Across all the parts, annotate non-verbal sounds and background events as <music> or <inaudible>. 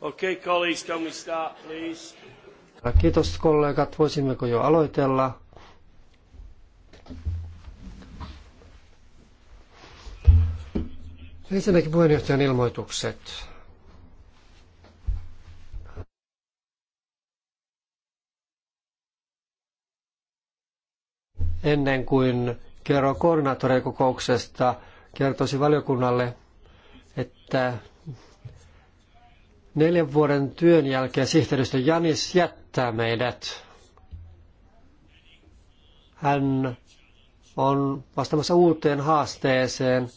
Okay, colleagues, can we start, please? Kiitos kollegat, voisimmeko jo aloitella? Ensinnäkin puheenjohtajan ilmoitukset. Ennen kuin kerron koordinaattorien kokouksesta, kertoisin valiokunnalle, että Neljän vuoden työn jälkeen sihteeristö Janis jättää meidät. Hän on vastaamassa uuteen haasteeseen.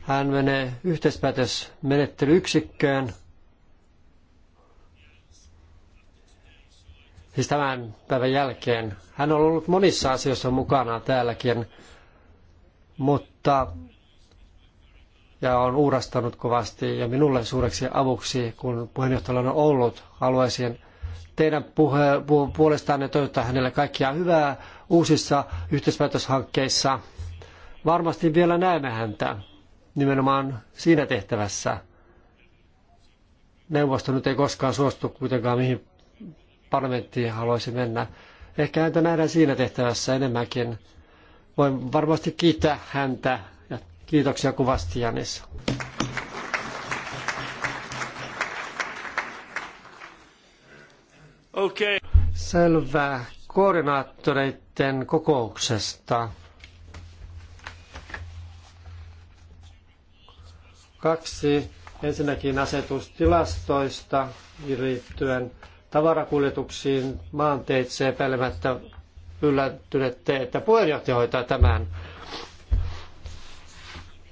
Hän menee yhteispäätösmenettelyyksikköön. Siis tämän päivän jälkeen. Hän on ollut monissa asioissa mukana täälläkin, mutta ja on uurastanut kovasti ja minulle suureksi avuksi, kun puheenjohtajalla on ollut. Haluaisin teidän puhe, pu, puolestanne toivottaa hänelle kaikkia hyvää uusissa yhteispäätöshankkeissa. Varmasti vielä näemme häntä nimenomaan siinä tehtävässä. Neuvosto nyt ei koskaan suostu kuitenkaan mihin parlamenttiin haluaisi mennä. Ehkä häntä nähdään siinä tehtävässä enemmänkin. Voin varmasti kiittää häntä Kiitoksia kovasti Janis. Okay. Selvä koordinaattoreiden kokouksesta. Kaksi ensinnäkin asetustilastoista liittyen tavarakuljetuksiin maanteitse epäilemättä yllättynette, että puheenjohtaja hoitaa tämän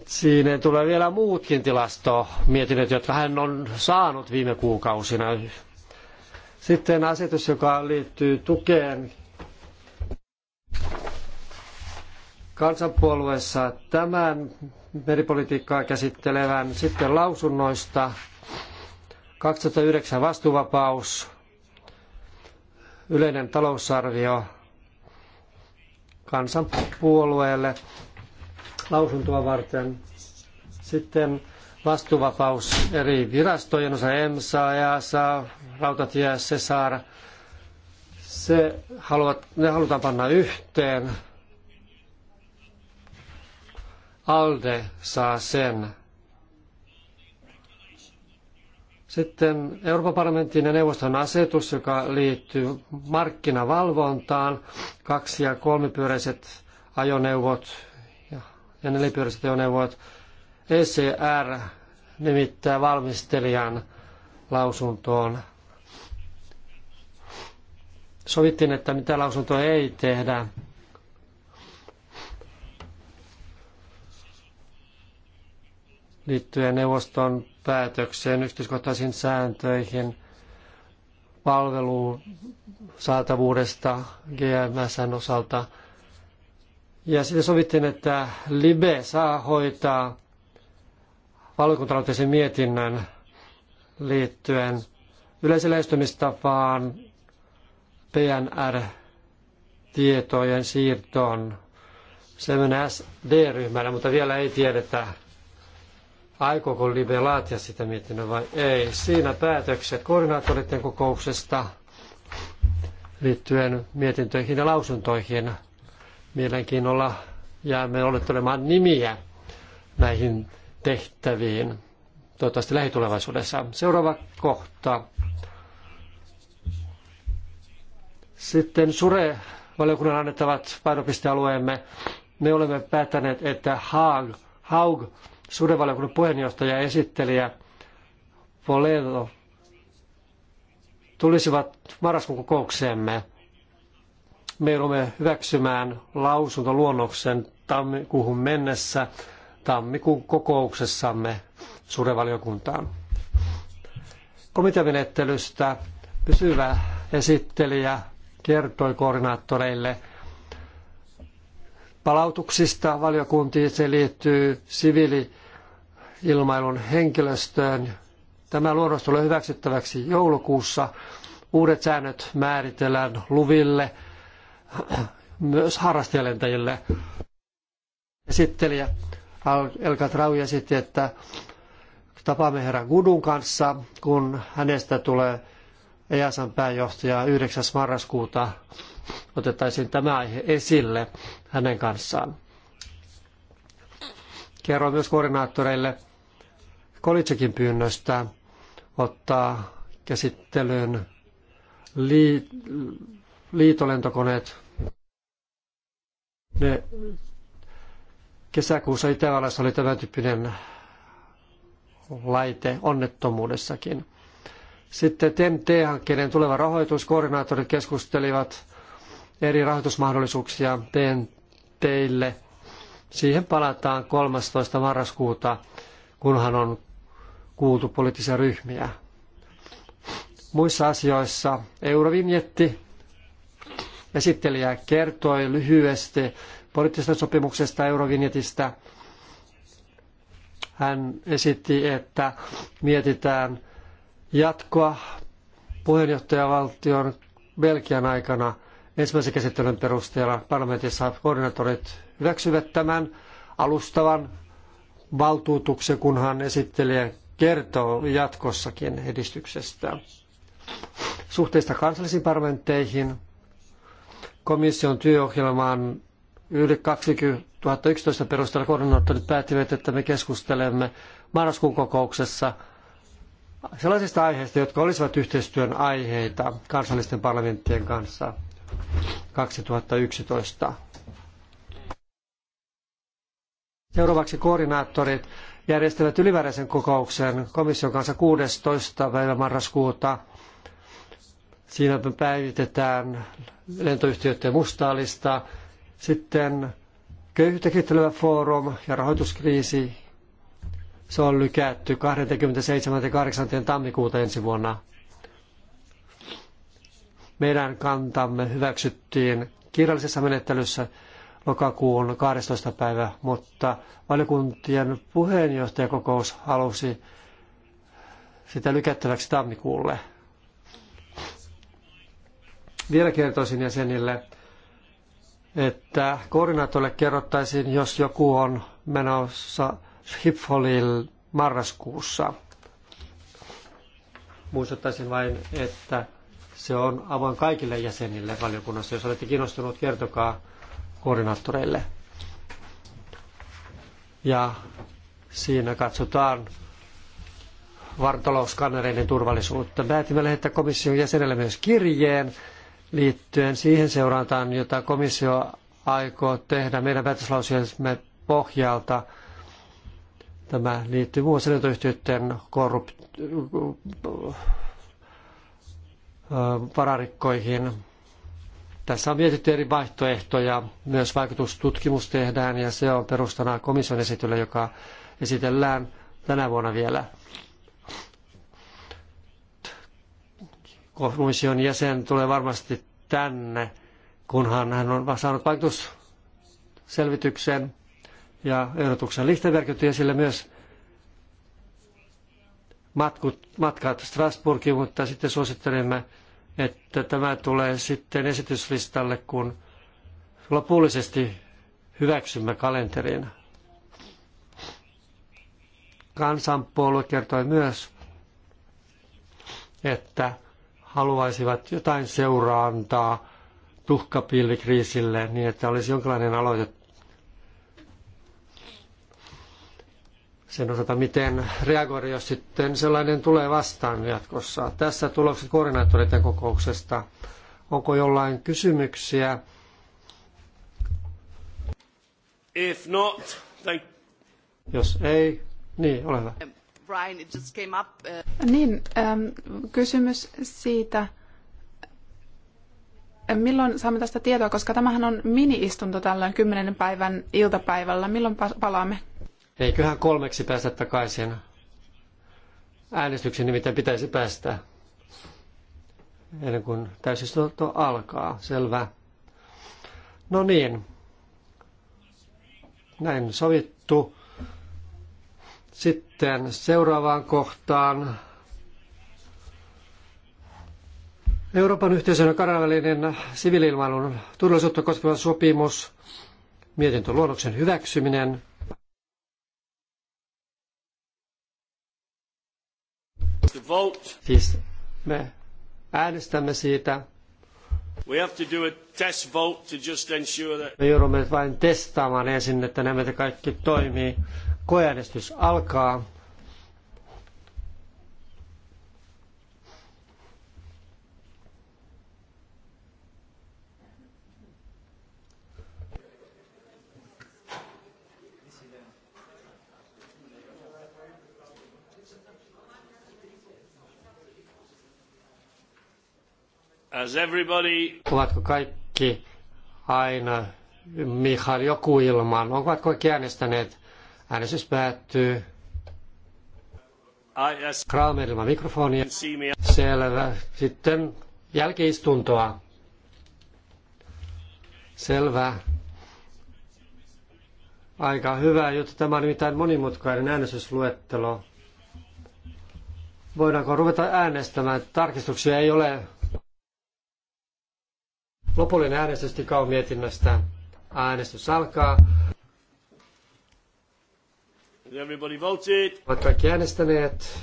Siinä tulee vielä muutkin tilastomietinnöt, jotka hän on saanut viime kuukausina. Sitten asetus, joka liittyy tukeen kansanpuolueessa tämän meripolitiikkaa käsittelevän sitten lausunnoista. 2009 vastuuvapaus, yleinen talousarvio kansanpuolueelle lausuntoa varten. Sitten vastuuvapaus eri virastojen osa EMSA, EASA, Rautatie, Cesar. Se haluat, ne halutaan panna yhteen. ALDE saa sen. Sitten Euroopan parlamentin ja neuvoston asetus, joka liittyy markkinavalvontaan, kaksi- ja kolmipyöräiset ajoneuvot, ja nelipyöräiset ajoneuvot. ECR nimittää valmistelijan lausuntoon. Sovittiin, että mitä lausuntoa ei tehdä. liittyen neuvoston päätökseen, yksityiskohtaisiin sääntöihin, palveluun saatavuudesta GMSn osalta – ja sitten sovittiin, että Libe saa hoitaa valiokuntaloitteisen mietinnän liittyen yleislähestymistapaan PNR-tietojen siirtoon semmoinen SD-ryhmänä, mutta vielä ei tiedetä, aikooko Libe laatia sitä mietinnön vai ei. Siinä päätökset koordinaattoreiden kokouksesta liittyen mietintöihin ja lausuntoihin Mielenkiinnolla jäämme olettelemaan nimiä näihin tehtäviin, toivottavasti lähitulevaisuudessa. Seuraava kohta. Sitten Sure-valiokunnan annettavat painopistealueemme. Me olemme päättäneet, että Haag, Haug, Sure-valiokunnan puheenjohtaja ja esittelijä Polelo tulisivat marraskuun kokoukseemme – me joudumme hyväksymään lausuntoluonnoksen tammikuuhun mennessä tammikuun kokouksessamme suurevaliokuntaan. Komiteamenettelystä pysyvä esittelijä kertoi koordinaattoreille palautuksista valiokuntiin. Se liittyy siviili-ilmailun henkilöstöön. Tämä luonnos tulee hyväksyttäväksi joulukuussa. Uudet säännöt määritellään luville – myös harrastajalentäjille. Esittelijä Elka Trau esitti, että tapaamme herra Gudun kanssa, kun hänestä tulee EASan pääjohtaja 9. marraskuuta. Otettaisiin tämä aihe esille hänen kanssaan. Kerron myös koordinaattoreille Kolitsekin pyynnöstä ottaa käsittelyyn liitolentokoneet, ne kesäkuussa Itävallassa oli tämän tyyppinen laite onnettomuudessakin. Sitten tnt hankkeiden tuleva rahoitus, koordinaattorit keskustelivat eri rahoitusmahdollisuuksia TNTille. teille Siihen palataan 13. marraskuuta, kunhan on kuultu poliittisia ryhmiä. Muissa asioissa eurovinjetti esittelijä kertoi lyhyesti poliittisesta sopimuksesta Eurovinjetistä. Hän esitti, että mietitään jatkoa puheenjohtajavaltion Belgian aikana ensimmäisen käsittelyn perusteella parlamentissa koordinaattorit hyväksyvät tämän alustavan valtuutuksen, kunhan esittelijä kertoo jatkossakin edistyksestä. Suhteista kansallisiin parlamentteihin komission työohjelmaan yli 2011 perusteella koordinaattorit päättivät, että me keskustelemme marraskuun kokouksessa sellaisista aiheista, jotka olisivat yhteistyön aiheita kansallisten parlamenttien kanssa 2011. Seuraavaksi koordinaattorit järjestävät ylimääräisen kokouksen komission kanssa 16. päivä marraskuuta – Siinä päivitetään lentoyhtiöiden mustaalista. Sitten köyhyyttä kehittelevä foorum ja rahoituskriisi. Se on lykätty 27. ja 8. tammikuuta ensi vuonna. Meidän kantamme hyväksyttiin kirjallisessa menettelyssä lokakuun 12. päivä, mutta valiokuntien puheenjohtajakokous halusi sitä lykättäväksi tammikuulle. Vielä kertoisin jäsenille, että koordinaattorille kerrottaisiin, jos joku on menossa Schipholil marraskuussa. Muistuttaisin vain, että se on avoin kaikille jäsenille valiokunnassa. Jos olette kiinnostunut, kertokaa koordinaattoreille. Ja siinä katsotaan vartaloskannereiden turvallisuutta. Päätimme lähettää komission jäsenelle myös kirjeen liittyen siihen seurantaan, jota komissio aikoo tehdä meidän päätöslausiemme pohjalta. Tämä liittyy muassa korrupt- vararikkoihin. Tässä on mietitty eri vaihtoehtoja. Myös vaikutustutkimus tehdään ja se on perustana komission esitylle, joka esitellään tänä vuonna vielä. komission jäsen tulee varmasti tänne, kunhan hän on saanut vaikutusselvityksen ja ehdotuksen. Lichtenberg otti esille myös matkut, matkat Strasbourgiin, mutta sitten suosittelemme, että tämä tulee sitten esityslistalle, kun lopullisesti hyväksymme kalenterin. Kansanpuolue kertoi myös, että haluaisivat jotain antaa tuhkapillikriisille niin, että olisi jonkinlainen aloite sen osalta, miten reagoida, jos sitten sellainen tulee vastaan jatkossa. Tässä tulokset koordinaattoreiden kokouksesta. Onko jollain kysymyksiä? If not, thank... Jos ei, niin, ole hyvä. Brian, it just came up. Uh, niin, ähm, kysymys siitä, äh, milloin saamme tästä tietoa, koska tämähän on mini-istunto tällöin kymmenen päivän iltapäivällä. Milloin palaamme? Eiköhän kolmeksi päästä takaisin. Äänestyksen nimittäin pitäisi päästä ennen kuin täysistunto alkaa. Selvä. No niin, näin sovittu. Sitten seuraavaan kohtaan. Euroopan yhteisön ja kansainvälinen turvallisuutta koskeva sopimus, luonnoksen hyväksyminen. Siis me äänestämme siitä. We have to do a test vote to just ensure that... Me joudumme vain testaamaan ensin, että nämä kaikki toimii. Koeäänestys alkaa. As everybody... Ovatko kaikki aina Mihail joku ilman? Ovatko kaikki äänestäneet? Äänestys päättyy. Kramer ilman mikrofonia. Selvä. Sitten jälkiistuntoa. Selvä. Aika hyvä, jotta tämä on nimittäin monimutkainen äänestysluettelo. Voidaanko ruveta äänestämään? Tarkistuksia ei ole. Lopullinen äänestystikaun mietinnöstä. Äänestys alkaa. Everybody voted. Ovat äänestäneet.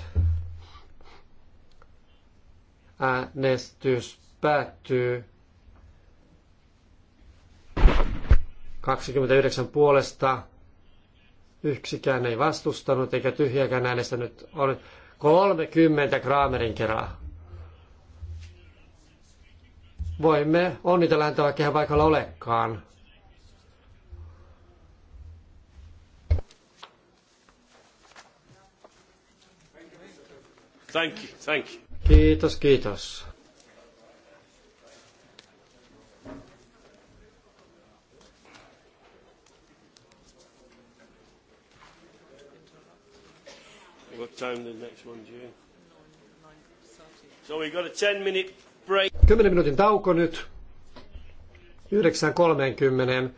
Äänestys päättyy. 29 puolesta. Yksikään ei vastustanut eikä tyhjäkään äänestänyt. On 30 Kramerin kerää. Voimme onnitella häntä, vaikka hän olekaan. Thank you, thank you. Kiitos, kiitos. What 10 minuutin tauko nyt. 9.30.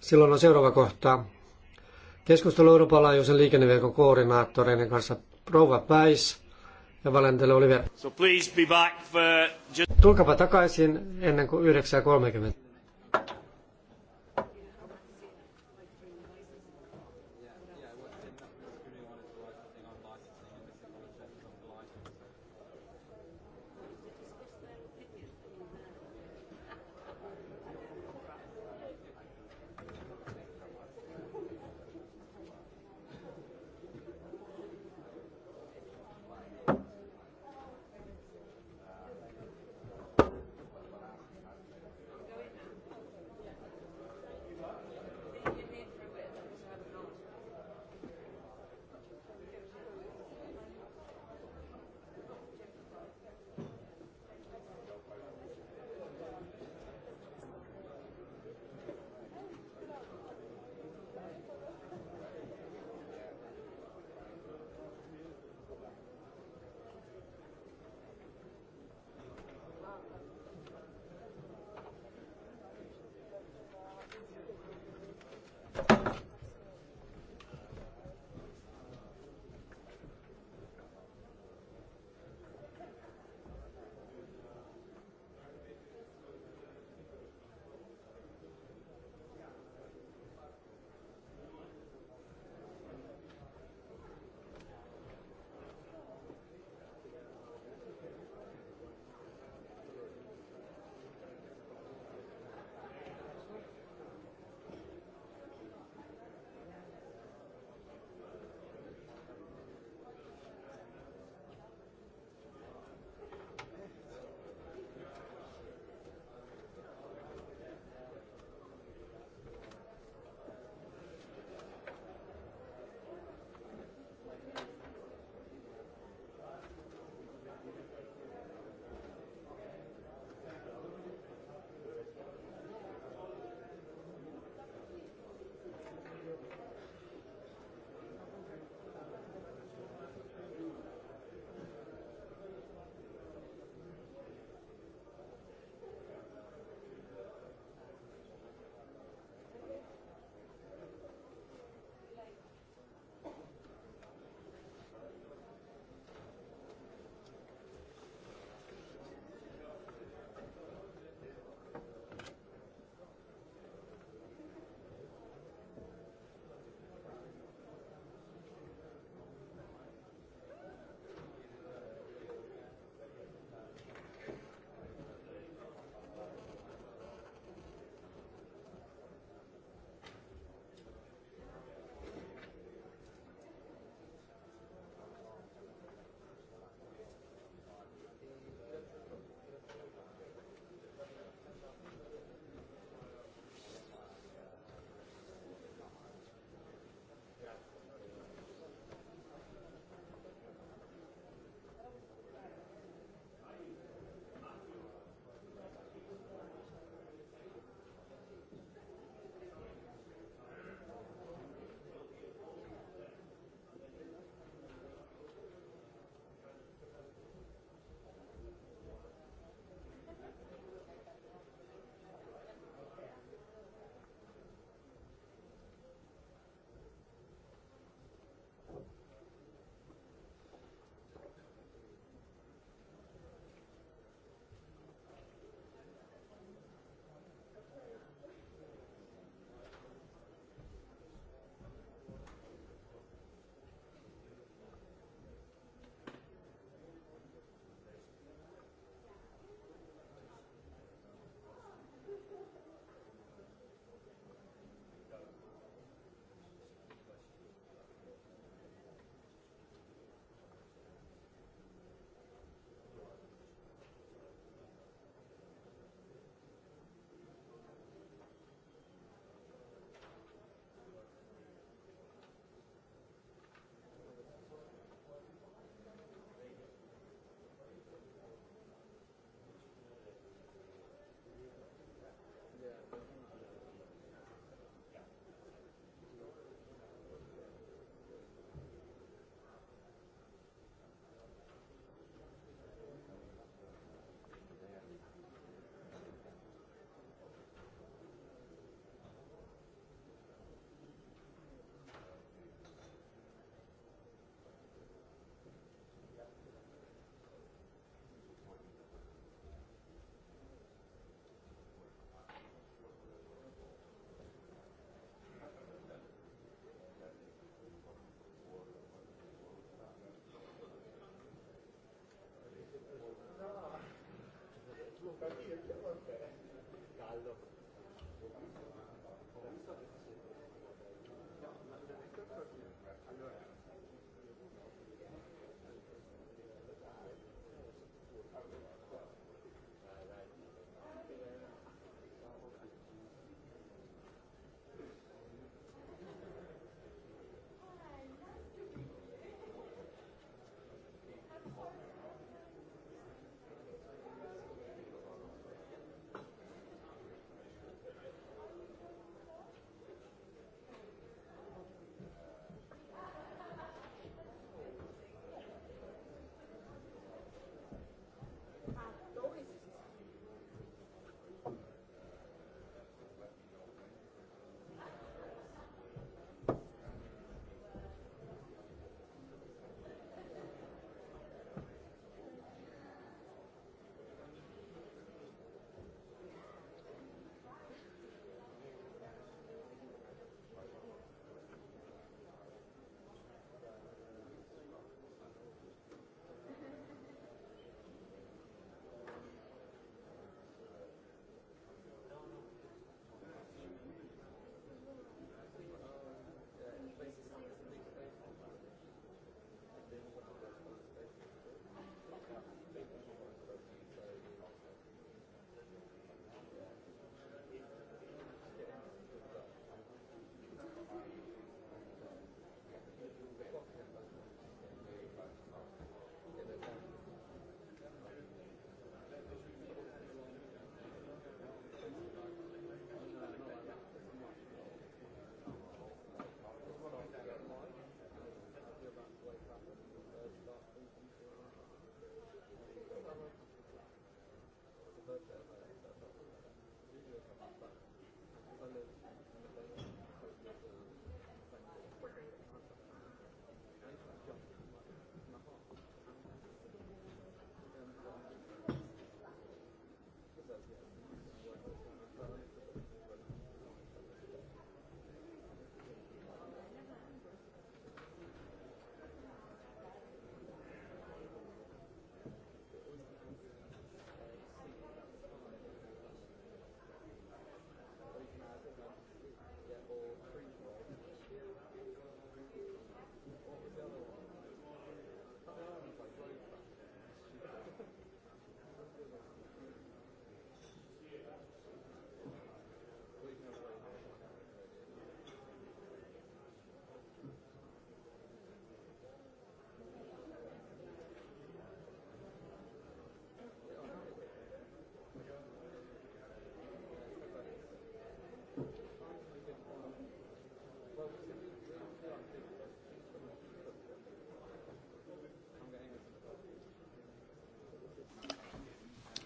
Silloin on seuraava kohta Keskustelu Euroopan laajuisen liikenneverkon koordinaattoreiden kanssa Rouva Päis ja Valentele Oliver. So please be back for just... Tulkapa takaisin ennen kuin 9.30.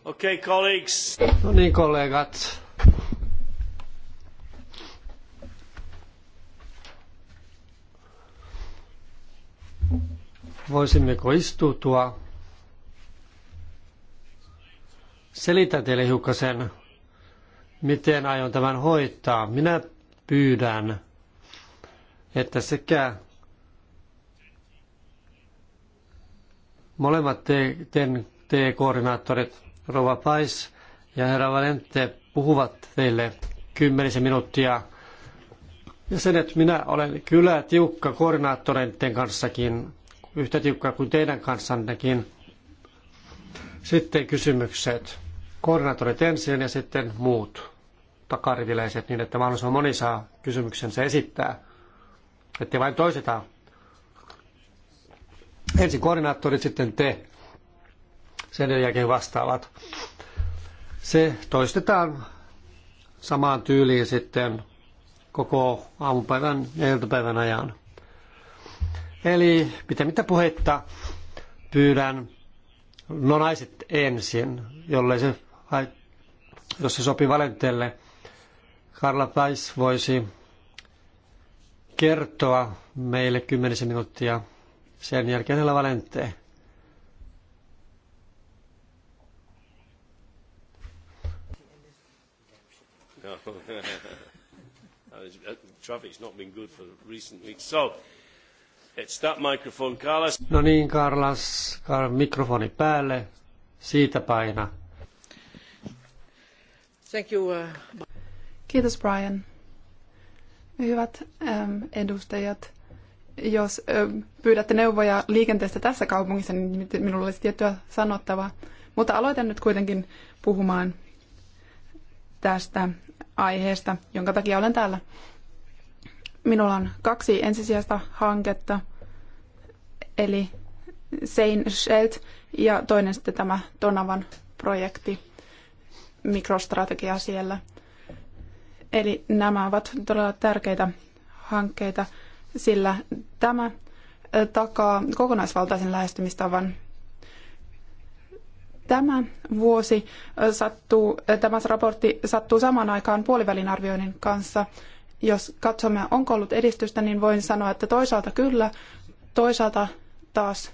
Okay, colleagues. No niin, kollegat. Voisimmeko istutua? Selitän teille hiukkasen, miten aion tämän hoitaa. Minä pyydän, että sekä molemmat te, te, te koordinaattorit Rova Pais ja herra Valente puhuvat teille kymmenisen minuuttia. Ja sen, että minä olen kyllä tiukka koordinaattoreiden kanssakin, yhtä tiukka kuin teidän kanssannekin. Sitten kysymykset. Koordinaattorit ensin ja sitten muut takariviläiset niin, että mahdollisimman moni saa kysymyksensä esittää. Ettei vain toiseta. Ensin koordinaattorit, sitten te sen jälkeen vastaavat. Se toistetaan samaan tyyliin sitten koko aamupäivän ja iltapäivän ajan. Eli pitämättä puhetta pyydän, no naiset ensin, jolle se, jos se sopii Valentelle, Karla Pais voisi kertoa meille kymmenisen minuuttia. Sen jälkeen hänellä Valenteen. No. <laughs> Traffic's not been good for recent weeks. So, it's that microphone, Carlos. No niin, Carlos, mikrofoni päälle. Siitä paina. Thank you. Uh, Kiitos, Brian. Hyvät ähm, edustajat, jos ähm, pyydätte neuvoja liikenteestä tässä kaupungissa, niin minulla olisi tiettyä sanottavaa. Mutta aloitan nyt kuitenkin puhumaan tästä aiheesta, jonka takia olen täällä. Minulla on kaksi ensisijaista hanketta, eli Sein Shelt ja toinen sitten tämä Donavan projekti, mikrostrategia siellä. Eli nämä ovat todella tärkeitä hankkeita, sillä tämä takaa kokonaisvaltaisen lähestymistavan Tämä vuosi sattuu, tämä raportti sattuu samaan aikaan puolivälin arvioinnin kanssa. Jos katsomme, onko ollut edistystä, niin voin sanoa, että toisaalta kyllä, toisaalta taas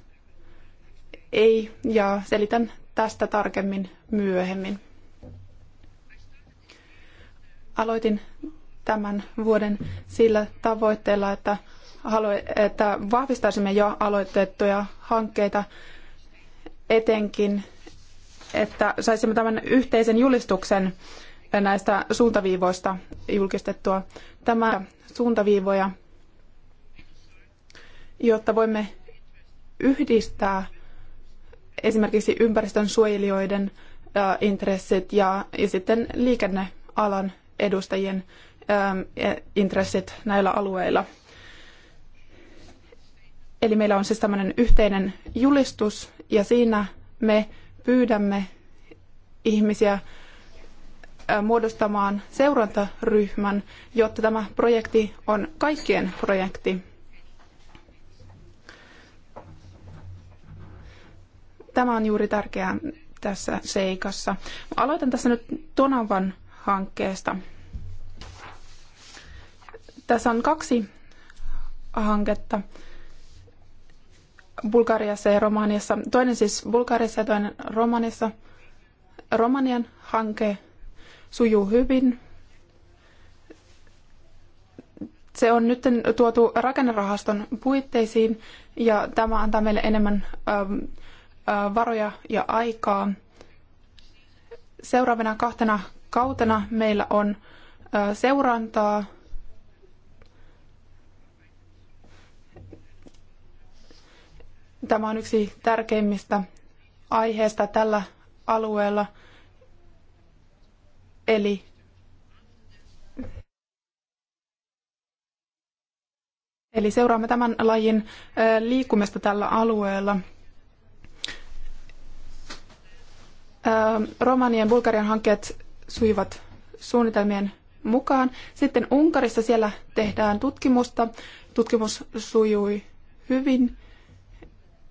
ei, ja selitän tästä tarkemmin myöhemmin. Aloitin tämän vuoden sillä tavoitteella, että, että vahvistaisimme jo aloitettuja hankkeita, etenkin että saisimme tämän yhteisen julistuksen näistä suuntaviivoista julkistettua. Tämä suuntaviivoja, jotta voimme yhdistää esimerkiksi ympäristön suojelijoiden intressit ja, ja sitten liikennealan edustajien e, intressit näillä alueilla. Eli meillä on siis tämmöinen yhteinen julistus ja siinä me pyydämme ihmisiä muodostamaan seurantaryhmän, jotta tämä projekti on kaikkien projekti. Tämä on juuri tärkeää tässä seikassa. Aloitan tässä nyt Tonavan hankkeesta. Tässä on kaksi hanketta. Bulgariassa ja Romaniassa. Toinen siis Bulgariassa ja toinen Romaniassa. Romanian hanke sujuu hyvin. Se on nyt tuotu rakennerahaston puitteisiin ja tämä antaa meille enemmän ähm, äh, varoja ja aikaa. Seuraavana kahtena kautena meillä on äh, seurantaa Tämä on yksi tärkeimmistä aiheista tällä alueella. Eli Eli seuraamme tämän lajin liikkumista tällä alueella. Romanien ja Bulgarian hankkeet suivat suunnitelmien mukaan. Sitten Unkarissa siellä tehdään tutkimusta. Tutkimus sujui hyvin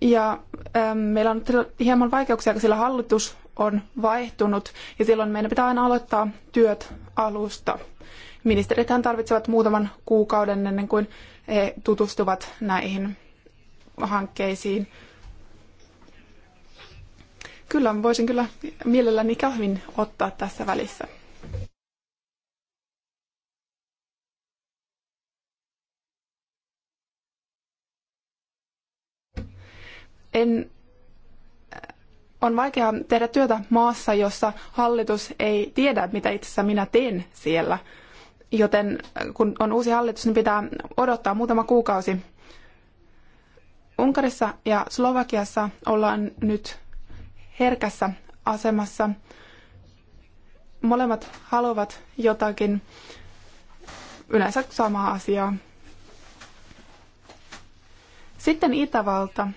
ja ähm, meillä on hieman vaikeuksia, sillä hallitus on vaihtunut ja silloin meidän pitää aina aloittaa työt alusta. Ministerithän tarvitsevat muutaman kuukauden ennen kuin he tutustuvat näihin hankkeisiin. Kyllä, voisin kyllä mielelläni kahvin ottaa tässä välissä. en, on vaikea tehdä työtä maassa, jossa hallitus ei tiedä, mitä itse asiassa minä teen siellä. Joten äh, kun on uusi hallitus, niin pitää odottaa muutama kuukausi. Unkarissa ja Slovakiassa ollaan nyt herkässä asemassa. Molemmat haluavat jotakin yleensä samaa asiaa. Sitten Itävalta.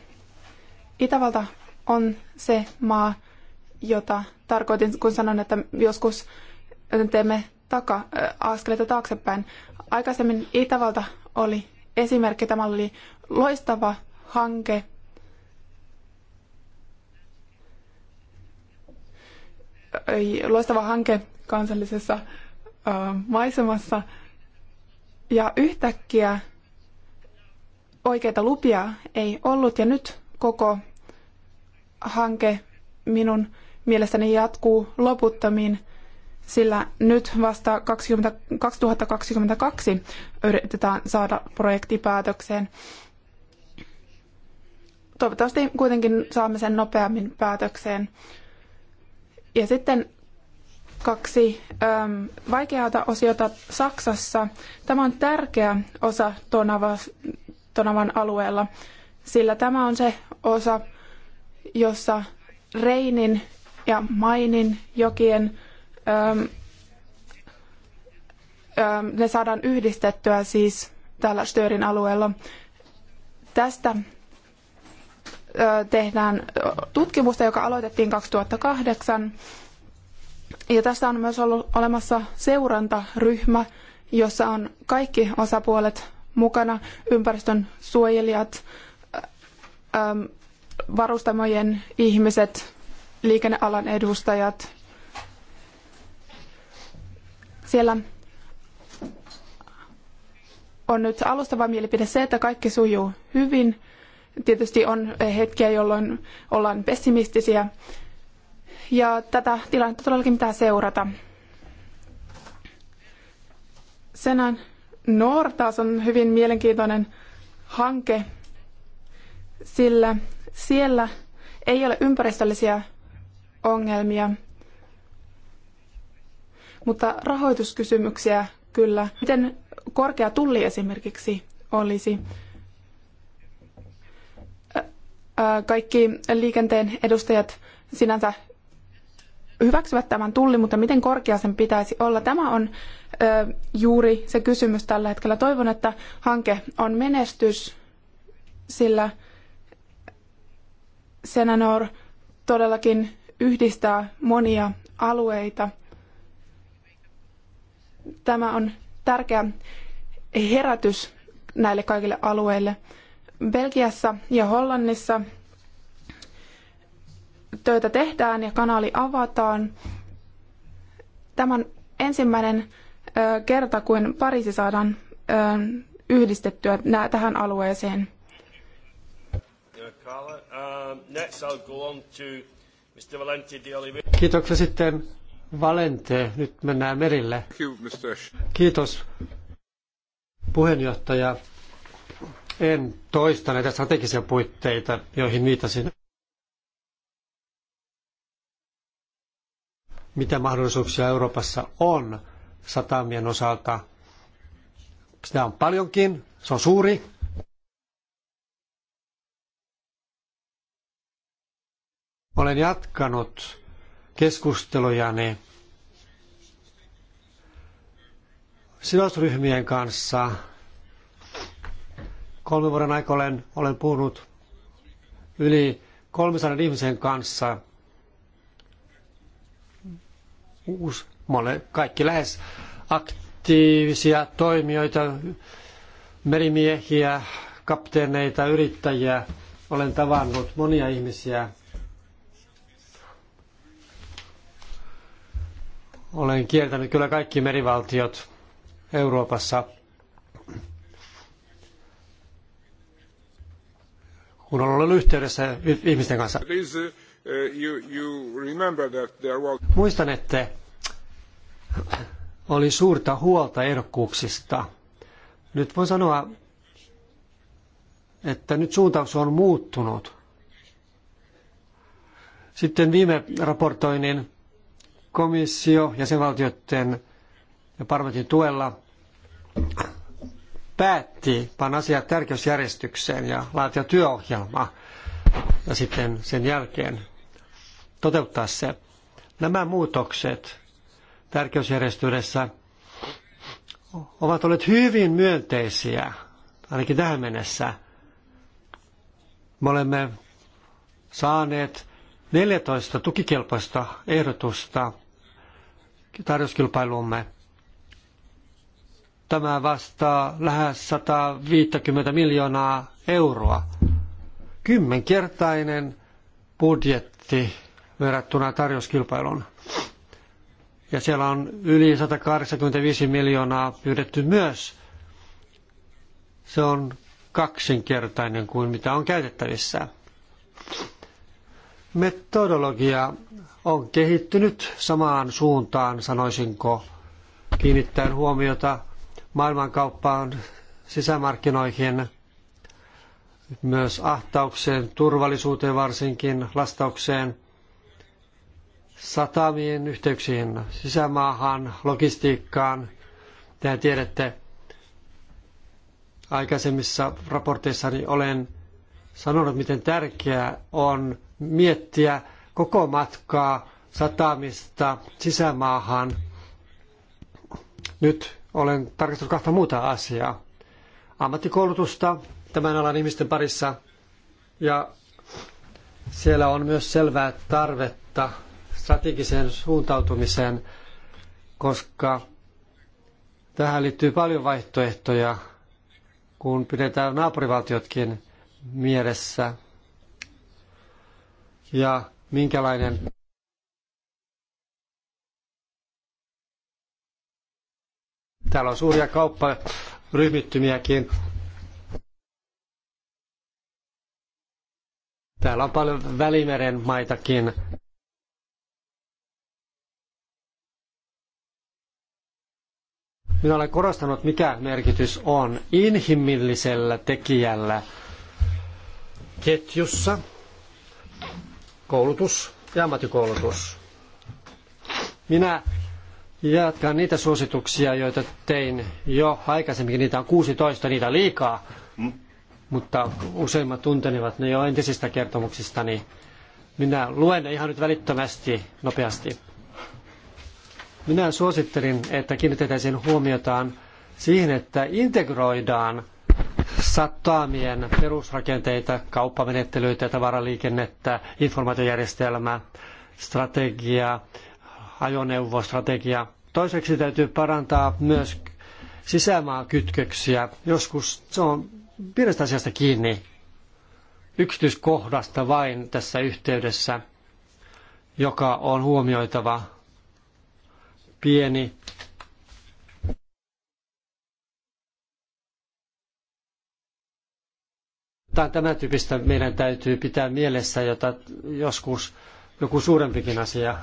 Itävalta on se maa, jota tarkoitin, kun sanon, että joskus teemme taka, äh, askeleita taaksepäin. Aikaisemmin Itävalta oli esimerkki. Tämä oli loistava hanke. Loistava hanke kansallisessa äh, maisemassa. Ja yhtäkkiä oikeita lupia ei ollut ja nyt koko hanke minun mielestäni jatkuu loputtomiin, sillä nyt vasta 20, 2022 yritetään saada projekti päätökseen. Toivottavasti kuitenkin saamme sen nopeammin päätökseen. Ja sitten kaksi äm, vaikeata osiota Saksassa. Tämä on tärkeä osa Tonava, Tonavan alueella, sillä tämä on se osa jossa Reinin ja Mainin jokien äm, äm, ne saadaan yhdistettyä siis täällä Störin alueella. Tästä tehdään tutkimusta, joka aloitettiin 2008. Ja tässä on myös ollut olemassa seurantaryhmä, jossa on kaikki osapuolet mukana, ympäristön suojelijat, varustamojen ihmiset, liikennealan edustajat. Siellä on nyt alustava mielipide se, että kaikki sujuu hyvin. Tietysti on hetkiä, jolloin ollaan pessimistisiä. Ja tätä tilannetta todellakin pitää seurata. Senan taas on hyvin mielenkiintoinen hanke, sillä siellä ei ole ympäristöllisiä ongelmia, mutta rahoituskysymyksiä kyllä. Miten korkea tulli esimerkiksi olisi? Kaikki liikenteen edustajat sinänsä hyväksyvät tämän tullin, mutta miten korkea sen pitäisi olla? Tämä on juuri se kysymys tällä hetkellä. Toivon, että hanke on menestys, sillä Senanor todellakin yhdistää monia alueita. Tämä on tärkeä herätys näille kaikille alueille. Belgiassa ja Hollannissa töitä tehdään ja kanali avataan. Tämä on ensimmäinen kerta, kun Pariisi saadaan yhdistettyä tähän alueeseen. Um, Kiitoksia sitten Valente. Nyt mennään merille. Kiitos puheenjohtaja. En toista näitä strategisia puitteita, joihin viitasin. Mitä mahdollisuuksia Euroopassa on satamien osalta? Sitä on paljonkin, se on suuri, Olen jatkanut keskustelujani sidosryhmien kanssa. Kolmen vuoden aikana olen, olen puhunut yli 300 ihmisen kanssa. Uus, kaikki lähes aktiivisia toimijoita, merimiehiä, kapteeneita, yrittäjiä. Olen tavannut monia ihmisiä Olen kiertänyt kyllä kaikki merivaltiot Euroopassa. Kun olen ollut yhteydessä ihmisten kanssa. Eh, Muistan, että oli suurta huolta ehdokkuuksista. Nyt voin sanoa, että nyt suuntaus on muuttunut. Sitten viime raportoinnin komissio jäsenvaltioiden ja parlamentin tuella päätti panna asiat tärkeysjärjestykseen ja laatia työohjelma ja sitten sen jälkeen toteuttaa se. Nämä muutokset tärkeysjärjestyydessä ovat olleet hyvin myönteisiä, ainakin tähän mennessä. Me olemme saaneet 14 tukikelpoista ehdotusta tarjouskilpailuumme. Tämä vastaa lähes 150 miljoonaa euroa. Kymmenkertainen budjetti verrattuna tarjouskilpailuun. Ja siellä on yli 185 miljoonaa pyydetty myös. Se on kaksinkertainen kuin mitä on käytettävissä. Metodologia on kehittynyt samaan suuntaan, sanoisinko, kiinnittäen huomiota maailmankauppaan, sisämarkkinoihin, myös ahtaukseen, turvallisuuteen varsinkin, lastaukseen, satamien yhteyksiin, sisämaahan, logistiikkaan. Te tiedätte, aikaisemmissa raporteissani olen sanonut, miten tärkeää on miettiä koko matkaa satamista sisämaahan. Nyt olen tarkastellut kahta muuta asiaa. Ammattikoulutusta tämän alan ihmisten parissa ja siellä on myös selvää tarvetta strategiseen suuntautumiseen, koska tähän liittyy paljon vaihtoehtoja, kun pidetään naapurivaltiotkin mielessä. Ja minkälainen Täällä on suuria kaupparyhmittymiäkin. Täällä on paljon Välimeren maitakin. Minä olen korostanut, mikä merkitys on inhimillisellä tekijällä ketjussa koulutus ja ammattikoulutus. Minä jatkan niitä suosituksia, joita tein jo aikaisemmin. Niitä on 16, niitä liikaa, mutta useimmat tuntenivat ne jo entisistä kertomuksistani. Minä luen ne ihan nyt välittömästi, nopeasti. Minä suosittelin, että kiinnitetäisiin huomiotaan siihen, että integroidaan – satamien perusrakenteita, kauppamenettelyitä, tavaraliikennettä, informaatiojärjestelmää, strategiaa, ajoneuvostrategiaa. Toiseksi täytyy parantaa myös sisämaakytköksiä. Joskus se on pienestä asiasta kiinni yksityiskohdasta vain tässä yhteydessä, joka on huomioitava pieni Tämä tyypistä meidän täytyy pitää mielessä, jota joskus joku suurempikin asia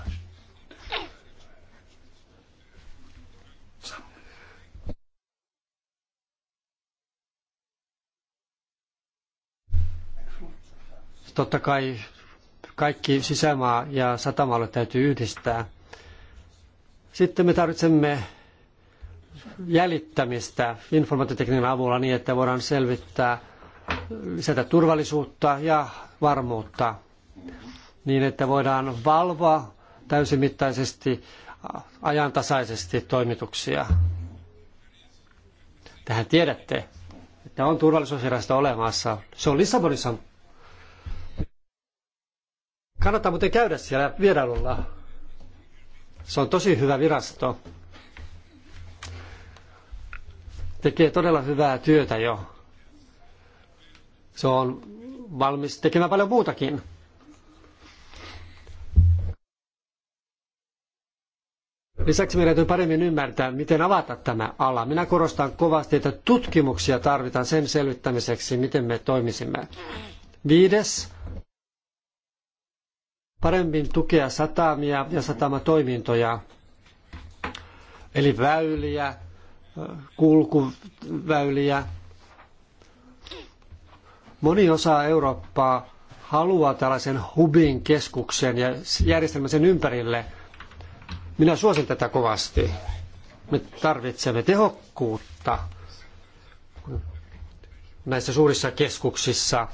totta kai kaikki sisämaa- ja satama täytyy yhdistää. Sitten me tarvitsemme jäljittämistä informaatiotekniikan avulla niin, että voidaan selvittää lisätä turvallisuutta ja varmuutta niin, että voidaan valvoa täysimittaisesti, ajantasaisesti toimituksia. Tähän tiedätte, että on turvallisuusvirasto olemassa. Se on Lissabonissa. Kannattaa muuten käydä siellä vierailulla. Se on tosi hyvä virasto. Tekee todella hyvää työtä jo se on valmis tekemään paljon muutakin. Lisäksi meidän täytyy paremmin ymmärtää, miten avata tämä ala. Minä korostan kovasti, että tutkimuksia tarvitaan sen selvittämiseksi, miten me toimisimme. Viides, paremmin tukea satamia ja satamatoimintoja, eli väyliä, kulkuväyliä, Moni osa Eurooppaa haluaa tällaisen hubin keskuksen ja järjestelmän sen ympärille. Minä suosin tätä kovasti. Me tarvitsemme tehokkuutta näissä suurissa keskuksissa.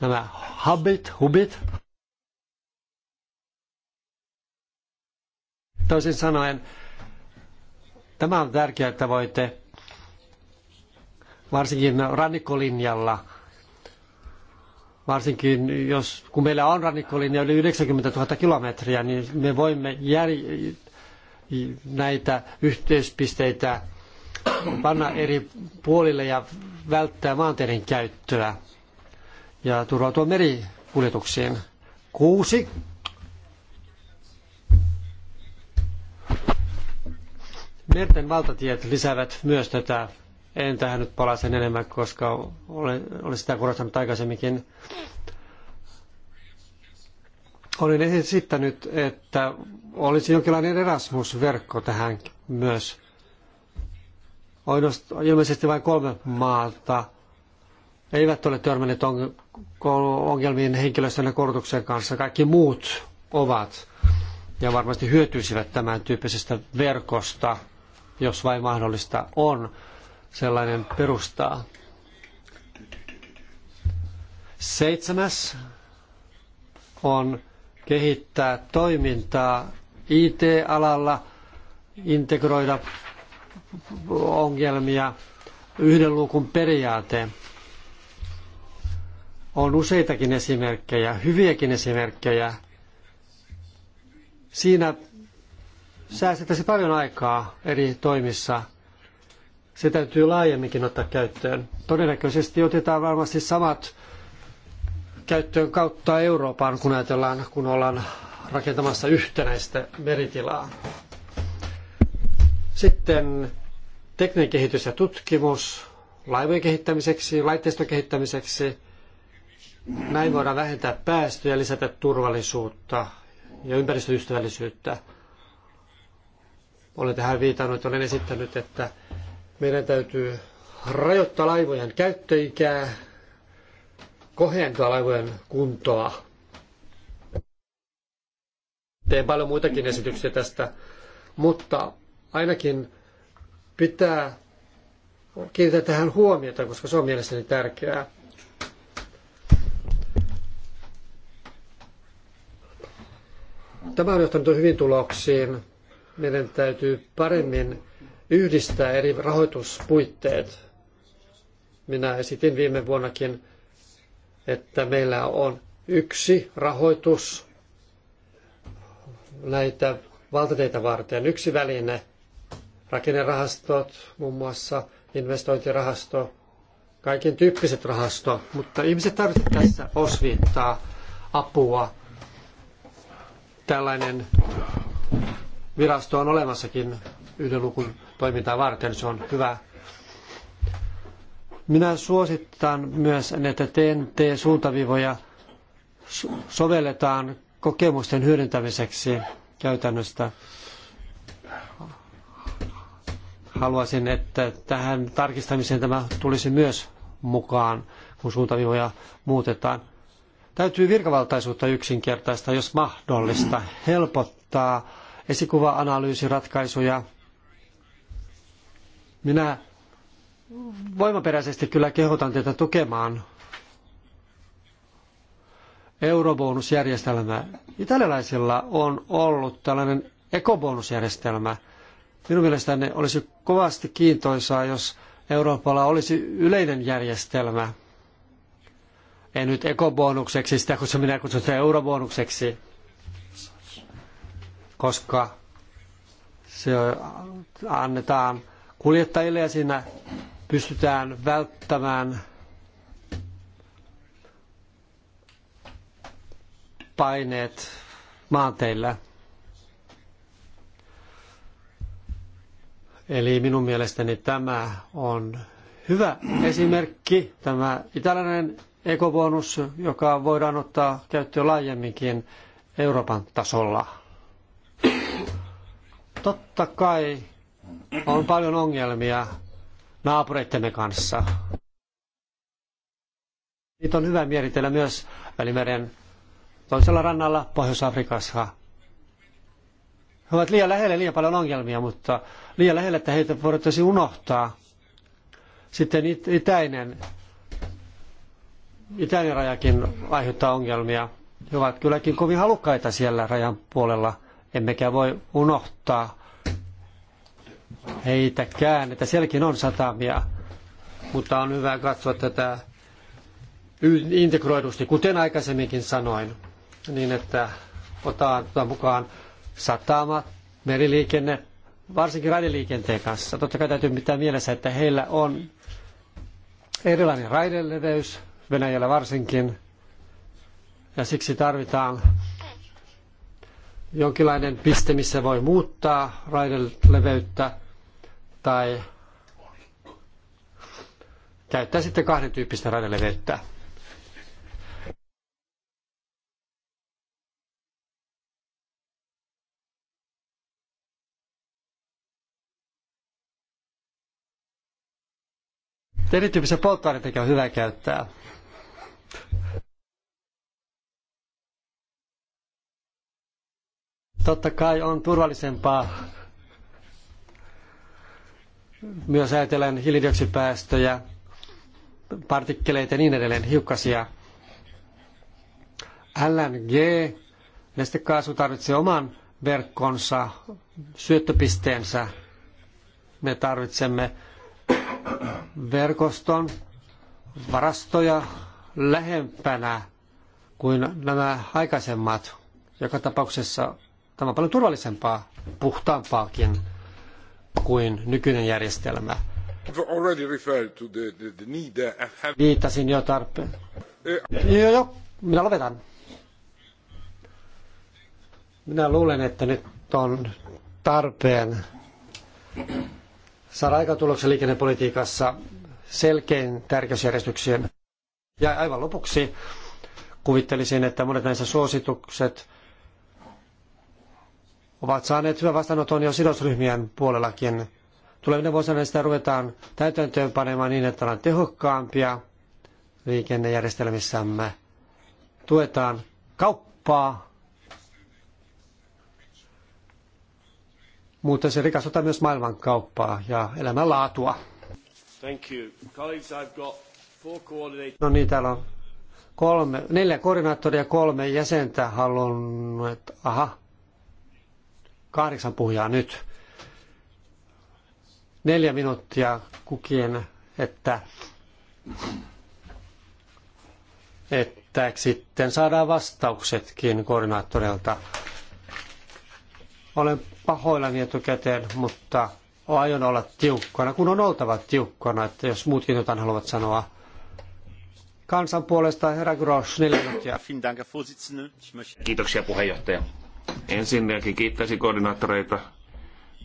Nämä hubit, hubit, Toisin sanoen, tämä on tärkeä tavoite varsinkin rannikkolinjalla. Varsinkin jos, kun meillä on rannikkolinja yli 90 000 kilometriä, niin me voimme jär, näitä yhteyspisteitä panna eri puolille ja välttää maanteiden käyttöä ja turvautua merikuljetuksiin. Kuusi. Merten valtatiet lisäävät myös tätä en tähän nyt palaa sen enemmän, koska olen, olen sitä korostanut aikaisemminkin. Olin esittänyt, että olisi jonkinlainen Erasmus-verkko tähän myös. Ainoastaan ilmeisesti vain kolme maata eivät ole törmänneet ongelmiin henkilöstön ja koulutuksen kanssa. Kaikki muut ovat ja varmasti hyötyisivät tämän tyyppisestä verkosta, jos vain mahdollista on sellainen perustaa. Seitsemäs on kehittää toimintaa IT-alalla, integroida ongelmia, yhden luukun periaateen. On useitakin esimerkkejä, hyviäkin esimerkkejä. Siinä säästettäisiin paljon aikaa eri toimissa – se täytyy laajemminkin ottaa käyttöön. Todennäköisesti otetaan varmasti samat käyttöön kautta Euroopan, kun ajatellaan, kun ollaan rakentamassa yhtenäistä meritilaa. Sitten tekninen kehitys ja tutkimus laivojen kehittämiseksi, laitteiston kehittämiseksi. Näin voidaan vähentää päästöjä, lisätä turvallisuutta ja ympäristöystävällisyyttä. Olen tähän viitannut, olen esittänyt, että meidän täytyy rajoittaa laivojen käyttöikää, kohentaa laivojen kuntoa. Teen paljon muitakin esityksiä tästä, mutta ainakin pitää kiinnittää tähän huomiota, koska se on mielestäni tärkeää. Tämä on johtanut hyvin tuloksiin. Meidän täytyy paremmin yhdistää eri rahoituspuitteet. Minä esitin viime vuonnakin, että meillä on yksi rahoitus näitä valtateitä varten, yksi väline, rakennerahastot, muun muassa investointirahasto, kaiken tyyppiset rahastot, mutta ihmiset tarvitsevat tässä osviittaa apua. Tällainen virasto on olemassakin yhden lukun toimintaa varten. Se on hyvä. Minä suosittan myös, että TNT-suuntavivoja sovelletaan kokemusten hyödyntämiseksi käytännöstä. Haluaisin, että tähän tarkistamiseen tämä tulisi myös mukaan, kun suuntavivoja muutetaan. Täytyy virkavaltaisuutta yksinkertaista, jos mahdollista, helpottaa esikuva-analyysiratkaisuja minä voimaperäisesti kyllä kehotan teitä tukemaan eurobonusjärjestelmää. Italialaisilla on ollut tällainen ekobonusjärjestelmä. Minun mielestäni olisi kovasti kiintoisaa, jos Euroopalla olisi yleinen järjestelmä. En nyt ekobonukseksi, sitä kun minä kutsun sitä eurobonukseksi, koska se annetaan – kuljettajille ja siinä pystytään välttämään paineet maanteillä. Eli minun mielestäni tämä on hyvä esimerkki, tämä italialainen ekobonus, joka voidaan ottaa käyttöön laajemminkin Euroopan tasolla. Totta kai on paljon ongelmia naapureittemme kanssa. Niitä on hyvä mieritellä myös Välimeren toisella rannalla Pohjois-Afrikassa. He ovat liian lähellä liian paljon ongelmia, mutta liian lähellä, että heitä voitaisiin unohtaa. Sitten it- itäinen, itäinen rajakin aiheuttaa ongelmia. He ovat kylläkin kovin halukkaita siellä rajan puolella. Emmekä voi unohtaa heitäkään, että sielläkin on satamia, mutta on hyvä katsoa tätä integroidusti, kuten aikaisemminkin sanoin, niin että otetaan mukaan satamat, meriliikenne, varsinkin raideliikenteen kanssa. Totta kai täytyy pitää mielessä, että heillä on erilainen raideleveys, Venäjällä varsinkin, ja siksi tarvitaan jonkinlainen piste, missä voi muuttaa raideleveyttä tai käyttää sitten kahden tyyppistä radelevettä. Erityyppisiä polttoaineita on hyvä käyttää. Totta kai on turvallisempaa myös ajatellen hiilidioksidipäästöjä, partikkeleita ja niin edelleen, hiukkasia. LNG, nestekaasu tarvitsee oman verkkonsa, syöttöpisteensä. Me tarvitsemme verkoston varastoja lähempänä kuin nämä aikaisemmat. Joka tapauksessa tämä on paljon turvallisempaa, puhtaampaakin kuin nykyinen järjestelmä. Viittasin jo tarpeen. Eh. Joo, joo, minä lopetan. Minä luulen, että nyt on tarpeen saada aikatuloksen liikennepolitiikassa selkein tärkeysjärjestykseen. Ja aivan lopuksi kuvittelisin, että monet näistä suositukset ovat saaneet hyvän vastaanoton jo sidosryhmien puolellakin. Tulevina vuosina sitä ruvetaan täytäntöön panemaan niin, että ollaan tehokkaampia liikennejärjestelmissämme. Tuetaan kauppaa, mutta se rikastuttaa myös maailmankauppaa ja elämänlaatua. Thank you. Colleagues, I've got four coordinators. No niin, täällä on kolme, neljä koordinaattoria ja kolme jäsentä halunnut, aha, kahdeksan puhujaa nyt. Neljä minuuttia kukien, että, että sitten saadaan vastauksetkin koordinaattorilta. Olen pahoillani etukäteen, mutta aion olla tiukkana, kun on oltava tiukkana, että jos muutkin jotain haluavat sanoa. Kansan puolesta herra Grosch, neljä minuuttia. Kiitoksia puheenjohtaja Ensinnäkin kiittäisin koordinaattoreita,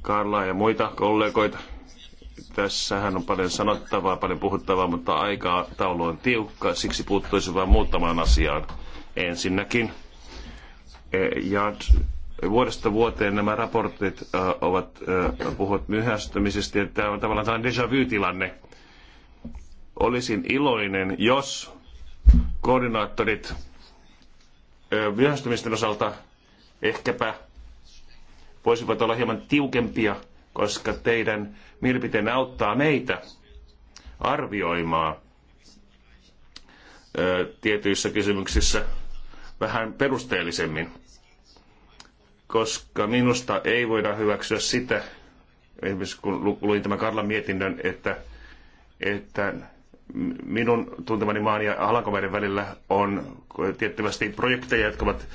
Karlaa ja muita kollegoita. Tässähän on paljon sanottavaa, paljon puhuttavaa, mutta aikataulu on tiukka, siksi puuttuisin vain muutamaan asiaan. Ensinnäkin, e, ja vuodesta vuoteen nämä raportit ovat puhut myöhästymisestä, ja tämä on tavallaan tällainen déjà vu-tilanne. Olisin iloinen, jos koordinaattorit myöhästymisten osalta ehkäpä voisivat olla hieman tiukempia, koska teidän mielipiteenne auttaa meitä arvioimaan ö, tietyissä kysymyksissä vähän perusteellisemmin, koska minusta ei voida hyväksyä sitä, esimerkiksi kun luin tämän Karlan mietinnön, että, että minun tuntemani maan ja Alankomaiden välillä on tiettävästi projekteja, jotka ovat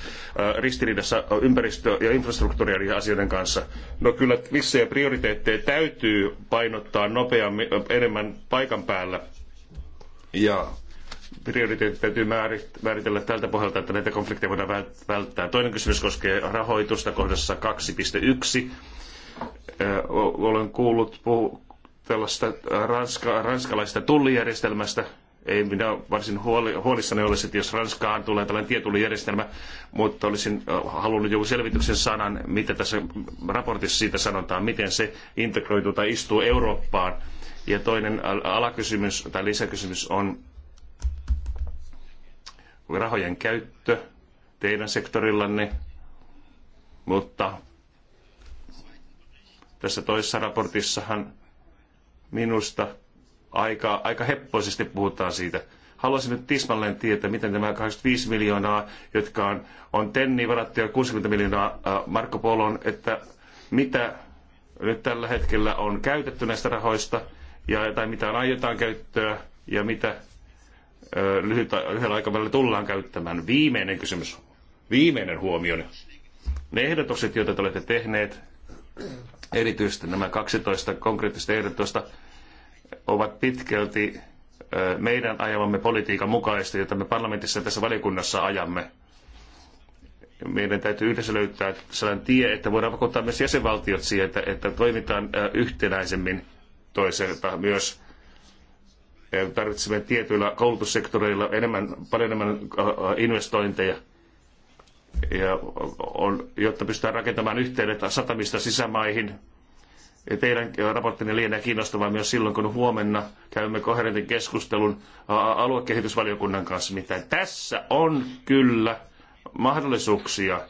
ristiriidassa ympäristö- ja infrastruktuurien asioiden kanssa. No kyllä vissejä prioriteetteja täytyy painottaa nopeammin, enemmän paikan päällä. Ja prioriteetit täytyy määritellä tältä pohjalta, että näitä konflikteja voidaan välttää. Toinen kysymys koskee rahoitusta kohdassa 2.1. Olen kuullut tällaista äh, ranska, ranskalaista tullijärjestelmästä. Ei minä varsin huoli, huolissani olisi, että jos Ranskaan tulee tällainen tietullijärjestelmä, mutta olisin äh, halunnut joku selvityksen sanan, mitä tässä raportissa siitä sanotaan, miten se integroituu tai istuu Eurooppaan. Ja toinen alakysymys tai lisäkysymys on rahojen käyttö teidän sektorillanne, mutta tässä toisessa raportissahan minusta aika, aika heppoisesti puhutaan siitä. Haluaisin nyt tismalleen tietää, miten tämä 25 miljoonaa, jotka on, on tenni varattu ja 60 miljoonaa äh, Marko Polon, että mitä nyt tällä hetkellä on käytetty näistä rahoista, ja, tai mitä on aiotaan käyttöä, ja mitä äh, lyhyt, lyhyellä aikavälillä tullaan käyttämään. Viimeinen kysymys, viimeinen huomio Ne ehdotukset, joita te olette tehneet, Erityisesti nämä 12 konkreettista ehdotusta ovat pitkälti meidän ajamamme politiikan mukaisesti, jota me parlamentissa ja tässä valiokunnassa ajamme. Meidän täytyy yhdessä löytää sellainen tie, että voidaan vakuuttaa myös jäsenvaltiot siihen, että, että toimitaan yhtenäisemmin toiselta myös tarvitsemme tietyillä koulutussektoreilla enemmän, paljon enemmän investointeja ja on, jotta pystytään rakentamaan yhteydet satamista sisämaihin. Ja teidän raporttinne lienee kiinnostavaa myös silloin, kun huomenna käymme koherentin keskustelun aluekehitysvaliokunnan kanssa. Mitä tässä on kyllä mahdollisuuksia.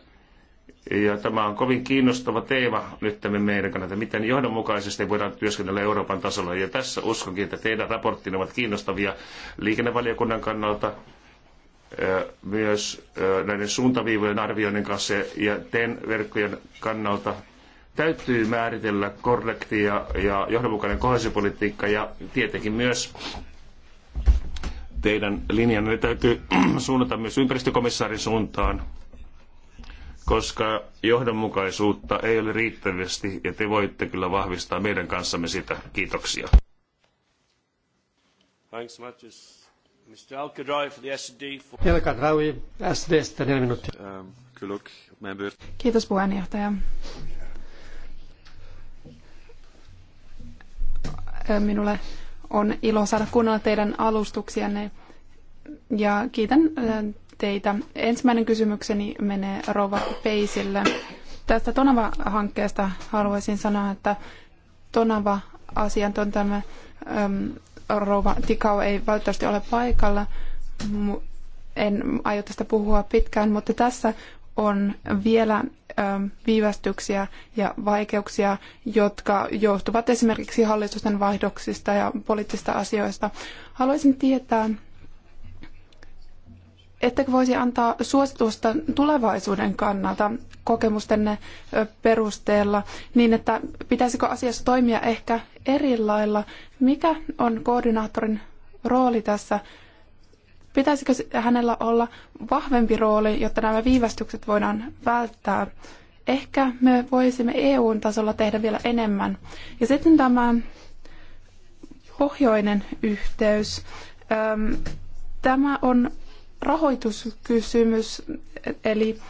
Ja tämä on kovin kiinnostava teema nyt tämän meidän kannalta, miten johdonmukaisesti voidaan työskennellä Euroopan tasolla. Ja tässä uskonkin, että teidän raporttinne ovat kiinnostavia liikennevaliokunnan kannalta myös näiden suuntaviivojen arvioinnin kanssa ja TEN-verkkojen kannalta täytyy määritellä korrekti ja, ja johdonmukainen kohesiopolitiikka ja tietenkin myös teidän linjanne täytyy <clears throat> suunnata myös ympäristökomissaarin suuntaan, koska johdonmukaisuutta ei ole riittävästi ja te voitte kyllä vahvistaa meidän kanssamme sitä. Kiitoksia. Thanks, Mr. Alkadrawi for the SD. SDstä neljä minuuttia. Ähm, Kiitos puheenjohtaja. Äh, minulle on ilo saada kuunnella teidän alustuksianne ja kiitän äh, teitä. Ensimmäinen kysymykseni menee Rova Peisille. Tästä Tonava-hankkeesta haluaisin sanoa, että tonava asiantuntijamme ähm, rouva Tikau ei valitettavasti ole paikalla. En aio tästä puhua pitkään, mutta tässä on vielä ähm, viivästyksiä ja vaikeuksia, jotka johtuvat esimerkiksi hallitusten vaihdoksista ja poliittisista asioista. Haluaisin tietää, ettekö voisi antaa suositusta tulevaisuuden kannalta kokemustenne perusteella, niin että pitäisikö asiassa toimia ehkä eri lailla? Mikä on koordinaattorin rooli tässä? Pitäisikö hänellä olla vahvempi rooli, jotta nämä viivästykset voidaan välttää? Ehkä me voisimme EU-tasolla tehdä vielä enemmän. Ja sitten tämä pohjoinen yhteys. Tämä on rahoituskysymys, eli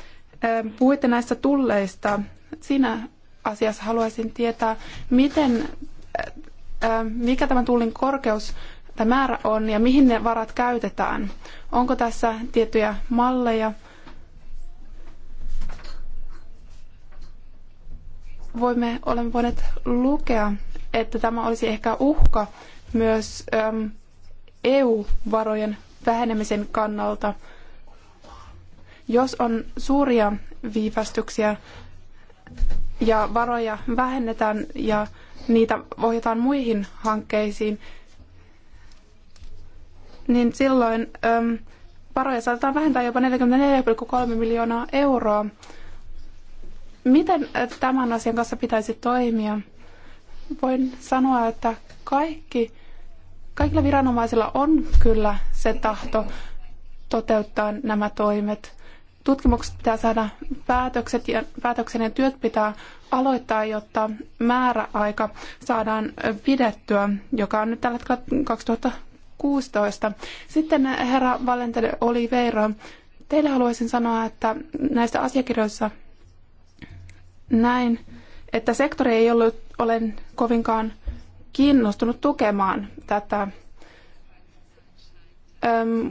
puhuitte näistä tulleista. Siinä asiassa haluaisin tietää, miten, mikä tämän tullin korkeus tai määrä on ja mihin ne varat käytetään. Onko tässä tiettyjä malleja? Voimme, olemme voineet lukea, että tämä olisi ehkä uhka myös EU-varojen vähenemisen kannalta. Jos on suuria viivästyksiä ja varoja vähennetään ja niitä ohjataan muihin hankkeisiin, niin silloin äm, varoja saatetaan vähentää jopa 44,3 miljoonaa euroa. Miten äh, tämän asian kanssa pitäisi toimia? Voin sanoa, että kaikki, kaikilla viranomaisilla on kyllä se tahto toteuttaa nämä toimet. Tutkimukset pitää saada päätökset ja, päätöksen ja työt pitää aloittaa, jotta määräaika saadaan pidettyä, joka on nyt tällä hetkellä 2016. Sitten herra Valentele Oliveira, teille haluaisin sanoa, että näissä asiakirjoissa näin, että sektori ei ollut, ole kovinkaan kiinnostunut tukemaan tätä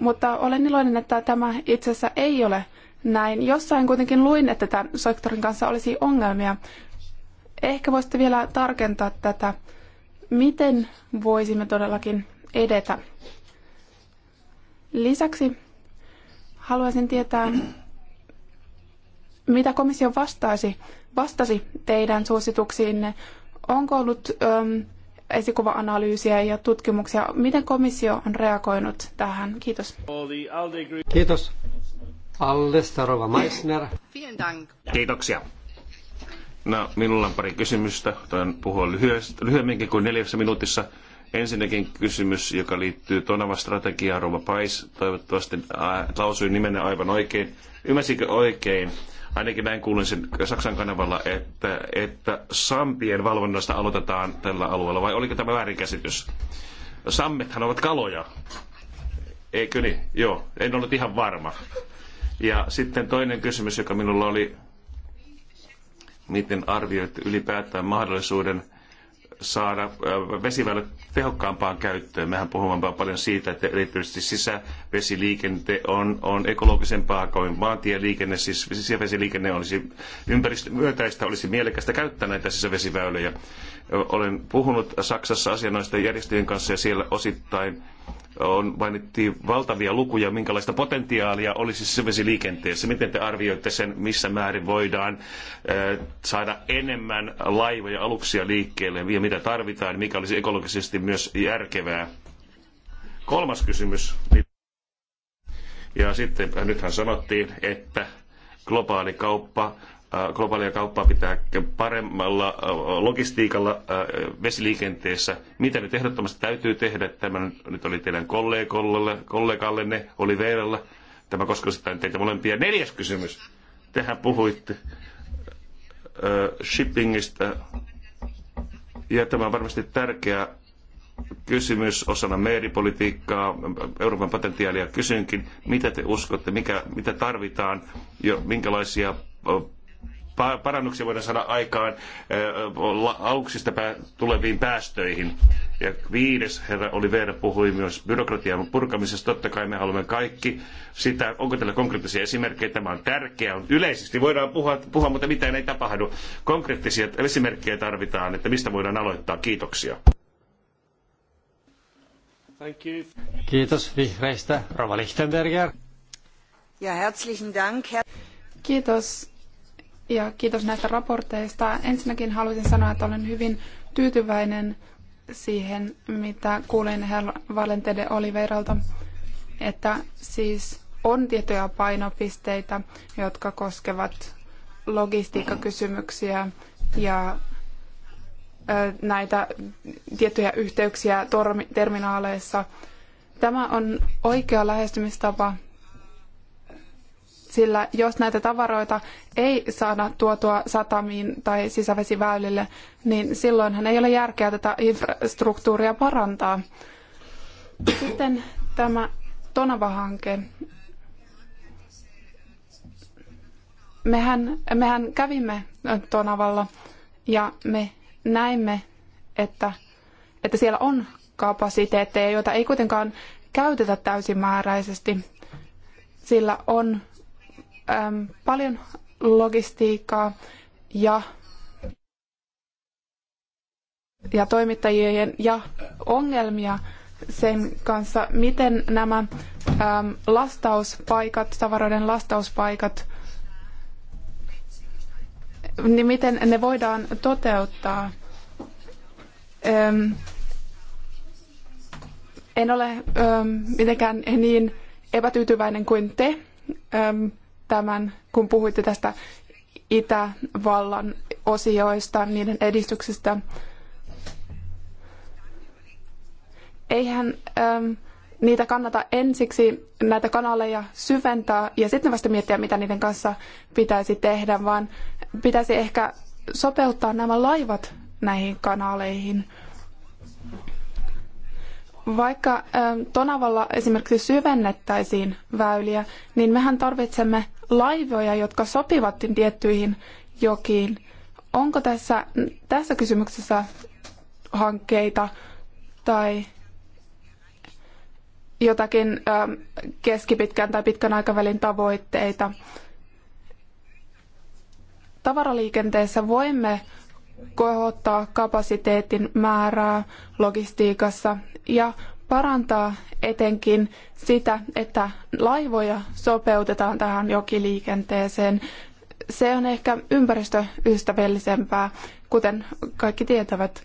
mutta olen iloinen, että tämä itse asiassa ei ole näin. Jossain kuitenkin luin, että tämän sektorin kanssa olisi ongelmia. Ehkä voisitte vielä tarkentaa tätä, miten voisimme todellakin edetä. Lisäksi haluaisin tietää, mitä komissio vastaisi, vastasi teidän suosituksiinne. Onko ollut esikuva-analyysiä ja tutkimuksia. Miten komissio on reagoinut tähän? Kiitos. Kiitos. Alde Starova Meissner. Kiitoksia. No, minulla on pari kysymystä. Toin puhua lyhyemminkin kuin neljässä minuutissa. Ensinnäkin kysymys, joka liittyy tonava strategiaan, Rova Pais. Toivottavasti lausui nimenne aivan oikein. Ymmärsikö oikein, ainakin näin kuulin sen Saksan kanavalla, että, että Sampien valvonnasta aloitetaan tällä alueella, vai oliko tämä väärinkäsitys? Sammethan ovat kaloja, eikö niin? Joo, en ollut ihan varma. Ja sitten toinen kysymys, joka minulla oli, miten arvioit ylipäätään mahdollisuuden saada äh, vesiväylät tehokkaampaan käyttöön. Mehän puhumme paljon siitä, että erityisesti sisävesiliikenne on, on ekologisempaa kuin maantieliikenne. Siis sisävesiliikenne olisi ympäristömyötäistä, olisi mielekästä käyttää näitä sisävesiväyliä. Olen puhunut Saksassa asianoisten järjestöjen kanssa ja siellä osittain on, mainittiin valtavia lukuja, minkälaista potentiaalia olisi sisävesiliikenteessä. Miten te arvioitte sen, missä määrin voidaan eh, saada enemmän laivoja, aluksia liikkeelle ja mitä tarvitaan, mikä olisi ekologisesti myös järkevää? Kolmas kysymys. Ja sitten nythän sanottiin, että globaali kauppa globaalia kauppaa pitää paremmalla logistiikalla vesiliikenteessä. Mitä nyt ehdottomasti täytyy tehdä? Tämä nyt oli teidän kollegallenne, oli Veeralla. Tämä sitten teitä molempia. Neljäs kysymys. Tehän puhuitte shippingistä. Ja tämä on varmasti tärkeä kysymys osana meripolitiikkaa, Euroopan potentiaalia. Kysynkin, mitä te uskotte, mikä, mitä tarvitaan, jo, minkälaisia parannuksia voidaan saada aikaan auksista tuleviin päästöihin. Ja viides herra Oliver puhui myös byrokratian purkamisesta. Totta kai me haluamme kaikki sitä, onko tällä konkreettisia esimerkkejä, tämä on tärkeää. Yleisesti voidaan puhua, puhua, mutta mitään ei tapahdu. Konkreettisia esimerkkejä tarvitaan, että mistä voidaan aloittaa. Kiitoksia. Kiitos vihreistä, Rova Lichtenberger. Ja herzlichen Dank. Kiitos ja kiitos näistä raporteista. Ensinnäkin haluaisin sanoa, että olen hyvin tyytyväinen siihen, mitä kuulin herra Valente de Oliveiralta, että siis on tiettyjä painopisteitä, jotka koskevat logistiikkakysymyksiä ja näitä tiettyjä yhteyksiä terminaaleissa. Tämä on oikea lähestymistapa sillä jos näitä tavaroita ei saada tuotua satamiin tai sisävesiväylille, niin silloinhan ei ole järkeä tätä infrastruktuuria parantaa. Sitten tämä Tonava-hanke. Mehän, mehän kävimme Tonavalla ja me näimme, että, että siellä on kapasiteetteja, joita ei kuitenkaan käytetä täysimääräisesti, sillä on äm, paljon logistiikkaa ja, ja toimittajien ja ongelmia sen kanssa, miten nämä äm, lastauspaikat, tavaroiden lastauspaikat, niin miten ne voidaan toteuttaa. Äm, en ole äm, mitenkään niin epätyytyväinen kuin te. Äm, tämän, kun puhuitte tästä Itävallan osioista, niiden edistyksestä. Eihän äm, niitä kannata ensiksi näitä kanaleja syventää ja sitten vasta miettiä, mitä niiden kanssa pitäisi tehdä, vaan pitäisi ehkä sopeuttaa nämä laivat näihin kanaleihin. Vaikka ähm, Tonavalla esimerkiksi syvennettäisiin väyliä, niin mehän tarvitsemme laivoja, jotka sopivat tiettyihin jokiin. Onko tässä, tässä kysymyksessä hankkeita tai jotakin ähm, keskipitkän tai pitkän aikavälin tavoitteita? Tavaraliikenteessä voimme kohottaa kapasiteetin määrää logistiikassa ja parantaa etenkin sitä, että laivoja sopeutetaan tähän jokiliikenteeseen. Se on ehkä ympäristöystävällisempää, kuten kaikki tietävät.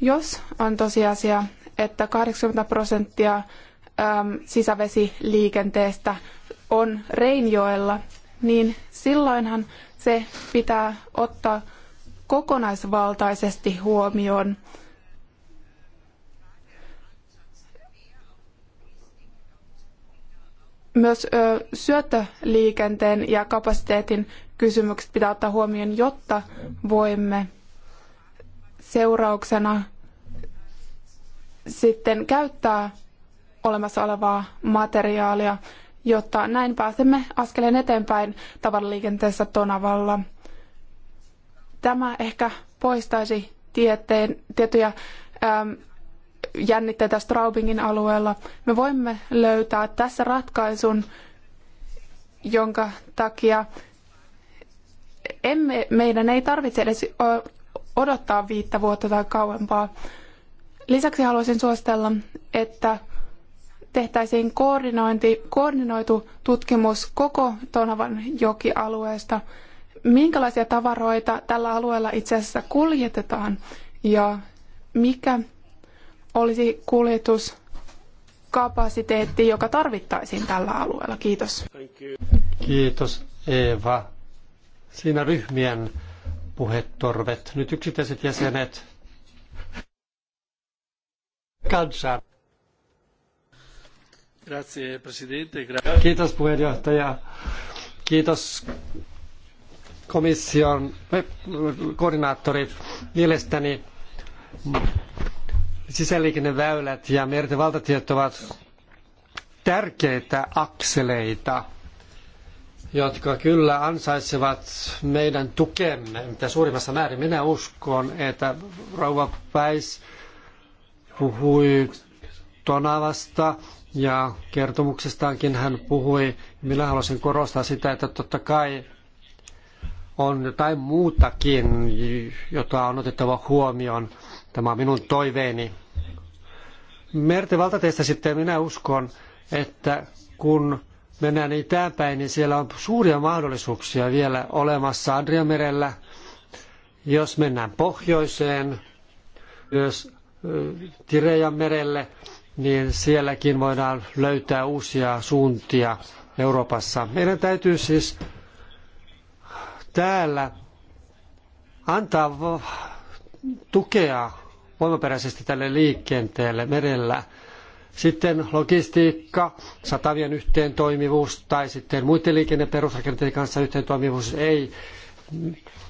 Jos on tosiasia, että 80 prosenttia sisävesiliikenteestä on Reinjoella, niin silloinhan se pitää ottaa kokonaisvaltaisesti huomioon. myös syöttöliikenteen ja kapasiteetin kysymykset pitää ottaa huomioon, jotta voimme seurauksena sitten käyttää olemassa olevaa materiaalia, jotta näin pääsemme askeleen eteenpäin tavaraliikenteessä Tonavalla. Tämä ehkä poistaisi tieteen, tiettyjä äm, jännitteitä Straubingin alueella. Me voimme löytää tässä ratkaisun, jonka takia emme, meidän ei tarvitse edes odottaa viittä vuotta tai kauempaa. Lisäksi haluaisin suositella, että tehtäisiin koordinointi, koordinoitu tutkimus koko Tonavan jokialueesta, minkälaisia tavaroita tällä alueella itse asiassa kuljetetaan ja mikä olisi kuljetuskapasiteetti, joka tarvittaisiin tällä alueella. Kiitos. Kiitos Eeva. Siinä ryhmien puhetorvet. Nyt yksittäiset jäsenet. Kansan. Grazie, presidente. Kiitos puheenjohtaja. Kiitos komission koordinaattorit. Mielestäni sisäliikenneväylät ja merten valtatiet ovat tärkeitä akseleita, jotka kyllä ansaitsevat meidän tukemme, mitä suurimmassa määrin. Minä uskon, että rouva Päis puhui Tonavasta ja kertomuksestaankin hän puhui. Minä haluaisin korostaa sitä, että totta kai on jotain muutakin, jota on otettava huomioon Tämä on minun toiveeni. Merten valtateista sitten minä uskon, että kun mennään itään päin, niin siellä on suuria mahdollisuuksia vielä olemassa Adriamerellä. Jos mennään pohjoiseen, myös Tirejan merelle, niin sielläkin voidaan löytää uusia suuntia Euroopassa. Meidän täytyy siis täällä antaa tukea voimaperäisesti tälle liikenteelle merellä. Sitten logistiikka, satavien yhteen toimivuus tai sitten muiden liikenneperusrakenteiden kanssa yhteen toimivuus ei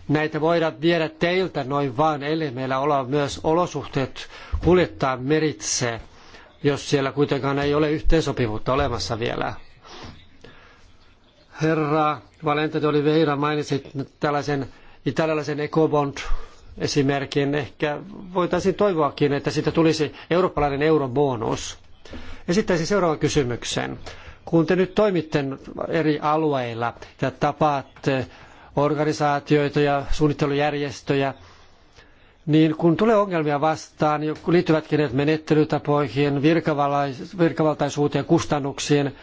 näitä voidaan viedä teiltä noin vaan, ellei meillä olla myös olosuhteet kuljettaa meritse, jos siellä kuitenkaan ei ole yhteensopivuutta olemassa vielä. Herra Valente de Oliveira mainitsi tällaisen italialaisen Ecobond esimerkin. Ehkä voitaisiin toivoakin, että siitä tulisi eurooppalainen eurobonus. Esittäisin seuraavan kysymyksen. Kun te nyt toimitte eri alueilla ja tapaatte organisaatioita ja suunnittelujärjestöjä, niin kun tulee ongelmia vastaan, kun niin liittyvätkin ne menettelytapoihin, virkavaltaisuuteen, kustannuksiin,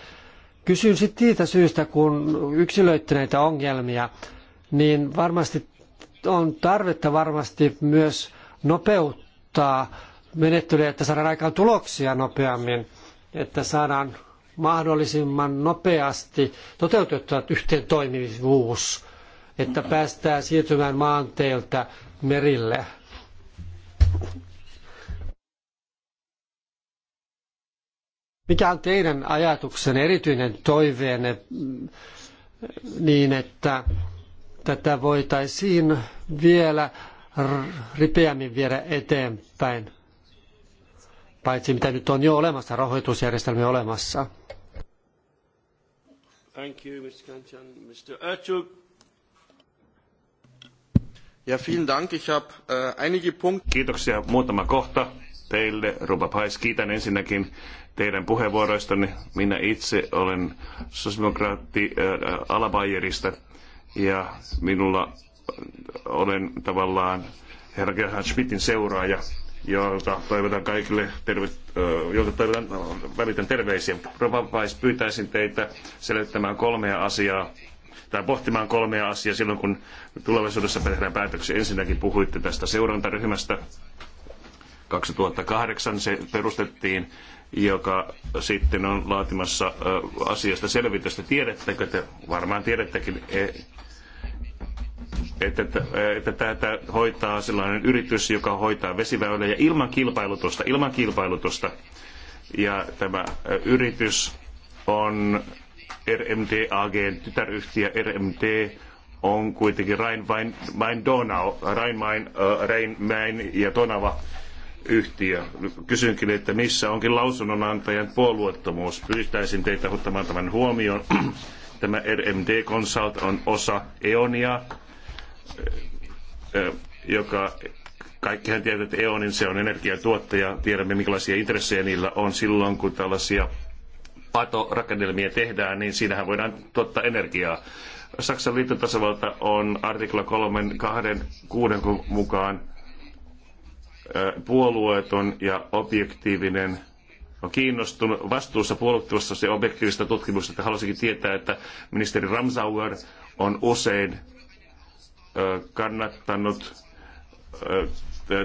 kysyn sitten siitä syystä, kun yksilöitte näitä ongelmia, niin varmasti on tarvetta varmasti myös nopeuttaa menettelyä, että saadaan aikaan tuloksia nopeammin, että saadaan mahdollisimman nopeasti toteutettua yhteen toimivuus, että päästään siirtymään maanteilta merille. Mikä on teidän ajatuksenne, erityinen toiveenne mm, niin, että tätä voitaisiin vielä ripeämmin viedä eteenpäin, paitsi mitä nyt on jo olemassa, rahoitusjärjestelmä olemassa. Thank you, Mr. Kanchan. Mr. Ertug. Ja, vielen Dank. Ich habe äh, einige Punkte. Kiitoksia. Muutama kohta teille. Ruba Pais, kiitän ensinnäkin teidän puheenvuoroistanne. Minä itse olen sosiaalidemokraatti äh, äh Alabayerista ja minulla olen tavallaan herra Gerhard Schmidtin seuraaja, jolta toivotan kaikille terve, jolta toivotan, välitän terveisiä. Rovapais, pyytäisin teitä selvittämään kolmea asiaa tai pohtimaan kolmea asiaa silloin, kun tulevaisuudessa tehdään päätöksiä. Ensinnäkin puhuitte tästä seurantaryhmästä. 2008 se perustettiin joka sitten on laatimassa asiasta selvitystä. Tiedättekö te, varmaan tiedättekin, e, että, että tätä hoitaa sellainen yritys, joka hoitaa ja ilman kilpailutusta, ilman kilpailutusta. Ja tämä yritys on RMD AG, tytäryhtiö RMD on kuitenkin Rhein-Main Donau, Rhein-Main, Rhein-Main ja Donava yhtiö. Kysynkin, että missä onkin lausunnonantajan puolueettomuus. Pyytäisin teitä ottamaan tämän huomioon. <clears throat> Tämä RMD Consult on osa EONia, eh, eh, joka kaikkihan tietää, että EONin se on energiatuottaja. Tiedämme, minkälaisia intressejä niillä on silloin, kun tällaisia patorakennelmia tehdään, niin siinähän voidaan tuottaa energiaa. Saksan liittotasavalta on artikla 3.2.6 mukaan puolueeton ja objektiivinen on kiinnostunut vastuussa puolueettomasta se objektiivista tutkimusta, että haluaisinkin tietää, että ministeri Ramsauer on usein kannattanut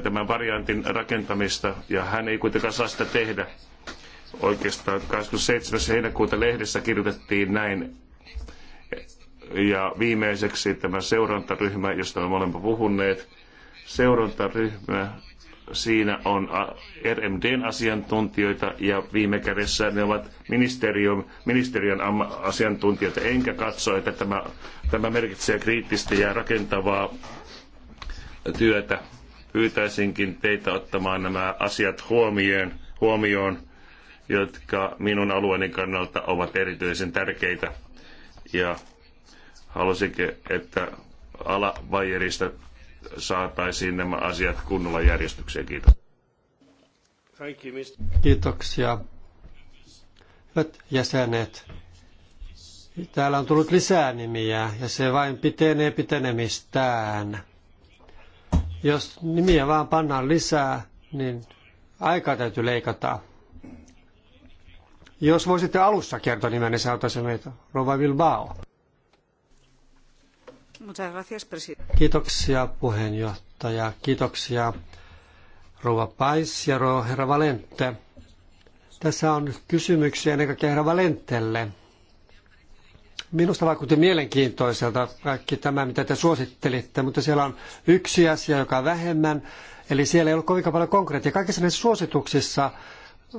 tämän variantin rakentamista, ja hän ei kuitenkaan saa sitä tehdä. Oikeastaan 27. heinäkuuta lehdessä kirjoitettiin näin, ja viimeiseksi tämä seurantaryhmä, josta me olemme puhuneet, seurantaryhmä siinä on RMDn asiantuntijoita ja viime kädessä ne ovat ministeriön, ministeriön asiantuntijoita. Enkä katso, että tämä, tämä merkitsee kriittistä ja rakentavaa työtä. Pyytäisinkin teitä ottamaan nämä asiat huomioon, huomioon jotka minun alueeni kannalta ovat erityisen tärkeitä. Ja halusinkin, että alavajerista saataisiin nämä asiat kunnolla järjestykseen. Kiitos. Kiitoksia. Hyvät jäsenet, täällä on tullut lisää nimiä ja se vain pitenee pitenemistään. Jos nimiä vaan pannaan lisää, niin aikaa täytyy leikata. Jos voisitte alussa kertoa nimen, niin se auttaisi meitä. Rova Bilbao. Kiitoksia puheenjohtaja. Kiitoksia rouva Pais ja rouva herra Valente. Tässä on kysymyksiä ennen kaikkea herra Valentelle. Minusta vaikutti mielenkiintoiselta kaikki tämä, mitä te suosittelitte, mutta siellä on yksi asia, joka on vähemmän, eli siellä ei ollut kovinkaan paljon konkreettia. Kaikissa näissä suosituksissa,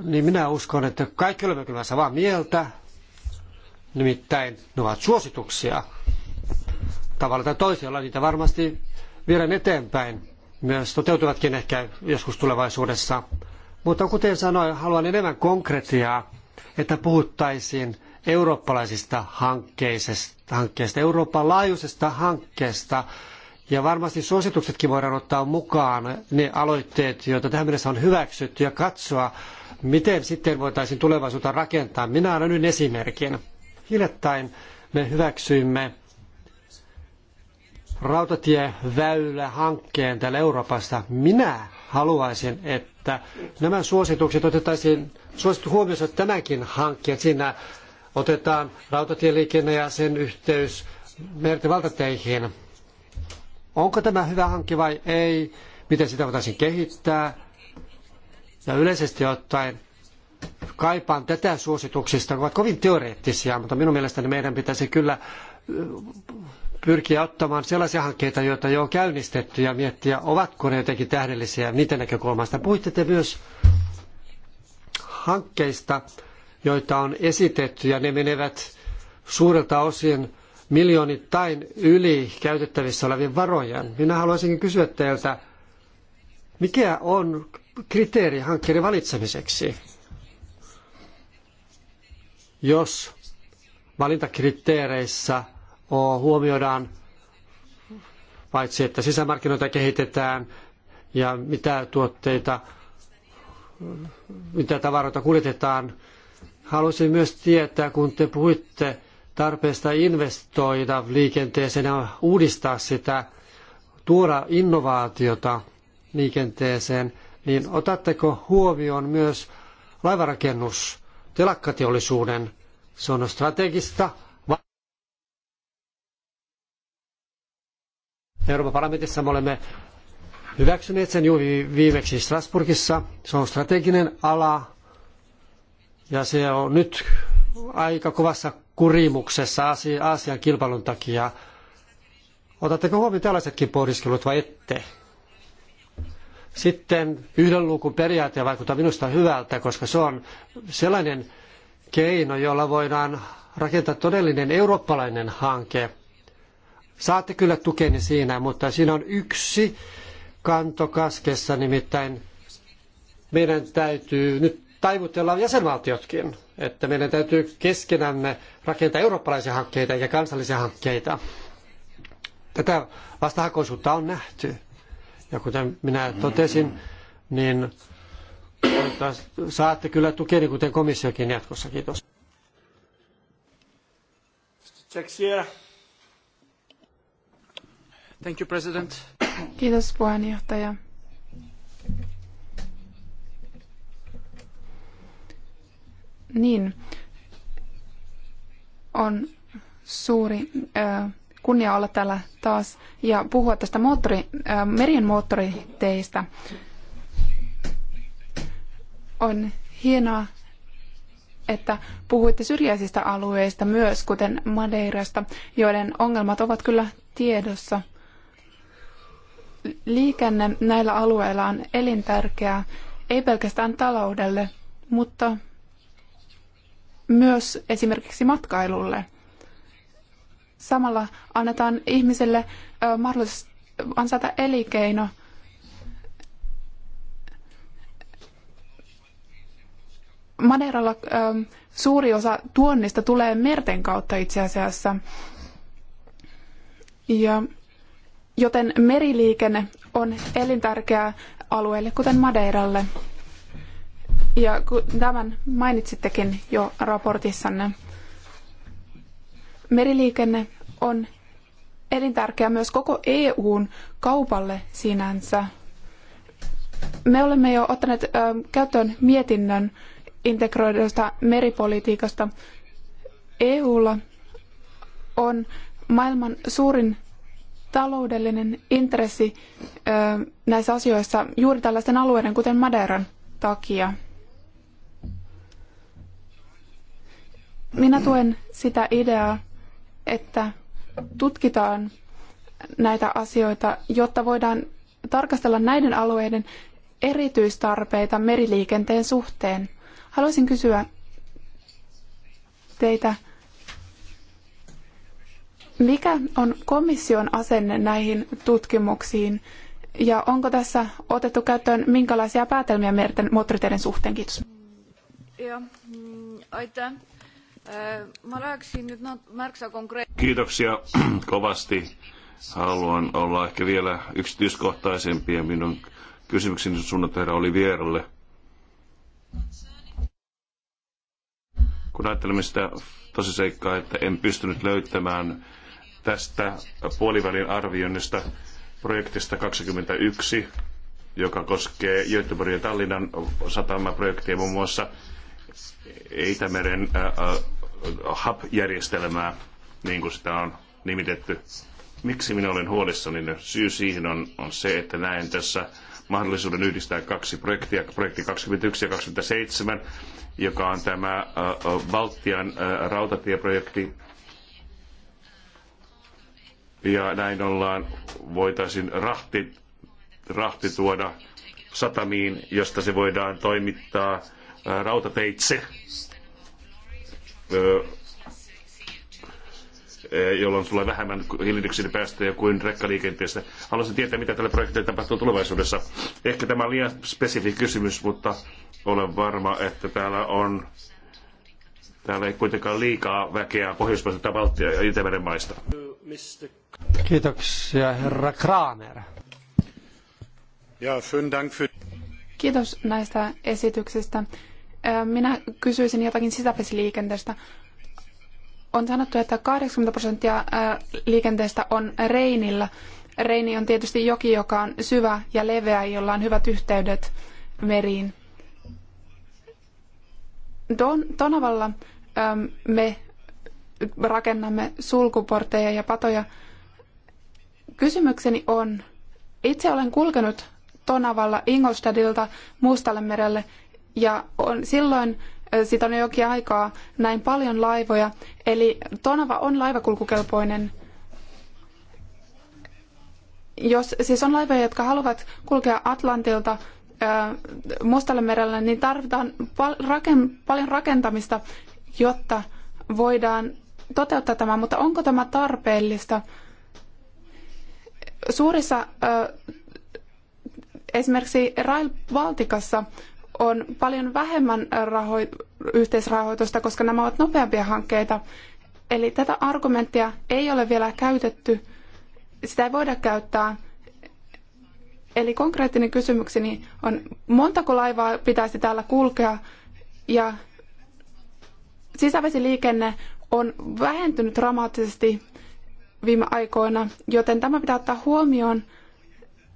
niin minä uskon, että kaikki olemme kyllä samaa mieltä, nimittäin ne ovat suosituksia tavalla tai toisella. Niitä varmasti viedään eteenpäin. Myös toteutuvatkin ehkä joskus tulevaisuudessa. Mutta kuten sanoin, haluan enemmän konkretiaa, että puhuttaisiin eurooppalaisista hankkeista, hankkeista Euroopan laajuisesta hankkeesta. Ja varmasti suosituksetkin voidaan ottaa mukaan ne aloitteet, joita tähän mennessä on hyväksytty ja katsoa, miten sitten voitaisiin tulevaisuutta rakentaa. Minä annan nyt esimerkin. Hiljattain me hyväksyimme rautatieväylähankkeen täällä Euroopasta. Minä haluaisin, että nämä suositukset otettaisiin suosittu huomioon tämänkin hankkeen. Siinä otetaan rautatieliikenne ja sen yhteys merten valtateihin. Onko tämä hyvä hanke vai ei? Miten sitä voitaisiin kehittää? Ja yleisesti ottaen kaipaan tätä suosituksista, ne ovat kovin teoreettisia, mutta minun mielestäni meidän pitäisi kyllä pyrkiä ottamaan sellaisia hankkeita, joita jo on käynnistetty ja miettiä, ovatko ne jotenkin tähdellisiä, miten näkökulmasta. Puhuitte te myös hankkeista, joita on esitetty ja ne menevät suurelta osin miljoonittain yli käytettävissä olevien varojen. Minä haluaisinkin kysyä teiltä, mikä on kriteeri hankkeiden valitsemiseksi? Jos valintakriteereissä huomioidaan paitsi, että sisämarkkinoita kehitetään ja mitä tuotteita, mitä tavaroita kuljetetaan. Haluaisin myös tietää, kun te puhuitte tarpeesta investoida liikenteeseen ja uudistaa sitä, tuoda innovaatiota liikenteeseen, niin otatteko huomioon myös laivarakennus, telakkateollisuuden? Se on strategista Euroopan parlamentissa me olemme hyväksyneet sen juuri viimeksi Strasbourgissa. Se on strateginen ala ja se on nyt aika kovassa kurimuksessa Aasian kilpailun takia. Otatteko huomioon tällaisetkin pohdiskelut vai ette? Sitten yhden luukun periaate vaikuttaa minusta hyvältä, koska se on sellainen keino, jolla voidaan rakentaa todellinen eurooppalainen hanke. Saatte kyllä tukeni siinä, mutta siinä on yksi kanto kaskessa, nimittäin meidän täytyy nyt taivutella jäsenvaltiotkin, että meidän täytyy keskenämme rakentaa eurooppalaisia hankkeita ja kansallisia hankkeita. Tätä vastahakoisuutta on nähty. Ja kuten minä totesin, niin saatte kyllä tukeni, kuten komissiokin jatkossa. Kiitos. Jack Thank you, President. Kiitos puheenjohtaja. Niin, on suuri äh, kunnia olla täällä taas ja puhua tästä moottori, äh, merien moottoriteistä. On hienoa, että puhuitte syrjäisistä alueista myös, kuten Madeirasta, joiden ongelmat ovat kyllä tiedossa – Liikenne näillä alueilla on elintärkeää, ei pelkästään taloudelle, mutta myös esimerkiksi matkailulle. Samalla annetaan ihmisille mahdollisuus ansaita elinkeino. Madeiralla suuri osa tuonnista tulee merten kautta itse asiassa. Ja joten meriliikenne on elintärkeää alueelle, kuten Madeiralle. Ja tämän mainitsittekin jo raportissanne. Meriliikenne on elintärkeä myös koko EUn kaupalle sinänsä. Me olemme jo ottaneet käyttöön mietinnön integroidusta meripolitiikasta. EUlla on maailman suurin taloudellinen intressi näissä asioissa juuri tällaisten alueiden, kuten Madeiran takia. Minä tuen sitä ideaa, että tutkitaan näitä asioita, jotta voidaan tarkastella näiden alueiden erityistarpeita meriliikenteen suhteen. Haluaisin kysyä teitä, mikä on komission asenne näihin tutkimuksiin ja onko tässä otettu käyttöön minkälaisia päätelmiä merten moottoriteiden suhteen? Kiitos. Joo, mm, Mä nyt no, Kiitoksia <clears throat> kovasti. Haluan olla ehkä vielä yksityiskohtaisempi ja minun kysymykseni suunnattu herra oli vieralle. Kun ajattelemme sitä tosiseikkaa, että en pystynyt löytämään tästä puolivälin arvioinnista projektista 21, joka koskee Göteborgin ja Tallinnan satamaprojektia muun muassa Itämeren hub-järjestelmää, niin kuin sitä on nimitetty. Miksi minä olen huolissani? No, syy siihen on, on se, että näen tässä mahdollisuuden yhdistää kaksi projektia, projekti 21 ja 27, joka on tämä Baltian rautatieprojekti ja näin ollaan voitaisiin rahti, rahti tuoda satamiin, josta se voidaan toimittaa rautateitse, jolloin tulee vähemmän hiilidioksidipäästöjä kuin rekkaliikenteessä. Haluaisin tietää, mitä tälle projektille tapahtuu tulevaisuudessa. Ehkä tämä on liian spesifi kysymys, mutta olen varma, että täällä on Täällä ei kuitenkaan liikaa väkeä Pohjoismaista tai Baltia ja Itämeren maista. Mr. Kiitoksia, herra Kramer. Ja, Dank für... Kiitos näistä esityksistä. Minä kysyisin jotakin sisävesiliikenteestä. On sanottu, että 80 prosenttia liikenteestä on Reinillä. Reini on tietysti joki, joka on syvä ja leveä, jolla on hyvät yhteydet meriin. Don, Tonavalla me rakennamme sulkuportteja ja patoja Kysymykseni on, itse olen kulkenut Tonavalla Ingolstadilta Mustallemerelle ja on silloin siitä on jo jokin aikaa näin paljon laivoja. Eli Tonava on laivakulkukelpoinen. Jos siis on laivoja, jotka haluavat kulkea Atlantilta Mustalle merelle, niin tarvitaan paljon rakentamista, jotta voidaan toteuttaa tämä. Mutta onko tämä tarpeellista? suurissa, esimerkiksi Rail Baltikassa on paljon vähemmän raho- yhteisrahoitusta, koska nämä ovat nopeampia hankkeita. Eli tätä argumenttia ei ole vielä käytetty, sitä ei voida käyttää. Eli konkreettinen kysymykseni on, montako laivaa pitäisi täällä kulkea ja sisävesiliikenne on vähentynyt dramaattisesti viime aikoina, joten tämä pitää ottaa huomioon,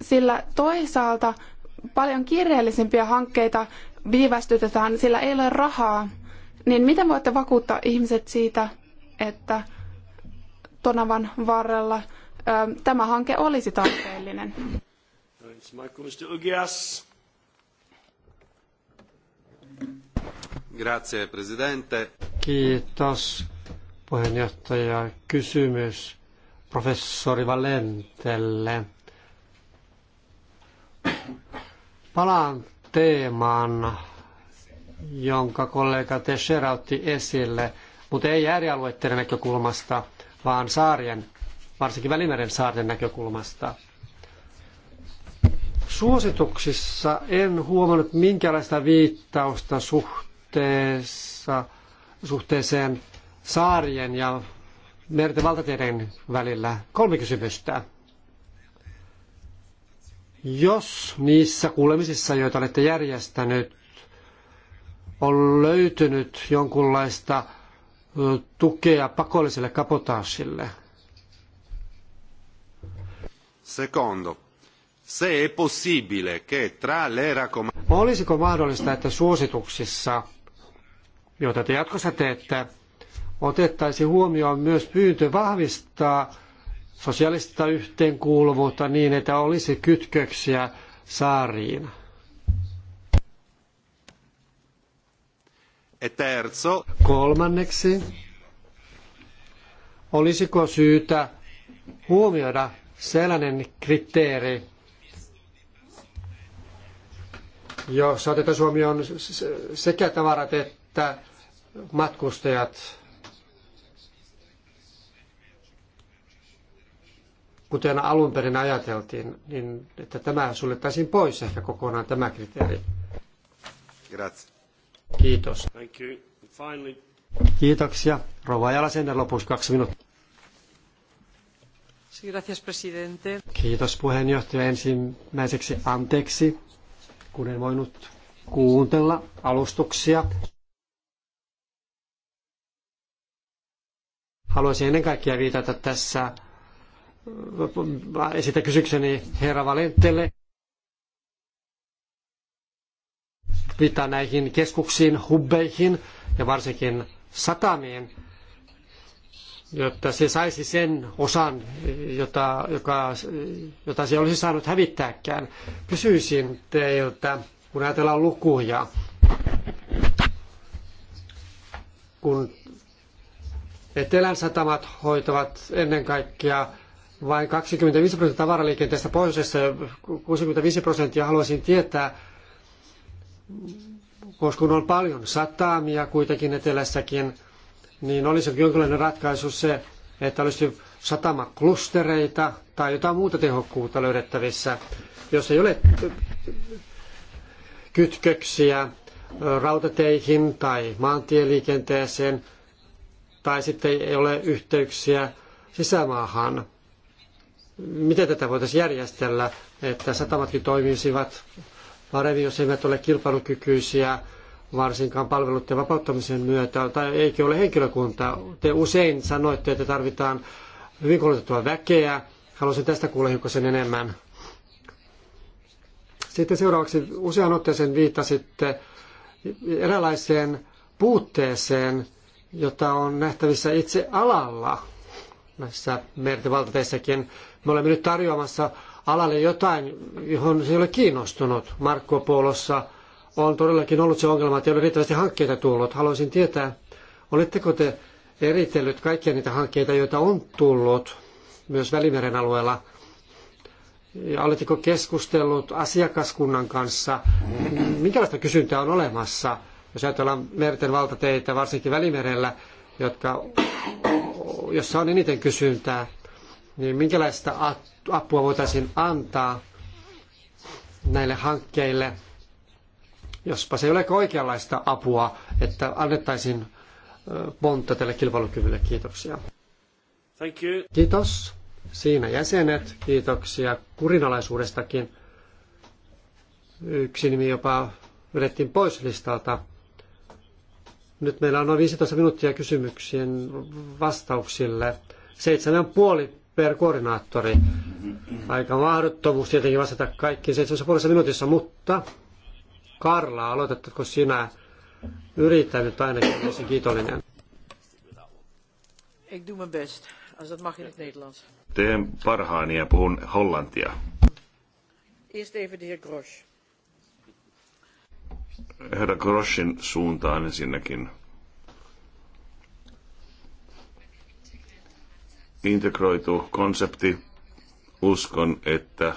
sillä toisaalta paljon kiireellisimpiä hankkeita viivästytetään, sillä ei ole rahaa. Niin miten voitte vakuuttaa ihmiset siitä, että Tonavan varrella ö, tämä hanke olisi tarpeellinen? Grazie, presidente. Kiitos, puheenjohtaja. Kysymys professori Valentelle. Palaan teemaan, jonka kollega Teixeira otti esille, mutta ei äärialueiden näkökulmasta, vaan saarien, varsinkin Välimeren saarten näkökulmasta. Suosituksissa en huomannut minkälaista viittausta suhteessa, suhteeseen saarien ja merten valtateiden välillä. Kolme kysymystä. Jos niissä kuulemisissa, joita olette järjestänyt, on löytynyt jonkunlaista tukea pakolliselle kapotaasille? Secondo. Se è possibile che tra le raccomandazioni... Olisiko mahdollista, että suosituksissa, joita te jatkossa teette, otettaisiin huomioon myös pyyntö vahvistaa sosiaalista yhteenkuuluvuutta niin, että olisi kytköksiä saariin. E terzo. Kolmanneksi, olisiko syytä huomioida sellainen kriteeri, jossa otetaan huomioon sekä tavarat että matkustajat kuten alun perin ajateltiin, niin että tämä suljettaisiin pois ehkä kokonaan tämä kriteeri. Grazie. Kiitos. Thank you. Finally. Kiitoksia. Rova Jalasender lopuksi kaksi minuuttia. Gracias, presidente. Kiitos puheenjohtaja. Ensimmäiseksi anteeksi, kun en voinut kuuntella alustuksia. Haluaisin ennen kaikkea viitata tässä esitä kysykseni herra Valentelle. Mitä näihin keskuksiin, hubbeihin ja varsinkin satamiin, jotta se saisi sen osan, jota, joka, jota se olisi saanut hävittääkään. Kysyisin teiltä, kun ajatellaan lukuja, kun etelän satamat hoitavat ennen kaikkea vain 25 prosenttia tavaraliikenteestä pohjoisessa ja 65 prosenttia haluaisin tietää, koska kun on paljon satamia kuitenkin etelässäkin, niin olisi jonkinlainen ratkaisu se, että olisi satamaklustereita tai jotain muuta tehokkuutta löydettävissä, jos ei ole kytköksiä rautateihin tai maantieliikenteeseen, tai sitten ei ole yhteyksiä sisämaahan miten tätä voitaisiin järjestellä, että satamatkin toimisivat paremmin, jos eivät ole kilpailukykyisiä, varsinkaan palveluiden vapauttamisen myötä, tai eikö ole henkilökuntaa. Te usein sanoitte, että tarvitaan hyvin koulutettua väkeä. Haluaisin tästä kuulla hiukan sen enemmän. Sitten seuraavaksi usean otteeseen viittasitte eräänlaiseen puutteeseen, jota on nähtävissä itse alalla näissä merten me olemme nyt tarjoamassa alalle jotain, johon se ei ole kiinnostunut. Marko Polossa on todellakin ollut se ongelma, että ei ole riittävästi hankkeita tullut. Haluaisin tietää, oletteko te eritellyt kaikkia niitä hankkeita, joita on tullut myös Välimeren alueella? Ja oletteko keskustellut asiakaskunnan kanssa? Minkälaista kysyntää on olemassa, jos ajatellaan merten valtateitä, varsinkin Välimerellä, jotka, jossa on eniten kysyntää? niin minkälaista apua voitaisiin antaa näille hankkeille, jospa se ei ole oikeanlaista apua, että annettaisiin pontta tälle kilpailukyvylle. Kiitoksia. Thank you. Kiitos. Siinä jäsenet. Kiitoksia kurinalaisuudestakin. Yksi nimi jopa vedettiin pois listalta. Nyt meillä on noin 15 minuuttia kysymyksien vastauksille. Seitsemän puoli per koordinaattori. Aika mahdottomuus tietenkin vastata kaikkiin seitsemässä puolessa minuutissa, mutta Karla, aloitatko sinä? Yritä nyt ainakin, olisin kiitollinen. Ik doe mijn best, als dat mag in het Nederlands. Teen parhaani ja puhun hollantia. Eerst even de heer Grosch. Herra Groschin suuntaan ensinnäkin. integroitu konsepti. Uskon, että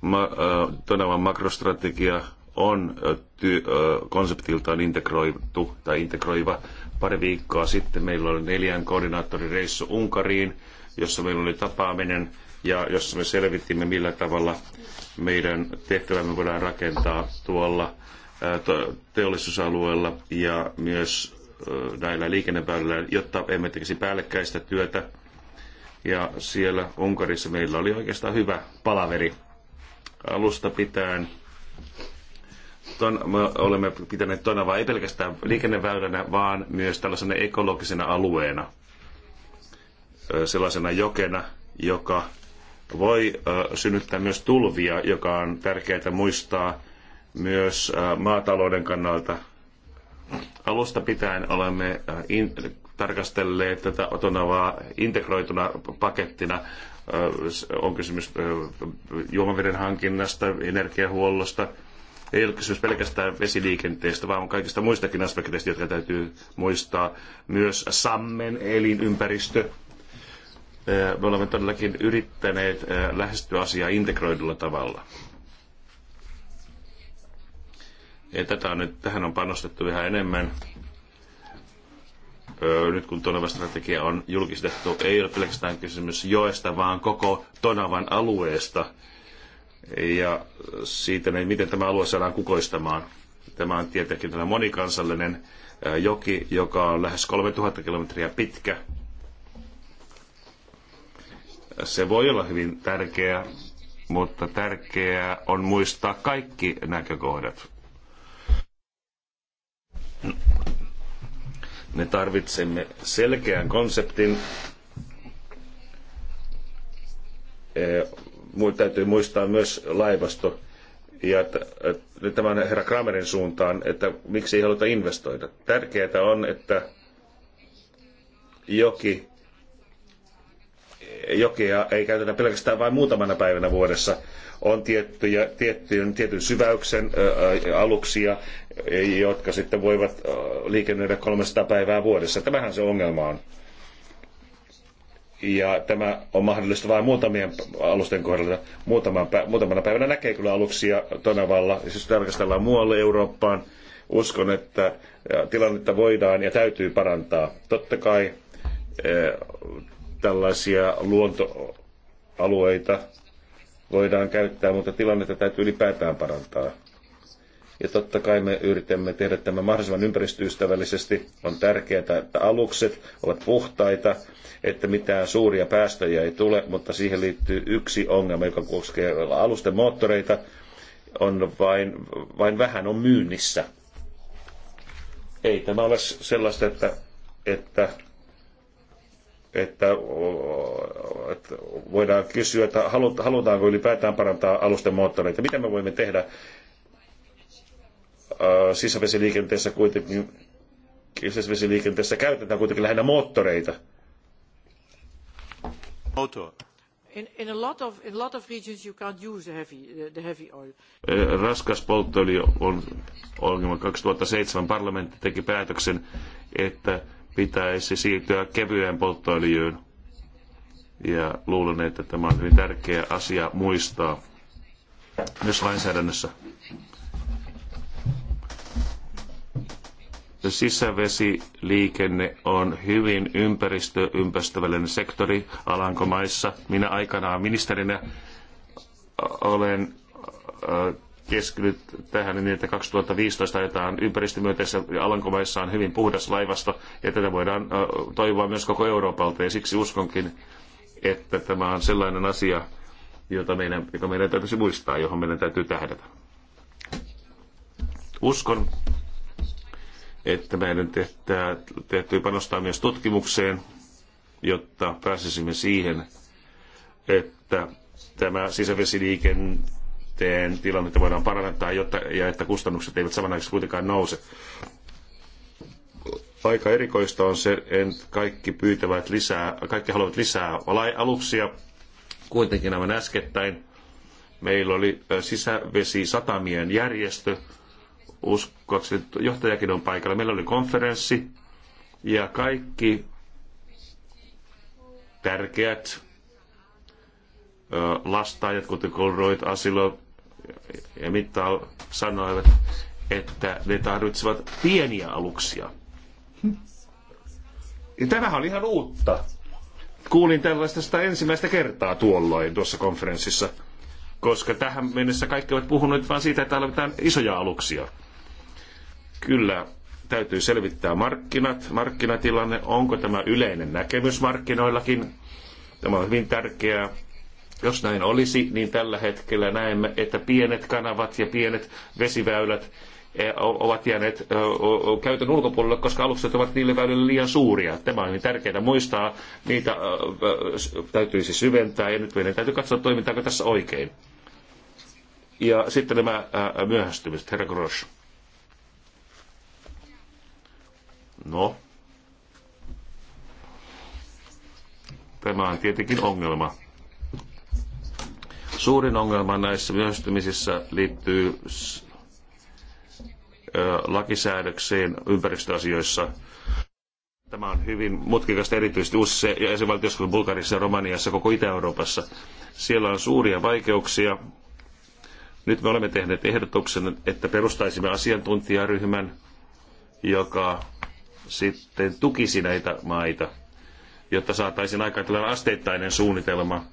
ma- äh, todella makrostrategia on äh, ty- äh, konseptiltaan integroitu tai integroiva. Pari viikkoa sitten meillä oli neljän koordinaattorin reissu Unkariin, jossa meillä oli tapaaminen ja jossa me selvitimme, millä tavalla meidän tehtävämme voidaan rakentaa tuolla teollisuusalueella ja myös näillä liikenneväylillä, jotta emme tekisi päällekkäistä työtä ja siellä Unkarissa meillä oli oikeastaan hyvä palaveri alusta pitäen. Ton, me olemme pitäneet Tonavaa ei pelkästään liikenneväylänä, vaan myös tällaisena ekologisena alueena. Sellaisena jokena, joka voi synnyttää myös tulvia, joka on tärkeää muistaa myös maatalouden kannalta. Alusta pitäen olemme tarkastelleet tätä Otonavaa integroituna pakettina. On kysymys juomaveden hankinnasta, energiahuollosta. Ei ole kysymys pelkästään vesiliikenteestä, vaan kaikista muistakin aspekteista, jotka täytyy muistaa. Myös Sammen elinympäristö. Me olemme todellakin yrittäneet lähestyä asiaa integroidulla tavalla. Ja tätä on nyt, tähän on panostettu yhä enemmän nyt kun Tonavan strategia on julkistettu, ei ole pelkästään kysymys joesta, vaan koko Tonavan alueesta ja siitä, miten tämä alue saadaan kukoistamaan. Tämä on tietenkin tällainen monikansallinen joki, joka on lähes 3000 kilometriä pitkä. Se voi olla hyvin tärkeä, mutta tärkeää on muistaa kaikki näkökohdat. Me tarvitsemme selkeän konseptin. Eh, täytyy muistaa myös laivasto. Ja eh, tämän herra Kramerin suuntaan, että miksi ei haluta investoida. Tärkeää on, että joki, eh, jokia ei käytetä pelkästään vain muutamana päivänä vuodessa, on tiettyjä, tiettyyn, tietyn syväyksen ää, aluksia, e, jotka sitten voivat liikennöidä 300 päivää vuodessa. Tämähän se ongelma on. Ja tämä on mahdollista vain muutamien alusten kohdalla. Muutaman muutamana päivänä näkee kyllä aluksia Tonavalla. Jos siis tarkastellaan muualle Eurooppaan, uskon, että tilannetta voidaan ja täytyy parantaa. Totta kai tällaisia luontoalueita voidaan käyttää, mutta tilannetta täytyy ylipäätään parantaa. Ja totta kai me yritämme tehdä tämä mahdollisimman ympäristöystävällisesti. On tärkeää, että alukset ovat puhtaita, että mitään suuria päästöjä ei tule, mutta siihen liittyy yksi ongelma, joka koskee alusten moottoreita. On vain, vain vähän on myynnissä. Ei tämä ole sellaista, että, että että, että voidaan kysyä, että halutaanko ylipäätään parantaa alusten moottoreita. Mitä me voimme tehdä sisävesiliikenteessä kuitenkin, sisävesiliikenteessä käytetään kuitenkin lähinnä moottoreita. Motor. In, in a lot of, in a lot of regions you can't use the heavy, the heavy oil. Raskas polttoöljy on ongelma. 2007 parlamentti teki päätöksen, että pitäisi siirtyä kevyeen polttoöljyyn. Ja luulen, että tämä on hyvin tärkeä asia muistaa myös lainsäädännössä. sisävesiliikenne on hyvin ympäristöympäristövälinen sektori Alankomaissa. Minä aikanaan ministerinä olen äh, keskityt tähän niin, että 2015 ajetaan ympäristömyönteisessä Alankomaissa on hyvin puhdas laivasto ja tätä voidaan toivoa myös koko Euroopalta ja siksi uskonkin, että tämä on sellainen asia, jota meidän, joka meidän täytyisi muistaa, johon meidän täytyy tähdätä. Uskon, että meidän täytyy panostaa myös tutkimukseen, jotta pääsisimme siihen, että tämä sisävesiliikenne liikenteen tilannetta voidaan parantaa jotta, ja että kustannukset eivät samanaikaisesti kuitenkaan nouse. Aika erikoista on se, että kaikki pyytävät lisää, kaikki haluavat lisää aluksia. Kuitenkin aivan äskettäin meillä oli sisävesisatamien järjestö, uskoakseni johtajakin on paikalla. Meillä oli konferenssi ja kaikki tärkeät lastaajat, kuten Colroyd, Asilo, ja Mittal sanoivat, että ne tarvitsevat pieniä aluksia. Ja tämähän oli ihan uutta. Kuulin tällaista sitä ensimmäistä kertaa tuolloin tuossa konferenssissa, koska tähän mennessä kaikki ovat puhuneet vain siitä, että tarvitaan isoja aluksia. Kyllä, täytyy selvittää markkinat, markkinatilanne, onko tämä yleinen näkemys markkinoillakin. Tämä on hyvin tärkeää jos näin olisi, niin tällä hetkellä näemme, että pienet kanavat ja pienet vesiväylät eh, ovat jääneet eh, käytön ulkopuolelle, koska alukset ovat niille väylille liian suuria. Tämä on hyvin tärkeää muistaa. Niitä eh, täytyisi syventää ja nyt meidän täytyy katsoa, toimintaako tässä oikein. Ja sitten nämä myöhästymiset, herra Grosch. No. Tämä on tietenkin ongelma. Suurin ongelma näissä myöhästymisissä liittyy lakisäädöksiin ympäristöasioissa. Tämä on hyvin mutkikasta erityisesti uusissa ja kuin Bulgariassa ja Romaniassa, koko Itä-Euroopassa. Siellä on suuria vaikeuksia. Nyt me olemme tehneet ehdotuksen, että perustaisimme asiantuntijaryhmän, joka sitten tukisi näitä maita, jotta saataisiin aikaan tällainen asteittainen suunnitelma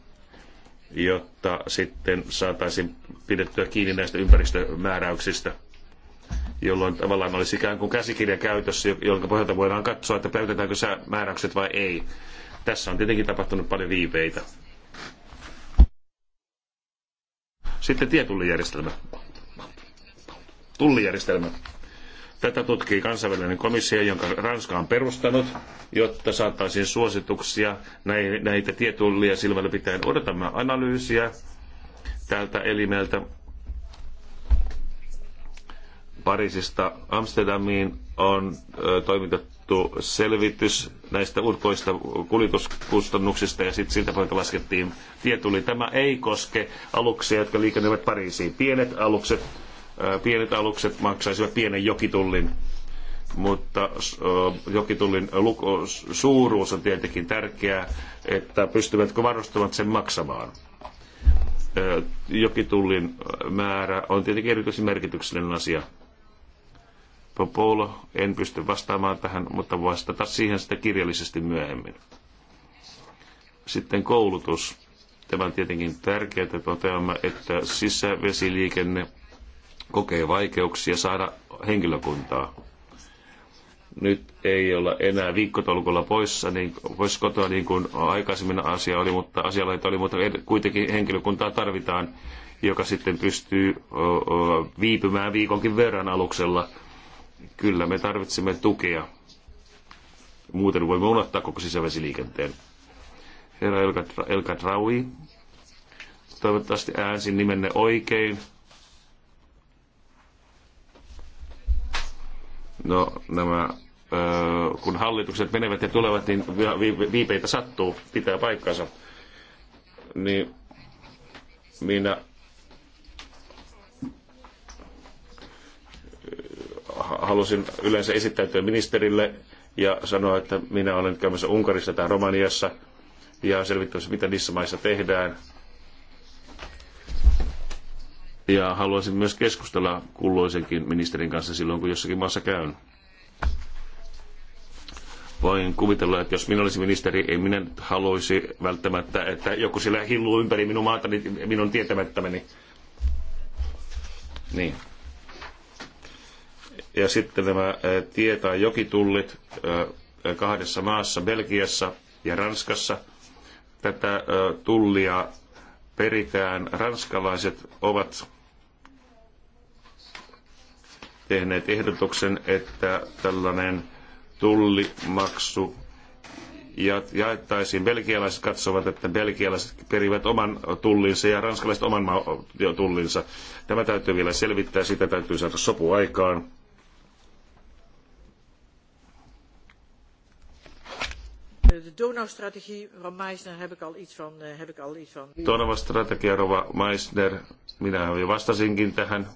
jotta sitten saataisiin pidettyä kiinni näistä ympäristömääräyksistä, jolloin tavallaan olisi ikään kuin käsikirja käytössä, jonka pohjalta voidaan katsoa, että täytetäänkö sä määräykset vai ei. Tässä on tietenkin tapahtunut paljon viipeitä. Sitten tietullijärjestelmä. Tullijärjestelmä. Tätä tutkii kansainvälinen komissio, jonka Ranska on perustanut, jotta saataisiin suosituksia näitä tietullia silmällä pitäen. Odotamme analyysiä tältä elimeltä. Pariisista Amsterdamiin on toimitettu selvitys näistä ulkoista kuljetuskustannuksista ja sitten siltä pohjalta laskettiin tietuli. Tämä ei koske aluksia, jotka liikennevät Pariisiin. Pienet alukset pienet alukset maksaisivat pienen jokitullin mutta jokitullin suuruus on tietenkin tärkeää, että pystyvätkö varustamat sen maksamaan. Jokitullin määrä on tietenkin erityisen merkityksellinen asia. Popolo, en pysty vastaamaan tähän, mutta vastata siihen sitä kirjallisesti myöhemmin. Sitten koulutus. Tämä on tietenkin tärkeää, että toteamme, että sisävesiliikenne – kokee vaikeuksia saada henkilökuntaa. Nyt ei olla enää viikkotolkulla poissa, niin, pois kotoa niin kuin aikaisemmin asia oli, mutta asialaita oli, mutta kuitenkin henkilökuntaa tarvitaan, joka sitten pystyy viipymään viikonkin verran aluksella. Kyllä me tarvitsemme tukea. Muuten voimme unohtaa koko sisävesiliikenteen. Herra Traui, toivottavasti äänsin nimenne oikein. No nämä, kun hallitukset menevät ja tulevat, niin viipeitä sattuu, pitää paikkansa. Niin minä halusin yleensä esittäytyä ministerille ja sanoa, että minä olen käymässä Unkarissa tai Romaniassa ja selvittämässä, mitä niissä maissa tehdään – ja haluaisin myös keskustella kulloisenkin ministerin kanssa silloin, kun jossakin maassa käyn. Voin kuvitella, että jos minä olisin ministeri, ei minä haluaisi välttämättä, että joku siellä hilluu ympäri minun maatani niin minun tietämättäni. Niin. Ja sitten nämä tietää jokitullit kahdessa maassa, Belgiassa ja Ranskassa. Tätä tullia peritään. Ranskalaiset ovat tehneet ehdotuksen, että tällainen tullimaksu ja jaettaisiin. Belgialaiset katsovat, että belgialaiset perivät oman tullinsa ja ranskalaiset oman tullinsa. Tämä täytyy vielä selvittää, sitä täytyy saada sopu aikaan. De Donau-strategie, van Meisner, heb ik al iets van. Eh, heb ik al iets van. Donau-strategia, Rova Meisner, minä jo vastasinkin tähän.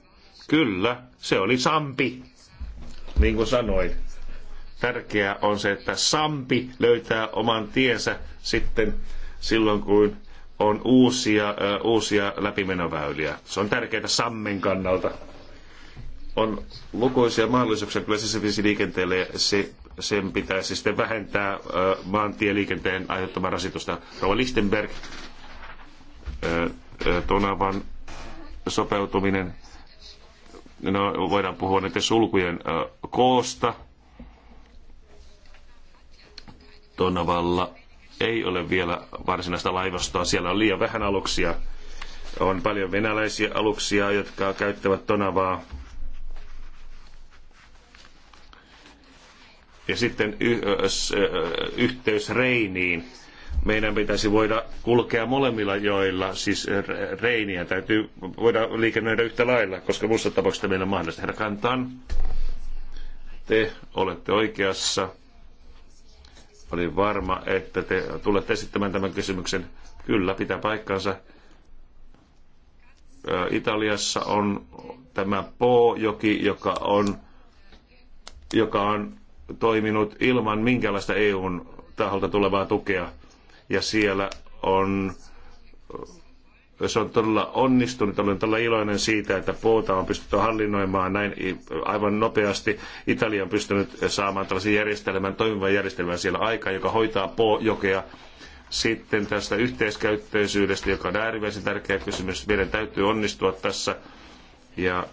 Kyllä, se oli Sampi, niin kuin sanoin. Tärkeää on se, että Sampi löytää oman tiensä sitten silloin, kun on uusia, uh, uusia läpimenoväyliä. Se on tärkeää Sammen kannalta. On lukuisia mahdollisuuksia kyllä sisävesiliikenteelle ja se, sen pitäisi sitten vähentää uh, maantieliikenteen aiheuttamaa rasitusta. Rova Lichtenberg, uh, Tonavan sopeutuminen No, voidaan puhua näiden sulkujen koosta. Tonavalla ei ole vielä varsinaista laivastoa. Siellä on liian vähän aluksia. On paljon venäläisiä aluksia, jotka käyttävät Tonavaa. Ja sitten yhteys Reiniin meidän pitäisi voida kulkea molemmilla joilla, siis reiniä täytyy voida liikennöidä yhtä lailla, koska muussa tapauksessa meillä on mahdollista herra kantaan. Te olette oikeassa. Olin varma, että te tulette esittämään tämän kysymyksen. Kyllä, pitää paikkansa. Italiassa on tämä Po-joki, joka on, joka on toiminut ilman minkäänlaista EUn taholta tulevaa tukea ja siellä on se on todella onnistunut. Olen todella iloinen siitä, että Poota on pystytty hallinnoimaan näin aivan nopeasti. Italia on pystynyt saamaan tällaisen järjestelmän, toimivan järjestelmän siellä aikaa, joka hoitaa Po-jokea. Sitten tästä yhteiskäyttöisyydestä, joka on äärimmäisen tärkeä kysymys. Meidän täytyy onnistua tässä. Ja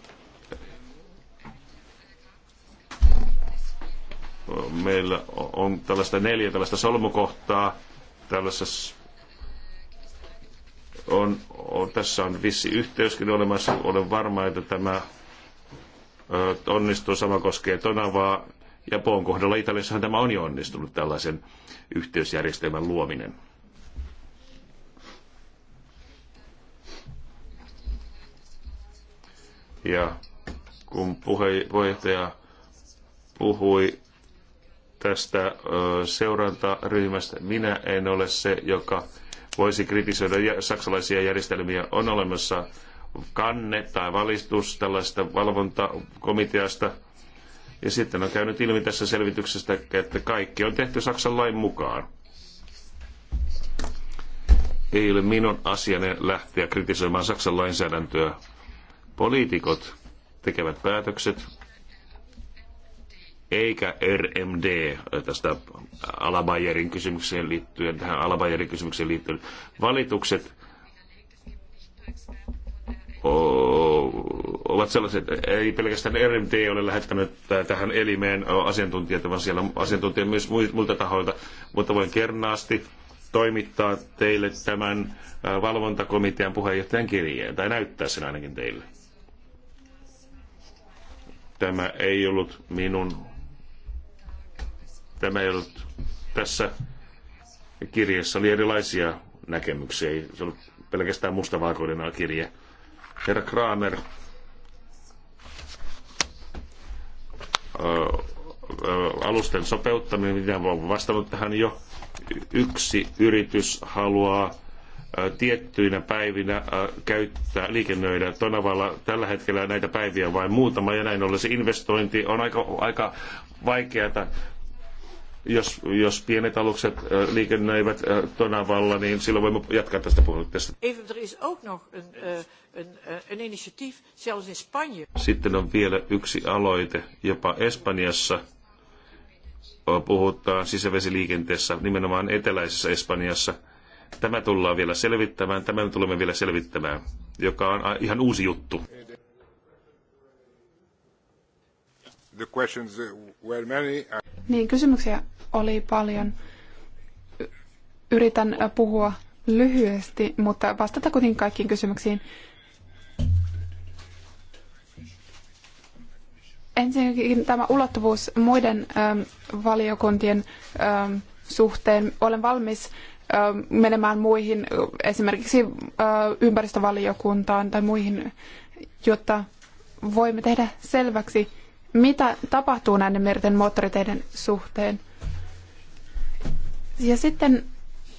meillä on tällaista neljä tällaista solmukohtaa tällaisessa on, on, tässä on vissi yhteyskin olemassa. Olen varma, että tämä ö, onnistuu. Sama koskee Tonavaa. Ja Poon kohdalla Italiassahan tämä on jo onnistunut, tällaisen yhteysjärjestelmän luominen. Ja kun puhe, puheenjohtaja puhui tästä seurantaryhmästä. Minä en ole se, joka voisi kritisoida saksalaisia järjestelmiä. On olemassa kanne tai valistus tällaista valvontakomiteasta. Ja sitten on käynyt ilmi tässä selvityksestä, että kaikki on tehty Saksan lain mukaan. Ei ole minun asiani lähteä kritisoimaan Saksan lainsäädäntöä. Poliitikot tekevät päätökset, eikä RMD tästä äh, Alabayerin kysymykseen liittyen, tähän Alabayerin kysymykseen liittyen. Valitukset ovat sellaiset, ei pelkästään RMD ole lähettänyt tähän elimeen asiantuntijat, vaan siellä asiantuntijat myös muilta tahoilta, mutta voin kernaasti toimittaa teille tämän valvontakomitean puheenjohtajan kirjeen, tai näyttää sen ainakin teille. Tämä ei ollut minun Tämä ei ollut tässä kirjassa, oli erilaisia näkemyksiä, ei se ollut pelkästään mustavalkoinen kirje. Herra Kramer alusten sopeuttaminen, mitä olen vastannut tähän jo. Yksi yritys haluaa tiettyinä päivinä käyttää, liikennöidä Tonavalla. Tällä hetkellä näitä päiviä vain muutama ja näin ollen se investointi on aika, aika vaikeata jos, jos pienet alukset äh, liikennöivät äh, Tonavalla, niin silloin voimme jatkaa tästä puhutteesta. Er eh, eh, Sitten on vielä yksi aloite, jopa Espanjassa puhutaan sisävesiliikenteessä, nimenomaan eteläisessä Espanjassa. Tämä tullaan vielä selvittämään, tämä tulemme vielä selvittämään, joka on ihan uusi juttu. The questions were many. Niin, kysymyksiä oli paljon. Yritän puhua lyhyesti, mutta vastata kuitenkin kaikkiin kysymyksiin. Ensinnäkin tämä ulottuvuus muiden ähm, valiokuntien ähm, suhteen. Olen valmis ähm, menemään muihin, äh, esimerkiksi äh, ympäristövaliokuntaan tai muihin, jotta voimme tehdä selväksi, mitä tapahtuu näiden merten moottoriteiden suhteen. Ja sitten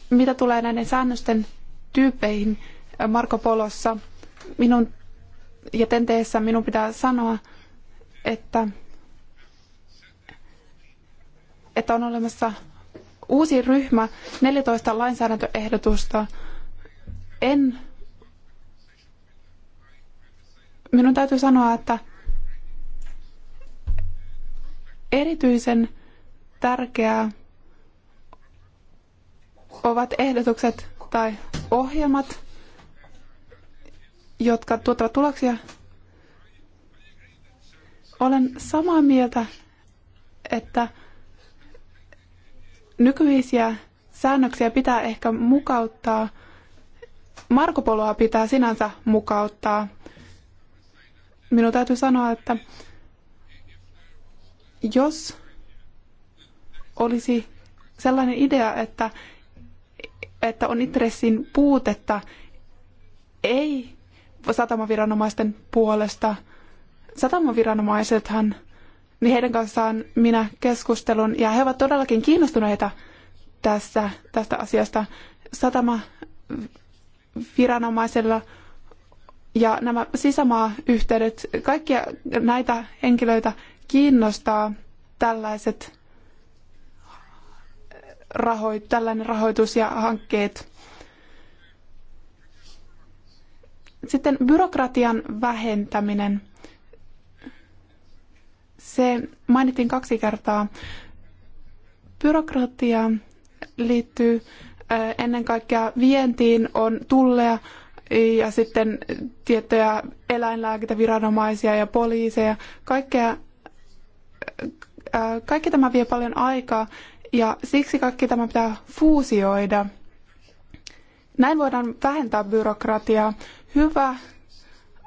mitä tulee näiden säännösten tyyppeihin Marko Polossa minun ja tenteessä minun pitää sanoa, että, että on olemassa uusi ryhmä 14 lainsäädäntöehdotusta. En, minun täytyy sanoa, että Erityisen tärkeää ovat ehdotukset tai ohjelmat, jotka tuottavat tuloksia. Olen samaa mieltä, että nykyisiä säännöksiä pitää ehkä mukauttaa. Markopoloa pitää sinänsä mukauttaa. Minun täytyy sanoa, että jos olisi sellainen idea, että, että on intressin puutetta, ei satamaviranomaisten puolesta. Satamaviranomaisethan, niin heidän kanssaan minä keskustelun, ja he ovat todellakin kiinnostuneita tässä, tästä asiasta. Satamaviranomaisella ja nämä sisämaayhteydet, kaikkia näitä henkilöitä kiinnostaa tällaiset eh, rahoit, tällainen rahoitus ja hankkeet. Sitten byrokratian vähentäminen. Se mainittiin kaksi kertaa. Byrokratia liittyy eh, ennen kaikkea vientiin on tulleja ja sitten tiettyjä eläinlääkintäviranomaisia ja poliiseja, kaikkea kaikki tämä vie paljon aikaa ja siksi kaikki tämä pitää fuusioida. Näin voidaan vähentää byrokratiaa. Hyvä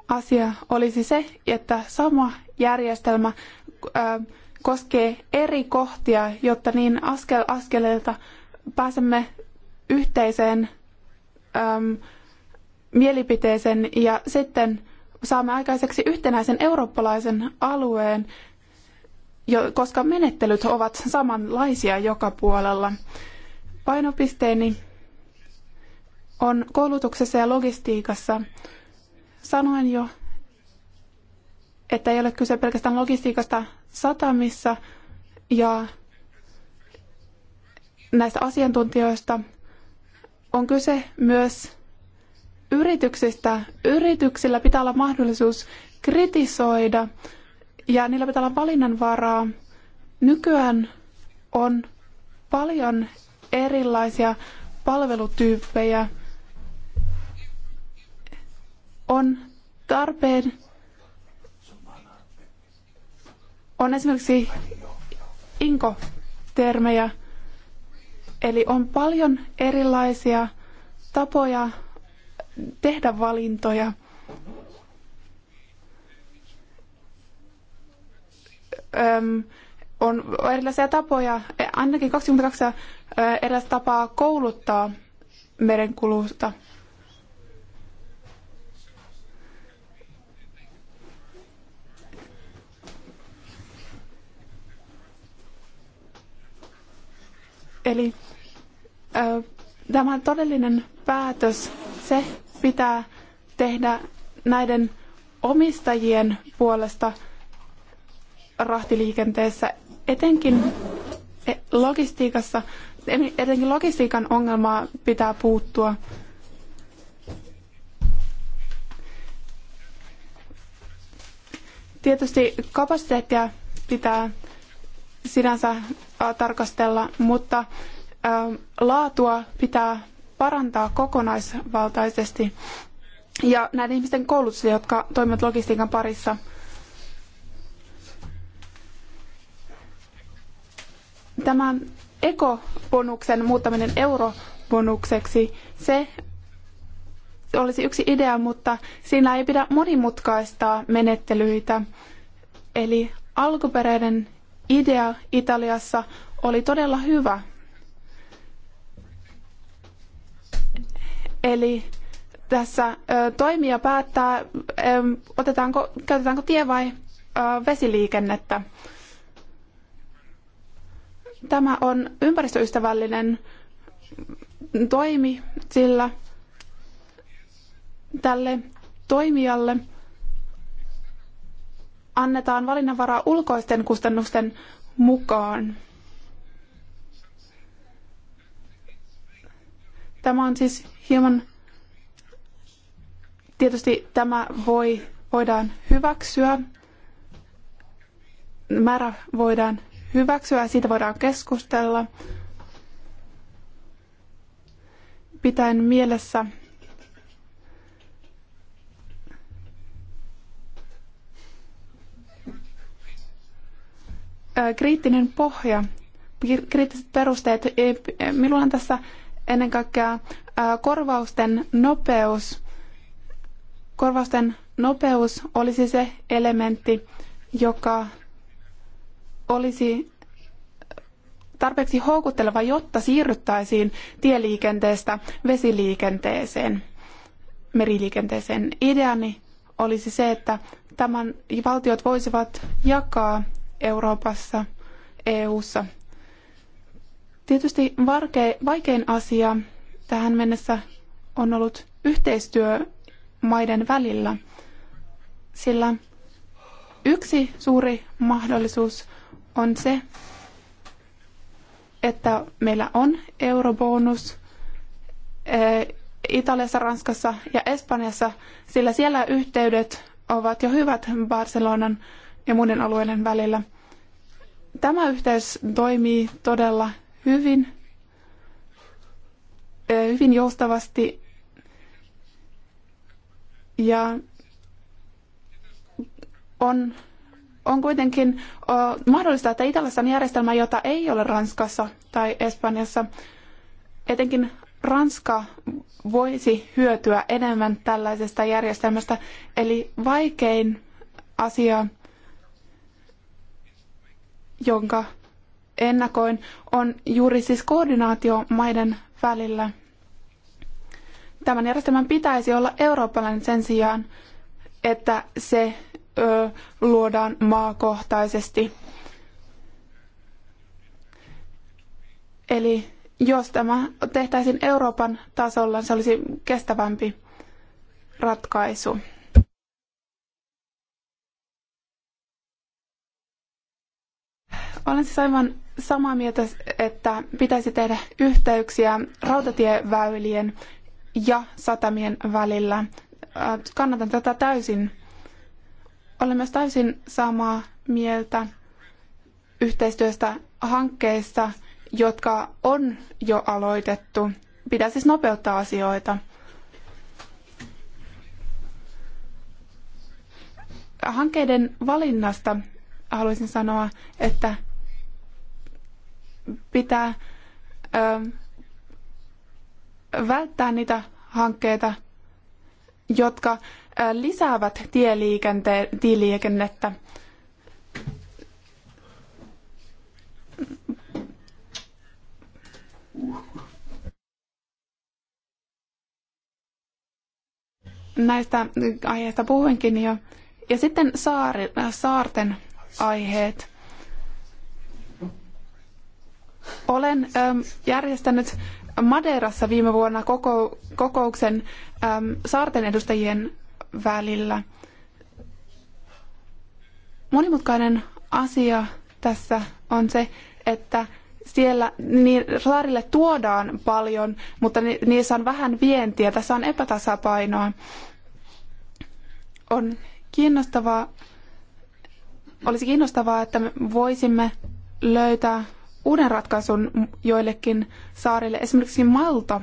asia olisi se, että sama järjestelmä koskee eri kohtia, jotta niin askel askeleelta pääsemme yhteiseen äm, mielipiteeseen ja sitten saamme aikaiseksi yhtenäisen eurooppalaisen alueen koska menettelyt ovat samanlaisia joka puolella. Painopisteeni on koulutuksessa ja logistiikassa. Sanoin jo, että ei ole kyse pelkästään logistiikasta satamissa ja näistä asiantuntijoista. On kyse myös yrityksistä. Yrityksillä pitää olla mahdollisuus kritisoida ja niillä pitää olla valinnanvaraa. Nykyään on paljon erilaisia palvelutyyppejä. On tarpeen, on esimerkiksi inkotermejä, eli on paljon erilaisia tapoja tehdä valintoja. on erilaisia tapoja, e, ainakin 22 eräs tapaa kouluttaa merenkulusta. Eli ö, tämä on todellinen päätös. Se pitää tehdä näiden omistajien puolesta – rahtiliikenteessä, etenkin e, logistiikassa, etenkin logistiikan ongelmaa pitää puuttua. Tietysti kapasiteettia pitää sinänsä tarkastella, mutta laatua pitää parantaa kokonaisvaltaisesti. Ja näiden ihmisten koulutus, jotka toimivat logistiikan parissa, Tämä ekobonuksen muuttaminen eurobonukseksi, se olisi yksi idea, mutta siinä ei pidä monimutkaistaa menettelyitä. Eli alkuperäinen idea Italiassa oli todella hyvä. Eli tässä ö, toimija päättää, otetaanko, käytetäänkö tie- vai vesiliikennettä. Tämä on ympäristöystävällinen toimi, sillä tälle toimijalle annetaan valinnanvaraa ulkoisten kustannusten mukaan. Tämä on siis hieman, tietysti tämä voi, voidaan hyväksyä, määrä voidaan hyväksyä, siitä voidaan keskustella. Pitäen mielessä kriittinen pohja, kriittiset perusteet. E, minulla on tässä ennen kaikkea korvausten nopeus. Korvausten nopeus olisi se elementti, joka olisi tarpeeksi houkutteleva, jotta siirryttäisiin tieliikenteestä vesiliikenteeseen, meriliikenteeseen. Ideani olisi se, että tämän valtiot voisivat jakaa Euroopassa, EU:ssa. Tietysti vaikein asia tähän mennessä on ollut yhteistyö maiden välillä, sillä yksi suuri mahdollisuus on se, että meillä on eurobonus eh, Italiassa, Ranskassa ja Espanjassa, sillä siellä yhteydet ovat jo hyvät Barcelonan ja muiden alueiden välillä. Tämä yhteys toimii todella hyvin, eh, hyvin joustavasti ja on on kuitenkin mahdollista, että Italiassa on järjestelmä, jota ei ole Ranskassa tai Espanjassa. Etenkin Ranska voisi hyötyä enemmän tällaisesta järjestelmästä. Eli vaikein asia, jonka ennakoin, on juuri siis koordinaatio maiden välillä. Tämän järjestelmän pitäisi olla eurooppalainen sen sijaan, että se luodaan maakohtaisesti. Eli jos tämä tehtäisiin Euroopan tasolla, se olisi kestävämpi ratkaisu. Olen siis aivan samaa mieltä, että pitäisi tehdä yhteyksiä rautatieväylien ja satamien välillä. Äh, kannatan tätä täysin. Olen myös täysin samaa mieltä yhteistyöstä hankkeissa, jotka on jo aloitettu. Pitää siis nopeuttaa asioita. Hankkeiden valinnasta haluaisin sanoa, että pitää ö, välttää niitä hankkeita, jotka lisäävät tieliikennettä. Näistä aiheista puhuinkin jo. Ja sitten saari, saarten aiheet. Olen järjestänyt Madeirassa viime vuonna kokouksen saarten edustajien välillä. Monimutkainen asia tässä on se, että siellä niin saarille tuodaan paljon, mutta niissä on vähän vientiä. Tässä on epätasapainoa. On kiinnostavaa, olisi kiinnostavaa, että me voisimme löytää uuden ratkaisun joillekin saarille. Esimerkiksi Malta.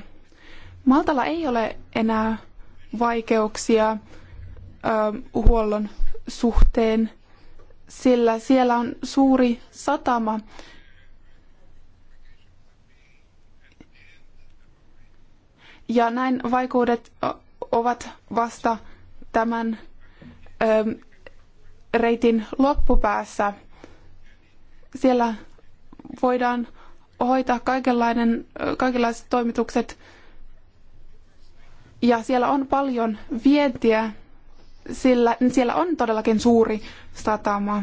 Maltalla ei ole enää vaikeuksia Ähm, huollon suhteen, sillä siellä on suuri satama. Ja näin vaikeudet ovat vasta tämän ähm, reitin loppupäässä. Siellä voidaan hoitaa kaikenlainen, kaikenlaiset toimitukset. Ja siellä on paljon vientiä sillä siellä on todellakin suuri satama.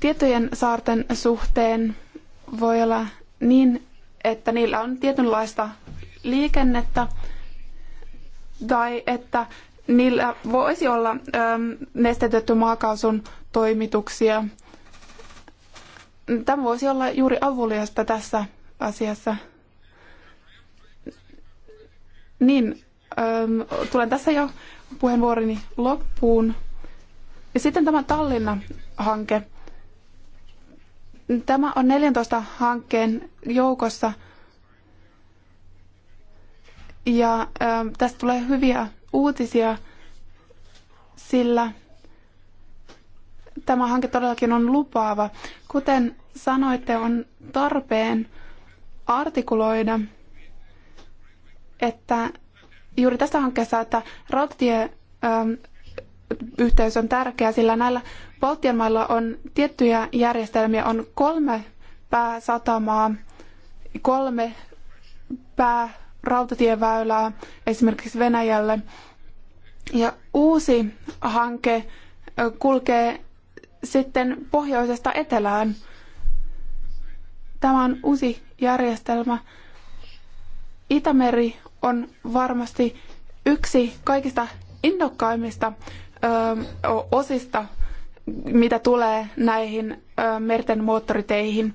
tietojen saarten suhteen voi olla niin, että niillä on tietynlaista liikennettä tai että niillä voisi olla ähm, nestetetty maakaasun toimituksia. Tämä voisi olla juuri avuliasta tässä asiassa. Niin, tulen tässä jo puheenvuoroni loppuun. Ja sitten tämä Tallinna-hanke. Tämä on 14 hankkeen joukossa. Ja tästä tulee hyviä uutisia, sillä tämä hanke todellakin on lupaava. Kuten sanoitte, on tarpeen artikuloida, että juuri tässä hankkeessa, että rautatie ähm, yhteys on tärkeä, sillä näillä Baltian mailla on tiettyjä järjestelmiä, on kolme pääsatamaa, kolme päärautatieväylää esimerkiksi Venäjälle. Ja uusi hanke äh, kulkee sitten pohjoisesta etelään. Tämä on uusi järjestelmä. Itämeri on varmasti yksi kaikista innokkaimmista osista, mitä tulee näihin merten moottoriteihin.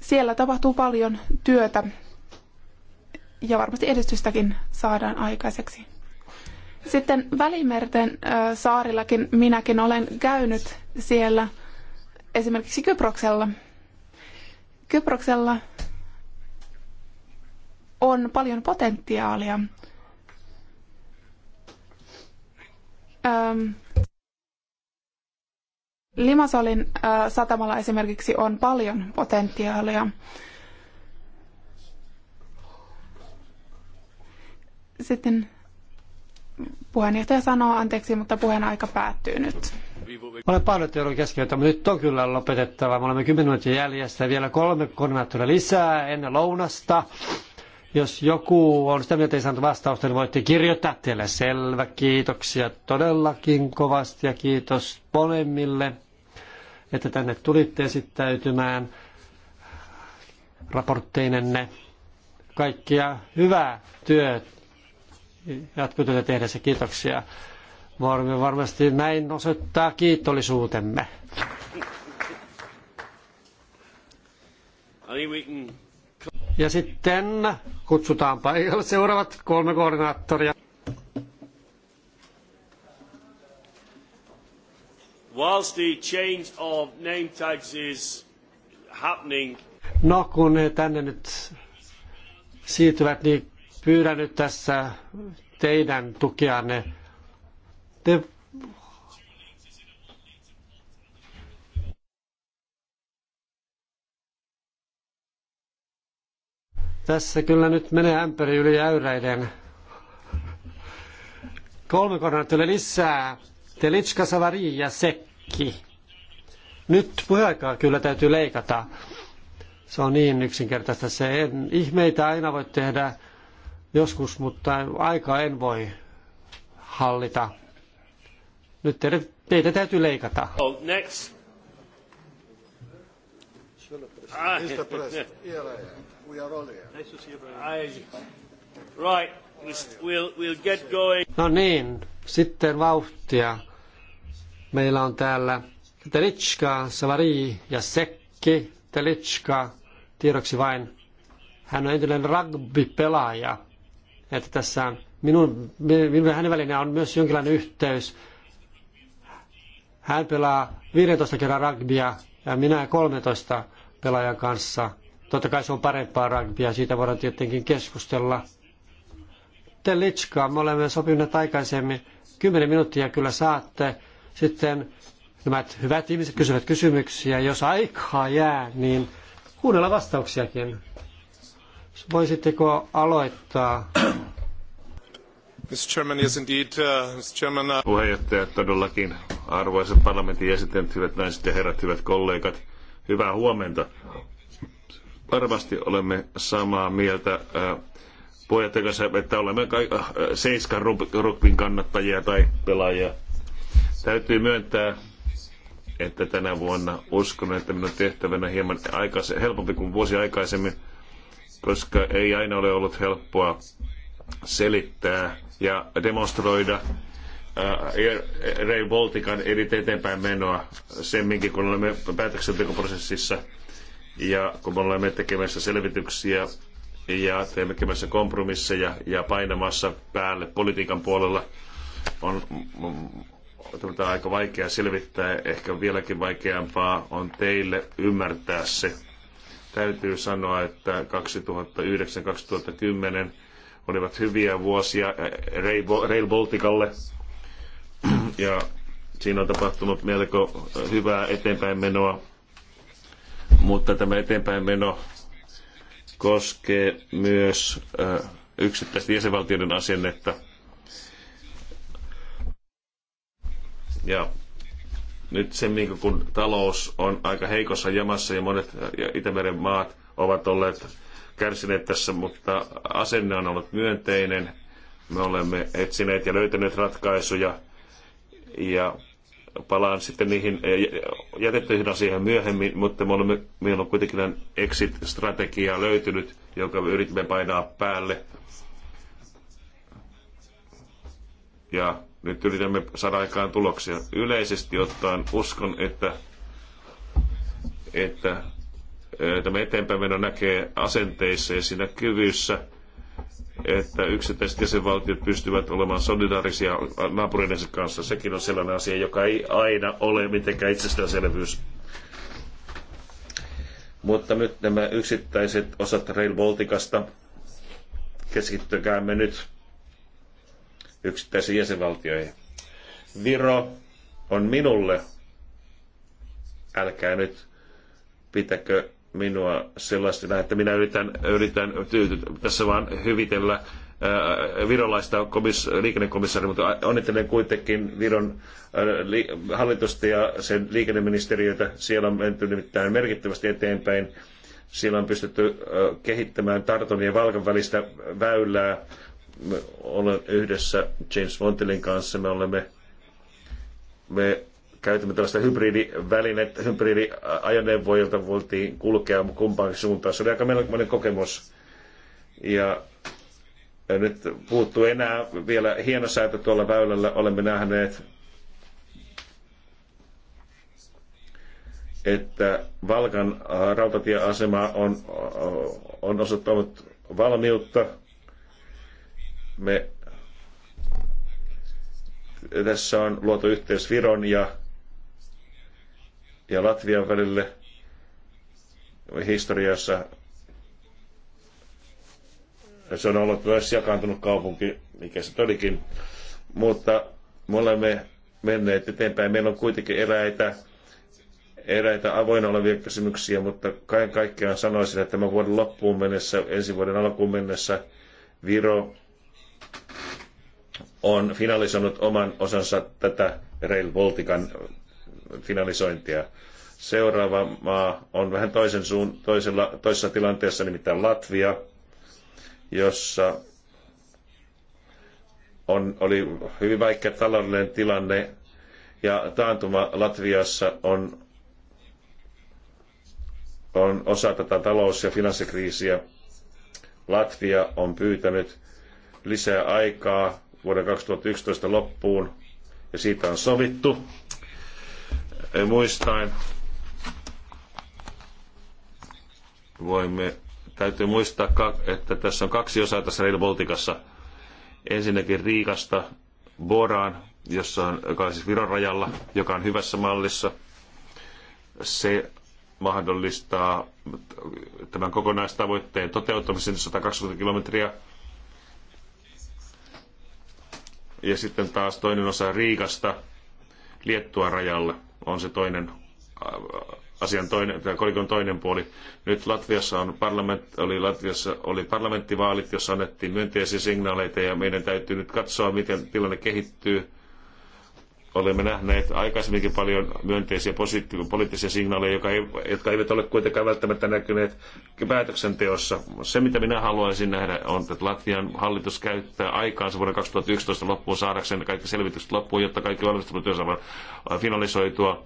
Siellä tapahtuu paljon työtä ja varmasti edistystäkin saadaan aikaiseksi. Sitten Välimerten saarillakin minäkin olen käynyt siellä esimerkiksi Kyproksella. Kyproksella on paljon potentiaalia. Ähm, Limasolin äh, satamalla esimerkiksi on paljon potentiaalia. Sitten puheenjohtaja sanoo anteeksi, mutta puheen aika päättyy nyt. Olen pahoittelun keskeytä, mutta nyt on kyllä lopetettava. Me olemme 10 minuutin jäljessä vielä kolme koordinaattoria lisää ennen lounasta. Jos joku on sitä mieltä, ei saanut vastausta, niin voitte kirjoittaa teille selvä. Kiitoksia todellakin kovasti ja kiitos molemmille, että tänne tulitte esittäytymään raportteinenne. Kaikkia hyvää työtä jatkotyötä tehdessä. Kiitoksia. Voimme varmasti näin osoittaa kiitollisuutemme. I think we can ja sitten kutsutaan paikalle seuraavat kolme koordinaattoria. Whilst the change of name tags is happening. No kun ne tänne nyt siirtyvät, niin pyydän nyt tässä teidän tukianne. Te Tässä kyllä nyt menee ämpäri yli äyräiden. Kolme koordinaattoria lisää. Telitska, Savari ja Sekki. Nyt puheaikaa kyllä täytyy leikata. Se on niin yksinkertaista. Se en, ihmeitä aina voi tehdä joskus, mutta aikaa en voi hallita. Nyt teitä, teitä täytyy leikata. Oh, next. Ah. <laughs> We are all here. I... Right, we'll, we'll get going. No niin, sitten vauhtia. Meillä on täällä Telitska, Savari ja Sekki. Telitska, tiedoksi vain, hän on entinen rugby-pelaaja. Että tässä on minun, minun hänen välinen on myös jonkinlainen yhteys. Hän pelaa 15 kerran rugbya ja minä 13 pelaajan kanssa – Totta kai se on parempaa rankia, siitä voidaan tietenkin keskustella. Telitska, me olemme sopineet aikaisemmin, kymmenen minuuttia kyllä saatte. Sitten nämä hyvät ihmiset kysyvät kysymyksiä. Jos aikaa jää, niin kuunnella vastauksiakin. Voisitteko aloittaa? Mr. Chairman, yes indeed, uh, Mr. Chairman, uh... Puheenjohtaja, todellakin arvoisat parlamentin jäsenet, hyvät naiset ja herrat, hyvät kollegat, hyvää huomenta varmasti olemme samaa mieltä äh, puheenjohtajan kanssa, että olemme äh, seiskan rugbyn kannattajia tai pelaajia. Täytyy myöntää, että tänä vuonna uskon, että minun tehtävänä hieman aikaisemmin, helpompi kuin vuosi aikaisemmin, koska ei aina ole ollut helppoa selittää ja demonstroida äh, Rail Baltican eri eteenpäin menoa semminkin, kun olemme päätöksentekoprosessissa – ja kun me olemme tekemässä selvityksiä ja tekemässä kompromisseja ja painamassa päälle politiikan puolella, on, on aika vaikea selvittää, ehkä vieläkin vaikeampaa on teille ymmärtää se. Täytyy sanoa, että 2009-2010 olivat hyviä vuosia Rail Balticalle ja siinä on tapahtunut melko hyvää eteenpäinmenoa mutta tämä eteenpäinmeno meno koskee myös äh, yksittäisten jäsenvaltioiden asennetta. Ja nyt sen kun talous on aika heikossa jamassa ja monet äh, Itämeren maat ovat olleet kärsineet tässä, mutta asenne on ollut myönteinen. Me olemme etsineet ja löytäneet ratkaisuja ja palaan sitten niihin eh, jätettyihin asioihin myöhemmin, mutta me meillä on kuitenkin exit-strategia löytynyt, jonka me yritimme painaa päälle. Ja nyt yritämme saada aikaan tuloksia. Yleisesti ottaen uskon, että, että eh, tämä eteenpäin meno näkee asenteissa ja siinä kyvyssä – että yksittäiset jäsenvaltiot pystyvät olemaan solidaarisia naapureidensa kanssa. Sekin on sellainen asia, joka ei aina ole mitenkään itsestäänselvyys. Mutta nyt nämä yksittäiset osat Rail Balticasta, keskittykäämme nyt yksittäisiin jäsenvaltioihin. Viro on minulle, älkää nyt pitäkö minua sellaisena, että minä yritän, yritän tyytyä tässä vaan hyvitellä äh, virolaista komis, liikennekomissaari, mutta onnittelen kuitenkin Viron äh, hallitusta ja sen liikenneministeriötä. Siellä on menty nimittäin merkittävästi eteenpäin. Siellä on pystytty äh, kehittämään Tarton ja Valkan välistä väylää. Me yhdessä James Montelin kanssa, me olemme me käytimme tällaista hybridivälinettä, hybridiajoneuvoa, jolta voitiin kulkea kumpaankin suuntaan. Se oli aika melkoinen kokemus. Ja nyt puuttuu enää vielä hieno säätö tuolla väylällä, olemme nähneet, että Valkan äh, rautatieasema on, äh, on osoittanut valmiutta. Me tässä on luotu yhteys Viron ja ja Latvian välille historiassa. Se on ollut myös jakaantunut kaupunki, mikä se todikin, Mutta me olemme menneet eteenpäin. Meillä on kuitenkin eräitä, eräitä avoinna olevia kysymyksiä, mutta kaiken kaikkiaan sanoisin, että tämän vuoden loppuun mennessä, ensi vuoden alkuun mennessä Viro on finalisoinut oman osansa tätä Rail Baltican finalisointia. Seuraava maa on vähän toisen suun, toisella, toisessa tilanteessa, nimittäin Latvia, jossa on, oli hyvin vaikea taloudellinen tilanne ja taantuma Latviassa on, on osa tätä talous- ja finanssikriisiä. Latvia on pyytänyt lisää aikaa vuoden 2011 loppuun ja siitä on sovittu muistaen voimme, täytyy muistaa, että tässä on kaksi osaa tässä Rail Balticassa. Ensinnäkin Riikasta Boraan, jossa on, joka on siis Viron rajalla, joka on hyvässä mallissa. Se mahdollistaa tämän kokonaistavoitteen toteuttamisen 120 kilometriä. Ja sitten taas toinen osa Riikasta Liettuan rajalle on se toinen äh, asian toinen, kolikon toinen puoli. Nyt Latviassa on parlament, oli Latviassa oli parlamenttivaalit, jossa annettiin myönteisiä signaaleita ja meidän täytyy nyt katsoa, miten tilanne kehittyy Olemme nähneet aikaisemminkin paljon myönteisiä poliittisia signaaleja, jotka eivät ole kuitenkaan välttämättä näkyneet päätöksenteossa. Se, mitä minä haluaisin nähdä, on, että Latvian hallitus käyttää aikaansa vuoden 2011 loppuun saadakseen kaikki selvitykset loppuun, jotta kaikki valmistelutyö saadaan finalisoitua,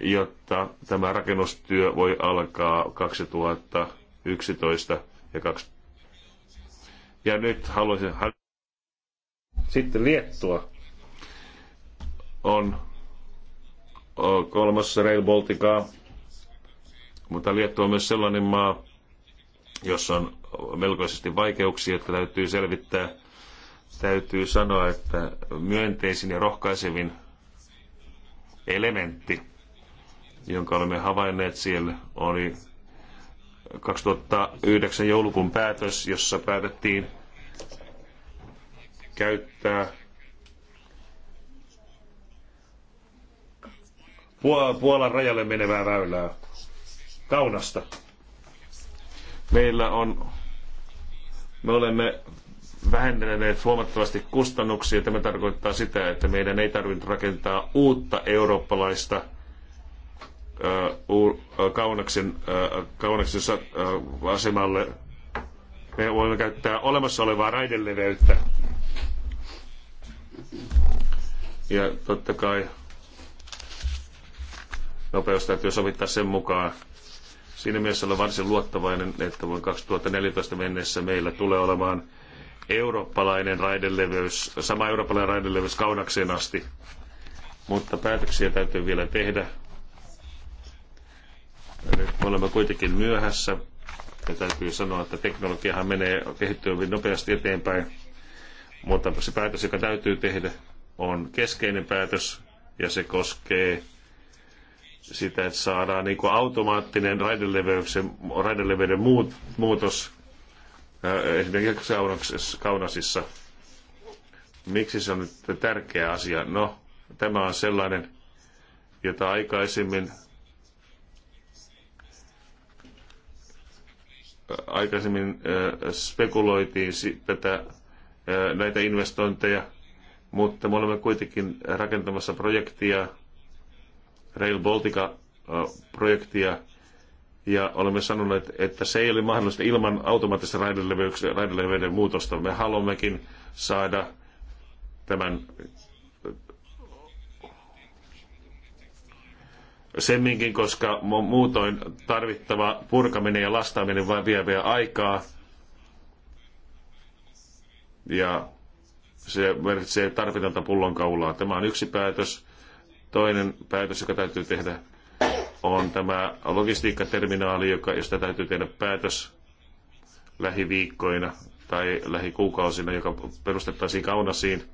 jotta tämä rakennustyö voi alkaa 2011 ja 2012. Ja nyt haluaisin... Sitten Liettua on kolmas Rail Baltica, mutta Liettua on myös sellainen maa, jossa on melkoisesti vaikeuksia, että täytyy selvittää. Täytyy sanoa, että myönteisin ja rohkaisevin elementti, jonka olemme havainneet siellä, oli 2009 joulukuun päätös, jossa päätettiin käyttää Puolan rajalle menevää väylää Kaunasta. Meillä on, me olemme vähentäneet huomattavasti kustannuksia. Tämä tarkoittaa sitä, että meidän ei tarvitse rakentaa uutta eurooppalaista Kaunaksen, Kaunaksen asemalle. Me voimme käyttää olemassa olevaa raideleveyttä. Ja totta kai nopeus täytyy sovittaa sen mukaan. Siinä mielessä olen varsin luottavainen, että vuonna 2014 mennessä meillä tulee olemaan eurooppalainen raideleveys, sama eurooppalainen raideleveys kaunakseen asti. Mutta päätöksiä täytyy vielä tehdä. Nyt me olemme kuitenkin myöhässä. Ja täytyy sanoa, että teknologiahan menee, kehittyy hyvin nopeasti eteenpäin. Mutta se päätös, joka täytyy tehdä, on keskeinen päätös ja se koskee sitä, että saadaan niin kuin automaattinen raideleveyden muut, muutos äh, esimerkiksi Kaunasissa. Miksi se on nyt tärkeä asia? No, tämä on sellainen, jota aikaisemmin äh, aikaisemmin äh, spekuloitiin tätä, näitä investointeja, mutta me olemme kuitenkin rakentamassa projektia, Rail Baltica-projektia, ja olemme sanoneet, että se ei ole mahdollista ilman automaattista raideleveyden muutosta. Me haluammekin saada tämän semminkin, koska muutoin tarvittava purkaminen ja lastaaminen vain vie vielä aikaa. Ja se merkitsee tarvitonta pullonkaulaa. Tämä on yksi päätös. Toinen päätös, joka täytyy tehdä, on tämä logistiikkaterminaali, joka, josta täytyy tehdä päätös lähiviikkoina tai lähikuukausina, joka perustettaisiin Kaunasiin.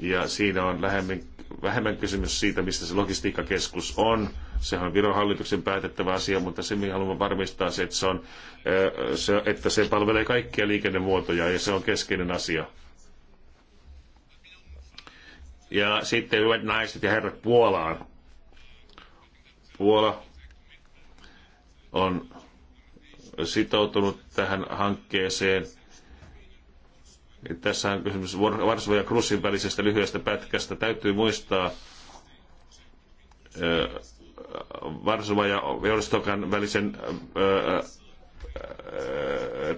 Ja siinä on lähemmin, vähemmän kysymys siitä, mistä se logistiikkakeskus on. Sehän on Viron hallituksen päätettävä asia, mutta se, mihin haluamme varmistaa, se, että se, on, se, että se palvelee kaikkia liikennemuotoja ja se on keskeinen asia ja sitten hyvät naiset ja herrat Puolaan. Puola on sitoutunut tähän hankkeeseen. Tässä on kysymys Varsovan ja Krussin välisestä lyhyestä pätkästä. Täytyy muistaa äh, Varsova ja Verstokan välisen äh, äh,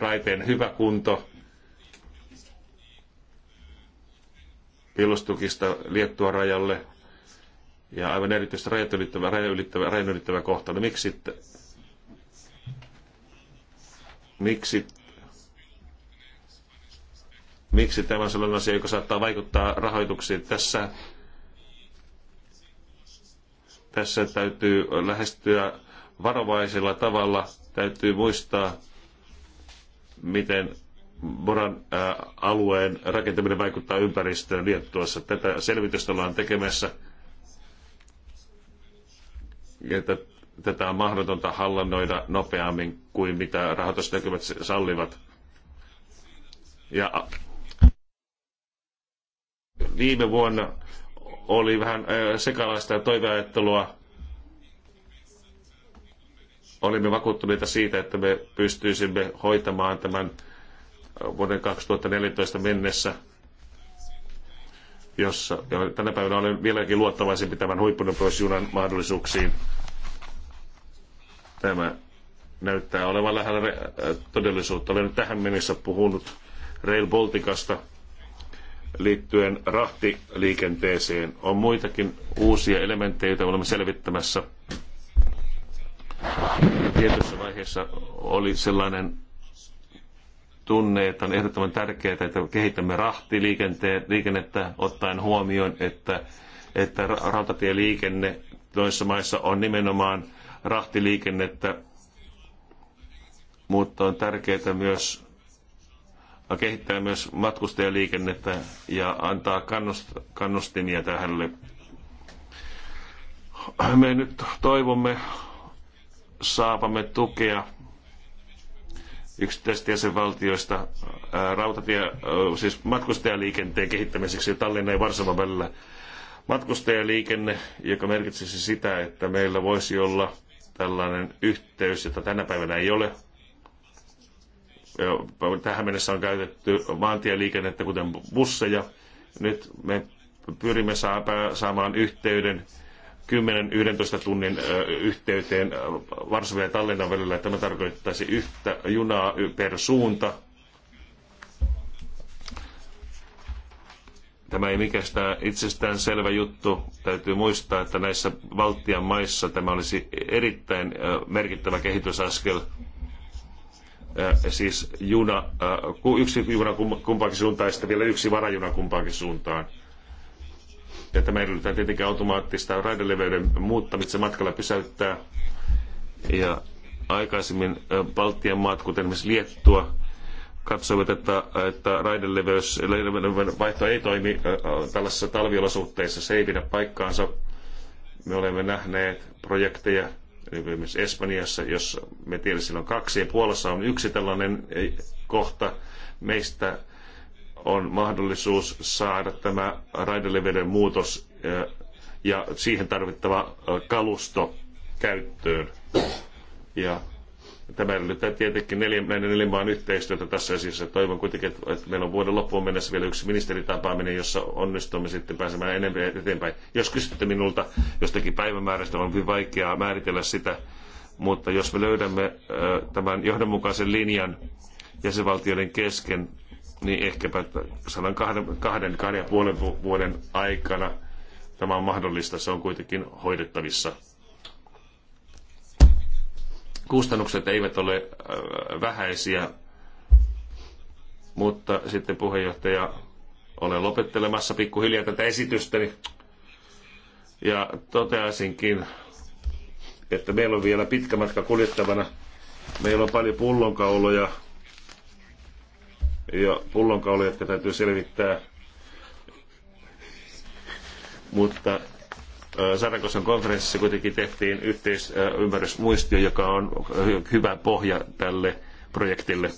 raiteen hyvä kunto Pilostukista Liettua rajalle ja aivan erityisesti rajat ylittävä, rajan ylittävä, rajan ylittävä kohta. No miksi, miksi, miksi tämä on sellainen asia, joka saattaa vaikuttaa rahoituksiin? Tässä, tässä täytyy lähestyä varovaisella tavalla. Täytyy muistaa, miten Boran äh, alueen rakentaminen vaikuttaa ympäristöön Liettuassa. Tätä selvitystä ollaan tekemässä. Että tätä on mahdotonta hallannoida nopeammin kuin mitä rahoitusnäkymät sallivat. Ja viime vuonna oli vähän äh, sekalaista ja toiveajattelua. Olimme vakuuttuneita siitä, että me pystyisimme hoitamaan tämän vuoden 2014 mennessä, jossa ja tänä päivänä olen vieläkin luottavaisempi tämän huippunopeusjunan mahdollisuuksiin. Tämä näyttää olevan lähellä äh, todellisuutta. Olen tähän mennessä puhunut Rail Balticasta liittyen rahtiliikenteeseen. On muitakin uusia elementtejä, joita olemme selvittämässä. Tietyssä vaiheessa oli sellainen tunne, että on ehdottoman tärkeää, että kehitämme rahtiliikenteen liikennettä ottaen huomioon, että, että rautatieliikenne noissa maissa on nimenomaan rahtiliikennettä, mutta on tärkeää myös kehittää myös matkustajaliikennettä ja antaa kannustimia tähän. Me nyt toivomme saavamme tukea yksittäisistä jäsenvaltioista rautatie, siis matkustajaliikenteen kehittämiseksi Tallinnan ja Varsovan välillä. Matkustajaliikenne, joka merkitsisi sitä, että meillä voisi olla tällainen yhteys, jota tänä päivänä ei ole. Tähän mennessä on käytetty maantieliikennettä, kuten busseja. Nyt me pyrimme saamaan yhteyden 10-11 tunnin yhteyteen Varsovia ja Tallinnan välillä. Tämä tarkoittaisi yhtä junaa per suunta. Tämä ei mikään itsestään selvä juttu. Täytyy muistaa, että näissä Baltian maissa tämä olisi erittäin merkittävä kehitysaskel siis juna, yksi juna kumpaankin suuntaan ja sitten vielä yksi varajuna kumpaankin suuntaan. Ja tämä edellyttää tietenkin automaattista raideleveyden muuttamista matkalla pysäyttää. Ja aikaisemmin Baltian maat, kuten esimerkiksi Liettua, katsoivat, että, että raideleveys, vaihto ei toimi tällaisissa talviolosuhteissa, se ei pidä paikkaansa. Me olemme nähneet projekteja esimerkiksi Espanjassa, jos me tiedämme, on kaksi ja Puolassa on yksi tällainen kohta. Meistä on mahdollisuus saada tämä raideleveyden muutos ja siihen tarvittava kalusto käyttöön. Ja tämä edellyttää tietenkin näiden neljän maan yhteistyötä tässä asiassa. Toivon kuitenkin, että meillä on vuoden loppuun mennessä vielä yksi ministeritapaaminen, jossa onnistumme sitten pääsemään enemmän eteenpäin. Jos kysytte minulta jostakin päivämäärästä, on hyvin vaikeaa määritellä sitä, mutta jos me löydämme tämän johdonmukaisen linjan jäsenvaltioiden kesken niin ehkäpä sanon kahden, kahden, kahden ja puolen vuoden aikana tämä on mahdollista, se on kuitenkin hoidettavissa. Kustannukset eivät ole äh, vähäisiä, mutta sitten puheenjohtaja, olen lopettelemassa pikkuhiljaa tätä esitystäni ja toteaisinkin, että meillä on vielä pitkä matka kuljettavana. Meillä on paljon pullonkauloja, ja pullonkauloja, jotka täytyy selvittää. Mutta Sarakosan konferenssissa kuitenkin tehtiin yhteisymmärrysmuistio, joka on hyvä pohja tälle projektille.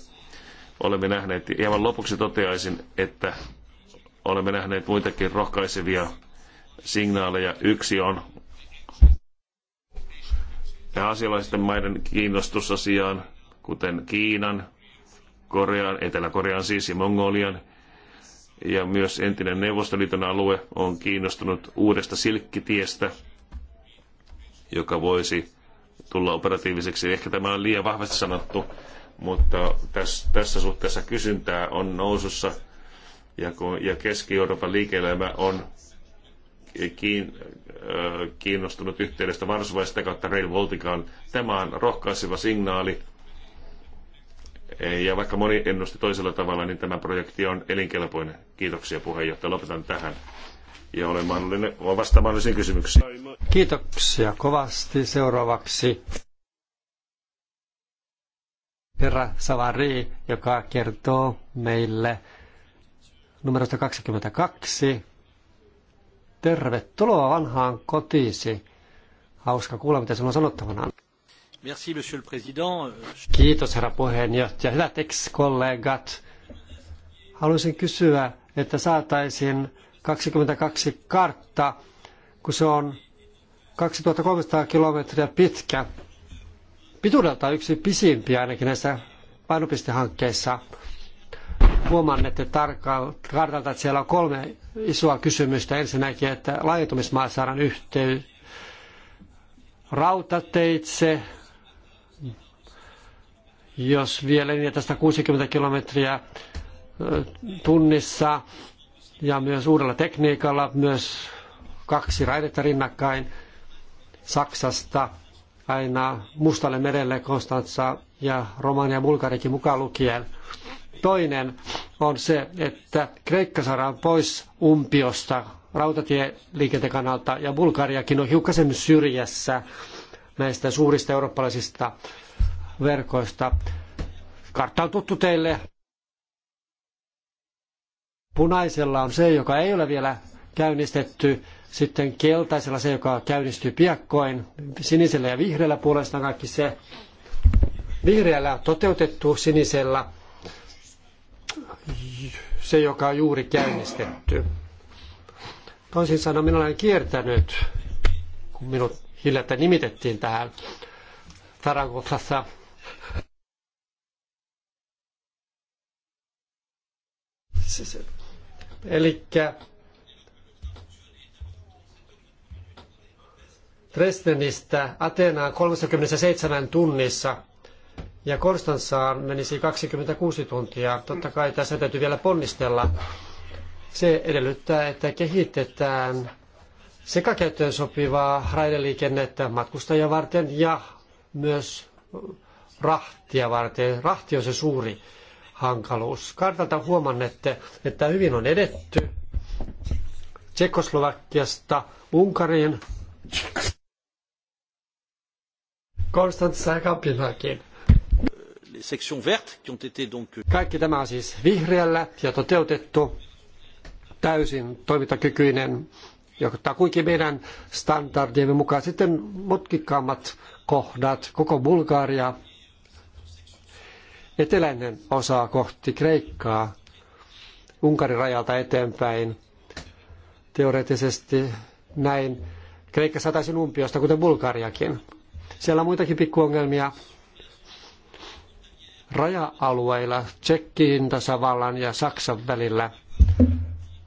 Olemme nähneet, ja lopuksi toteaisin, että olemme nähneet muitakin rohkaisevia signaaleja. Yksi on asialaisten maiden kiinnostusasiaan, kuten Kiinan, Korean, Etelä-Korean siis ja Mongolian. Ja myös entinen Neuvostoliiton alue on kiinnostunut uudesta silkkitiestä, joka voisi tulla operatiiviseksi. Ehkä tämä on liian vahvasti sanottu, mutta tässä, tässä suhteessa kysyntää on nousussa ja, kun, ja Keski-Euroopan liike-elämä on kiin, kiinnostunut yhteydestä Varsovasta kautta Rail Balticaan. Tämä on rohkaiseva signaali ja vaikka moni ennusti toisella tavalla, niin tämä projekti on elinkelpoinen. Kiitoksia puheenjohtaja. Lopetan tähän. Ja olen mahdollinen vastaamaan vastaan mahdollisiin kysymyksiin. Kiitoksia kovasti. Seuraavaksi herra Savari, joka kertoo meille numerosta 22. Tervetuloa vanhaan kotiisi. Hauska kuulla, mitä sinulla on sanottavanaan. Merci, monsieur le président. Kiitos, herra puheenjohtaja. Hyvät ex-kollegat, haluaisin kysyä, että saataisiin 22 kartta, kun se on 2300 kilometriä pitkä. Pituudelta yksi pisimpiä ainakin näissä painopistehankkeissa. Huomaan, että kartalta että siellä on kolme isoa kysymystä. Ensinnäkin, että laajentumismaa saadaan yhteys rautateitse, jos vielä niin tästä 60 kilometriä tunnissa ja myös uudella tekniikalla, myös kaksi raidetta rinnakkain Saksasta aina Mustalle merelle Konstantsa ja Romania Bulgarikin mukaan lukien. Toinen on se, että Kreikka saadaan pois umpiosta rautatieliikenteen kannalta ja Bulgariakin on hiukkasen syrjässä näistä suurista eurooppalaisista verkoista. Kartta on tuttu teille. Punaisella on se, joka ei ole vielä käynnistetty. Sitten keltaisella se, joka käynnistyy piakkoin. Sinisellä ja vihreällä puolestaan kaikki se. Vihreällä toteutettu, sinisellä se, joka on juuri käynnistetty. Toisin sanoen minä olen kiertänyt, kun minut hiljattain nimitettiin tähän Tarangofassa Siis, eli Dresdenistä Ateenaan 37 tunnissa ja Konstanssaan menisi 26 tuntia. Totta kai tässä täytyy vielä ponnistella. Se edellyttää, että kehitetään käyttöön sopivaa raideliikennettä matkustajia varten ja myös rahtia varten. Rahti on se suuri hankaluus. Kartalta huomannette, että hyvin on edetty Tsekoslovakiasta Unkariin, Konstantsa ja Kapinakin. Kaikki tämä on siis vihreällä ja toteutettu täysin toimintakykyinen, joka kuitenkin meidän standardiemme mukaan sitten mutkikkaammat kohdat, koko Bulgaria, eteläinen osa kohti Kreikkaa, Unkarin rajalta eteenpäin. Teoreettisesti näin Kreikka sataisi umpiosta, kuten Bulgariakin. Siellä on muitakin pikkuongelmia raja-alueilla Tsekkiin tasavallan ja Saksan välillä.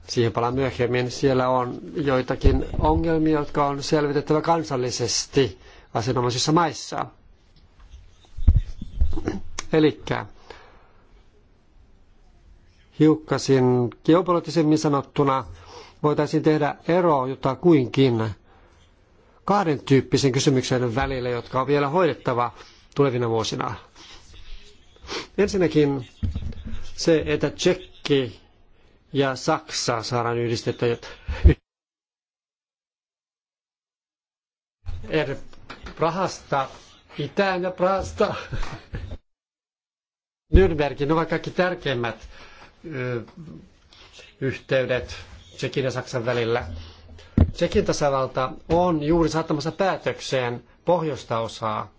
Siihen palaan myöhemmin. Siellä on joitakin ongelmia, jotka on selvitettävä kansallisesti asianomaisissa maissa. Eli hiukkasin geopoliittisemmin sanottuna voitaisiin tehdä ero kuinkin kahden tyyppisen kysymyksen välillä, jotka on vielä hoidettava tulevina vuosina. Ensinnäkin se, että Tsekki ja Saksa saadaan yhdistettä. Er Prahasta itään ja Prahasta Nürnbergin ovat kaikki tärkeimmät ö, yhteydet Tsekin ja Saksan välillä. Tsekin tasavalta on juuri saattamassa päätökseen pohjoista osaa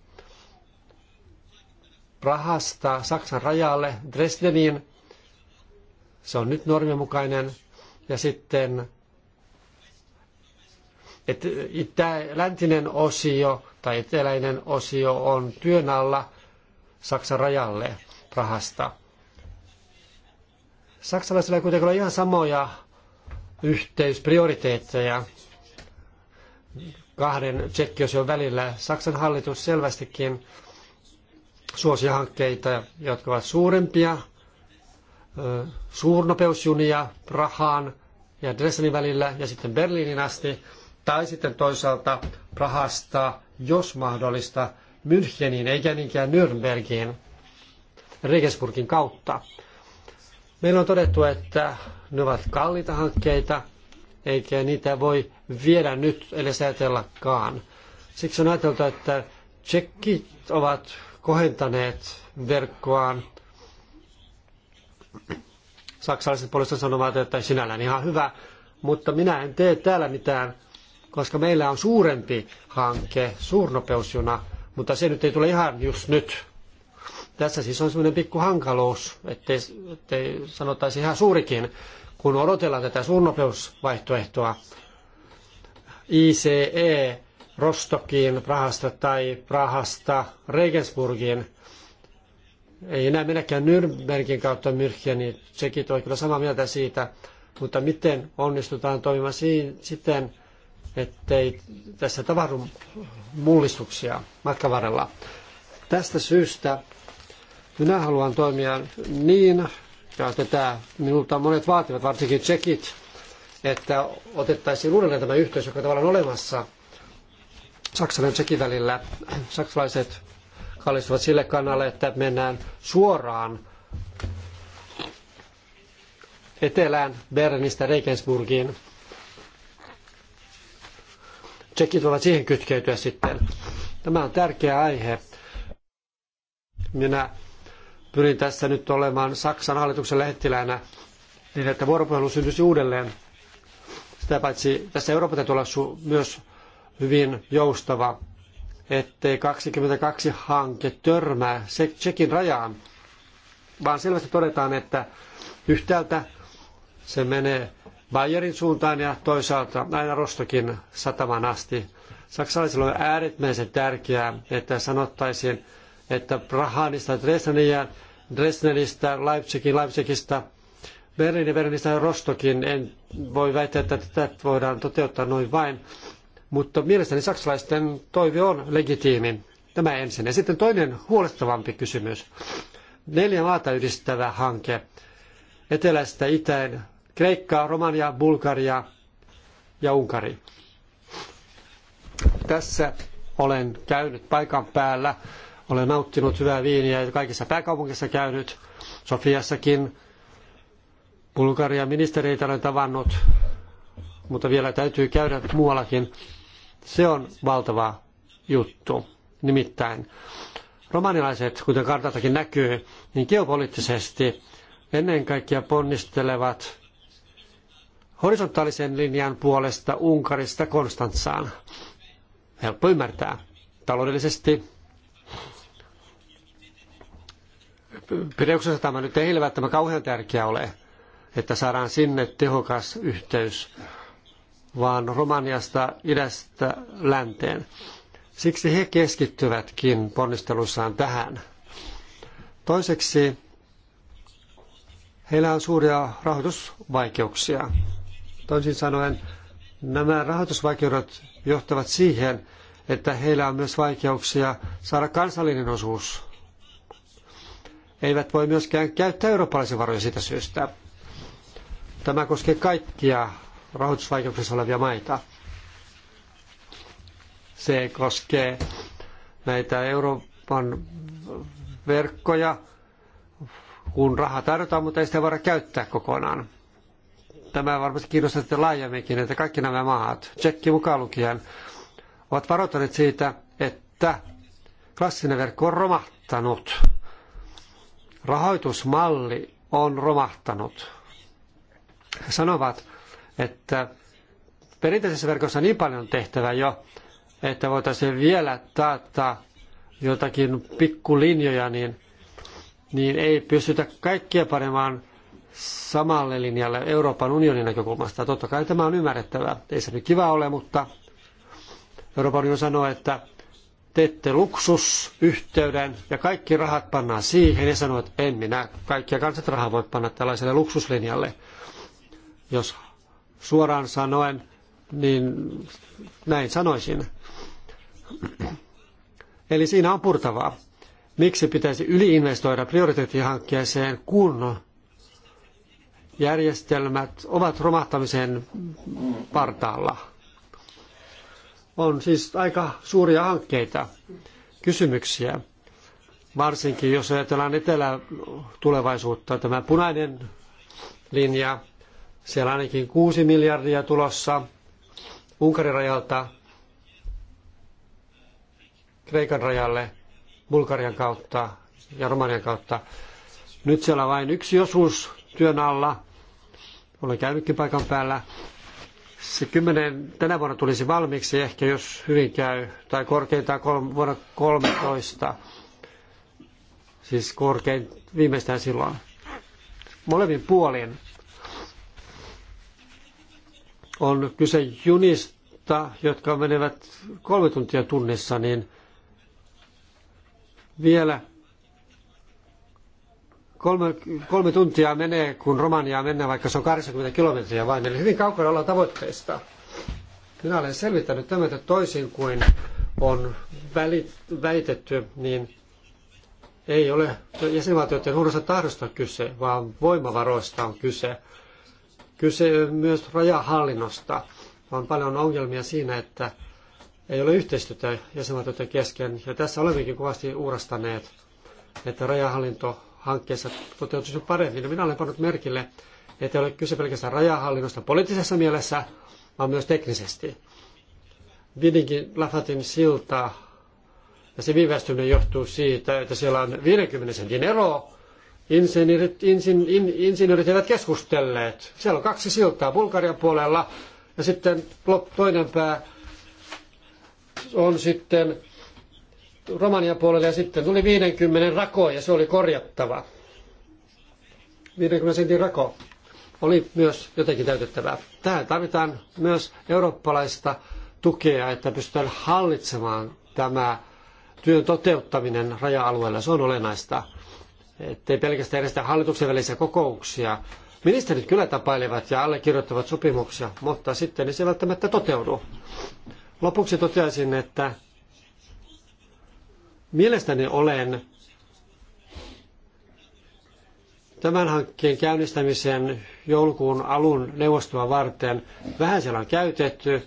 Prahasta Saksan rajalle Dresdeniin. Se on nyt normien mukainen. Ja sitten että läntinen osio tai eteläinen osio on työn alla Saksan rajalle rahasta. Saksalaisilla ei kuitenkin ole ihan samoja yhteysprioriteetteja kahden tsekkiosion välillä. Saksan hallitus selvästikin suosi hankkeita, jotka ovat suurempia, suurnopeusjunia Prahaan ja Dresdenin välillä ja sitten Berliinin asti, tai sitten toisaalta Prahasta, jos mahdollista, Müncheniin eikä niinkään Nürnbergiin. Regensburgin kautta. Meillä on todettu, että ne ovat kalliita hankkeita, eikä niitä voi viedä nyt edes ajatellakaan. Siksi on ajateltu, että tsekkit ovat kohentaneet verkkoaan. Saksalaiset puolestaan sanovat, että sinällään ihan hyvä, mutta minä en tee täällä mitään, koska meillä on suurempi hanke, suurnopeusjuna, mutta se nyt ei tule ihan just nyt. Tässä siis on sellainen pikku hankaluus, ettei, ettei sanottaisi ihan suurikin, kun odotellaan tätä suunnopeusvaihtoehtoa ICE Rostokiin, Prahasta tai Prahasta Regensburgiin. Ei enää mennäkään Nürnbergin kautta myrkkiä, niin sekin toi kyllä samaa mieltä siitä, mutta miten onnistutaan toimimaan siin, siten, ettei tässä tapahdu mullistuksia matkavarrella. Tästä syystä minä haluan toimia niin, ja tätä minulta monet vaativat, varsinkin tsekit, että otettaisiin uudelleen tämä yhteys, joka tavallaan on olemassa Saksan ja Tsekin välillä. Saksalaiset kallistuvat sille kannalle, että mennään suoraan etelään Bernistä Regensburgiin. Tsekit voivat siihen kytkeytyä sitten. Tämä on tärkeä aihe. Minä pyrin tässä nyt olemaan Saksan hallituksen lähettiläänä niin, että vuoropuhelu syntyisi uudelleen. Sitä paitsi tässä Euroopan täytyy olla myös hyvin joustava, ettei 22 hanke törmää se Tsekin rajaan, vaan selvästi todetaan, että yhtäältä se menee Bayerin suuntaan ja toisaalta aina Rostokin sataman asti. Saksalaisilla on äärimmäisen tärkeää, että sanottaisiin, että Prahanista Dresdeniin ja Dresdenistä, Leipzigin, Leipzigistä, Berliinin, Berliinistä ja Rostokin. En voi väittää, että tätä voidaan toteuttaa noin vain, mutta mielestäni saksalaisten toive on legitiimi. Tämä ensin. Ja sitten toinen huolestavampi kysymys. Neljä maata yhdistävä hanke. Etelästä itään Kreikka, Romania, Bulgaria ja Unkari. Tässä olen käynyt paikan päällä olen nauttinut hyvää viiniä ja kaikissa pääkaupunkissa käynyt, Sofiassakin. Bulgarian ministereitä olen tavannut, mutta vielä täytyy käydä muuallakin. Se on valtava juttu. Nimittäin romanilaiset, kuten kartaltakin näkyy, niin geopoliittisesti ennen kaikkea ponnistelevat horisontaalisen linjan puolesta Unkarista Konstantsaan. Helppo ymmärtää. Taloudellisesti Pideuksessa tämä nyt ei välttämättä kauhean tärkeä ole, että saadaan sinne tehokas yhteys, vaan Romaniasta idästä länteen. Siksi he keskittyvätkin ponnistelussaan tähän. Toiseksi heillä on suuria rahoitusvaikeuksia. Toisin sanoen nämä rahoitusvaikeudet johtavat siihen, että heillä on myös vaikeuksia saada kansallinen osuus eivät voi myöskään käyttää eurooppalaisia varoja siitä syystä. Tämä koskee kaikkia rahoitusvaikeuksissa olevia maita. Se koskee näitä Euroopan verkkoja, kun rahaa tarjotaan, mutta ei sitä voida käyttää kokonaan. Tämä varmasti kiinnostaa sitten laajemminkin, että kaikki nämä maat, Tsekki mukaan lukien, ovat varoittaneet siitä, että klassinen verkko on romahtanut rahoitusmalli on romahtanut. He sanovat, että perinteisessä verkossa on niin paljon tehtävää jo, että voitaisiin vielä taata jotakin pikkulinjoja, niin, niin ei pystytä kaikkia panemaan samalle linjalle Euroopan unionin näkökulmasta. Totta kai tämä on ymmärrettävää. Ei se nyt kiva ole, mutta Euroopan unioni sanoo, että teette luksusyhteyden ja kaikki rahat pannaan siihen ja sanoo, että en minä kaikkia kansat rahaa voi panna tällaiselle luksuslinjalle. Jos suoraan sanoen, niin näin sanoisin. Eli siinä on purtavaa. Miksi pitäisi yliinvestoida prioriteettihankkeeseen, kun järjestelmät ovat romahtamisen partaalla? On siis aika suuria hankkeita, kysymyksiä, varsinkin jos ajatellaan etelä tulevaisuutta. Tämä punainen linja, siellä ainakin 6 miljardia tulossa Unkarin rajalta Kreikan rajalle Bulgarian kautta ja Romanian kautta. Nyt siellä on vain yksi osuus työn alla. Olen käynytkin paikan päällä se kymmenen tänä vuonna tulisi valmiiksi, ehkä jos hyvin käy, tai korkeintaan kolme, vuonna 13. Siis korkein viimeistään silloin. Molemmin puolin on kyse junista, jotka menevät kolme tuntia tunnissa, niin vielä kolme, kolme tuntia menee, kun Romaniaa mennään, vaikka se on 80 kilometriä vain, eli hyvin kaukana ollaan tavoitteista. Minä olen selvittänyt tämän, että toisin kuin on välit, väitetty, niin ei ole jäsenvaltioiden huonosta tahdosta kyse, vaan voimavaroista on kyse. Kyse myös rajahallinnosta. On paljon ongelmia siinä, että ei ole yhteistyötä jäsenvaltioiden kesken. Ja tässä olemmekin kovasti uurastaneet, että rajahallinto hankkeessa toteutuisi paremmin. Ja minä olen pannut merkille, että ei ole kyse pelkästään rajahallinnosta poliittisessa mielessä, vaan myös teknisesti. Vidinkin Lafatin silta ja se viivästyminen johtuu siitä, että siellä on 50 sentin ero. Insinöörit, insin, in, insinöörit eivät keskustelleet. Siellä on kaksi siltaa Bulgarian puolella ja sitten toinen pää on sitten Romanian puolelle ja sitten tuli 50 rako ja se oli korjattava. 50 sentin rako oli myös jotenkin täytettävää. Tähän tarvitaan myös eurooppalaista tukea, että pystytään hallitsemaan tämä työn toteuttaminen raja-alueella. Se on olennaista, ettei pelkästään järjestetä hallituksen välisiä kokouksia. Ministerit kyllä tapailevat ja allekirjoittavat sopimuksia, mutta sitten niin se välttämättä toteudu. Lopuksi toteaisin, että Mielestäni olen tämän hankkeen käynnistämisen joulukuun alun neuvostoa varten vähän siellä on käytetty.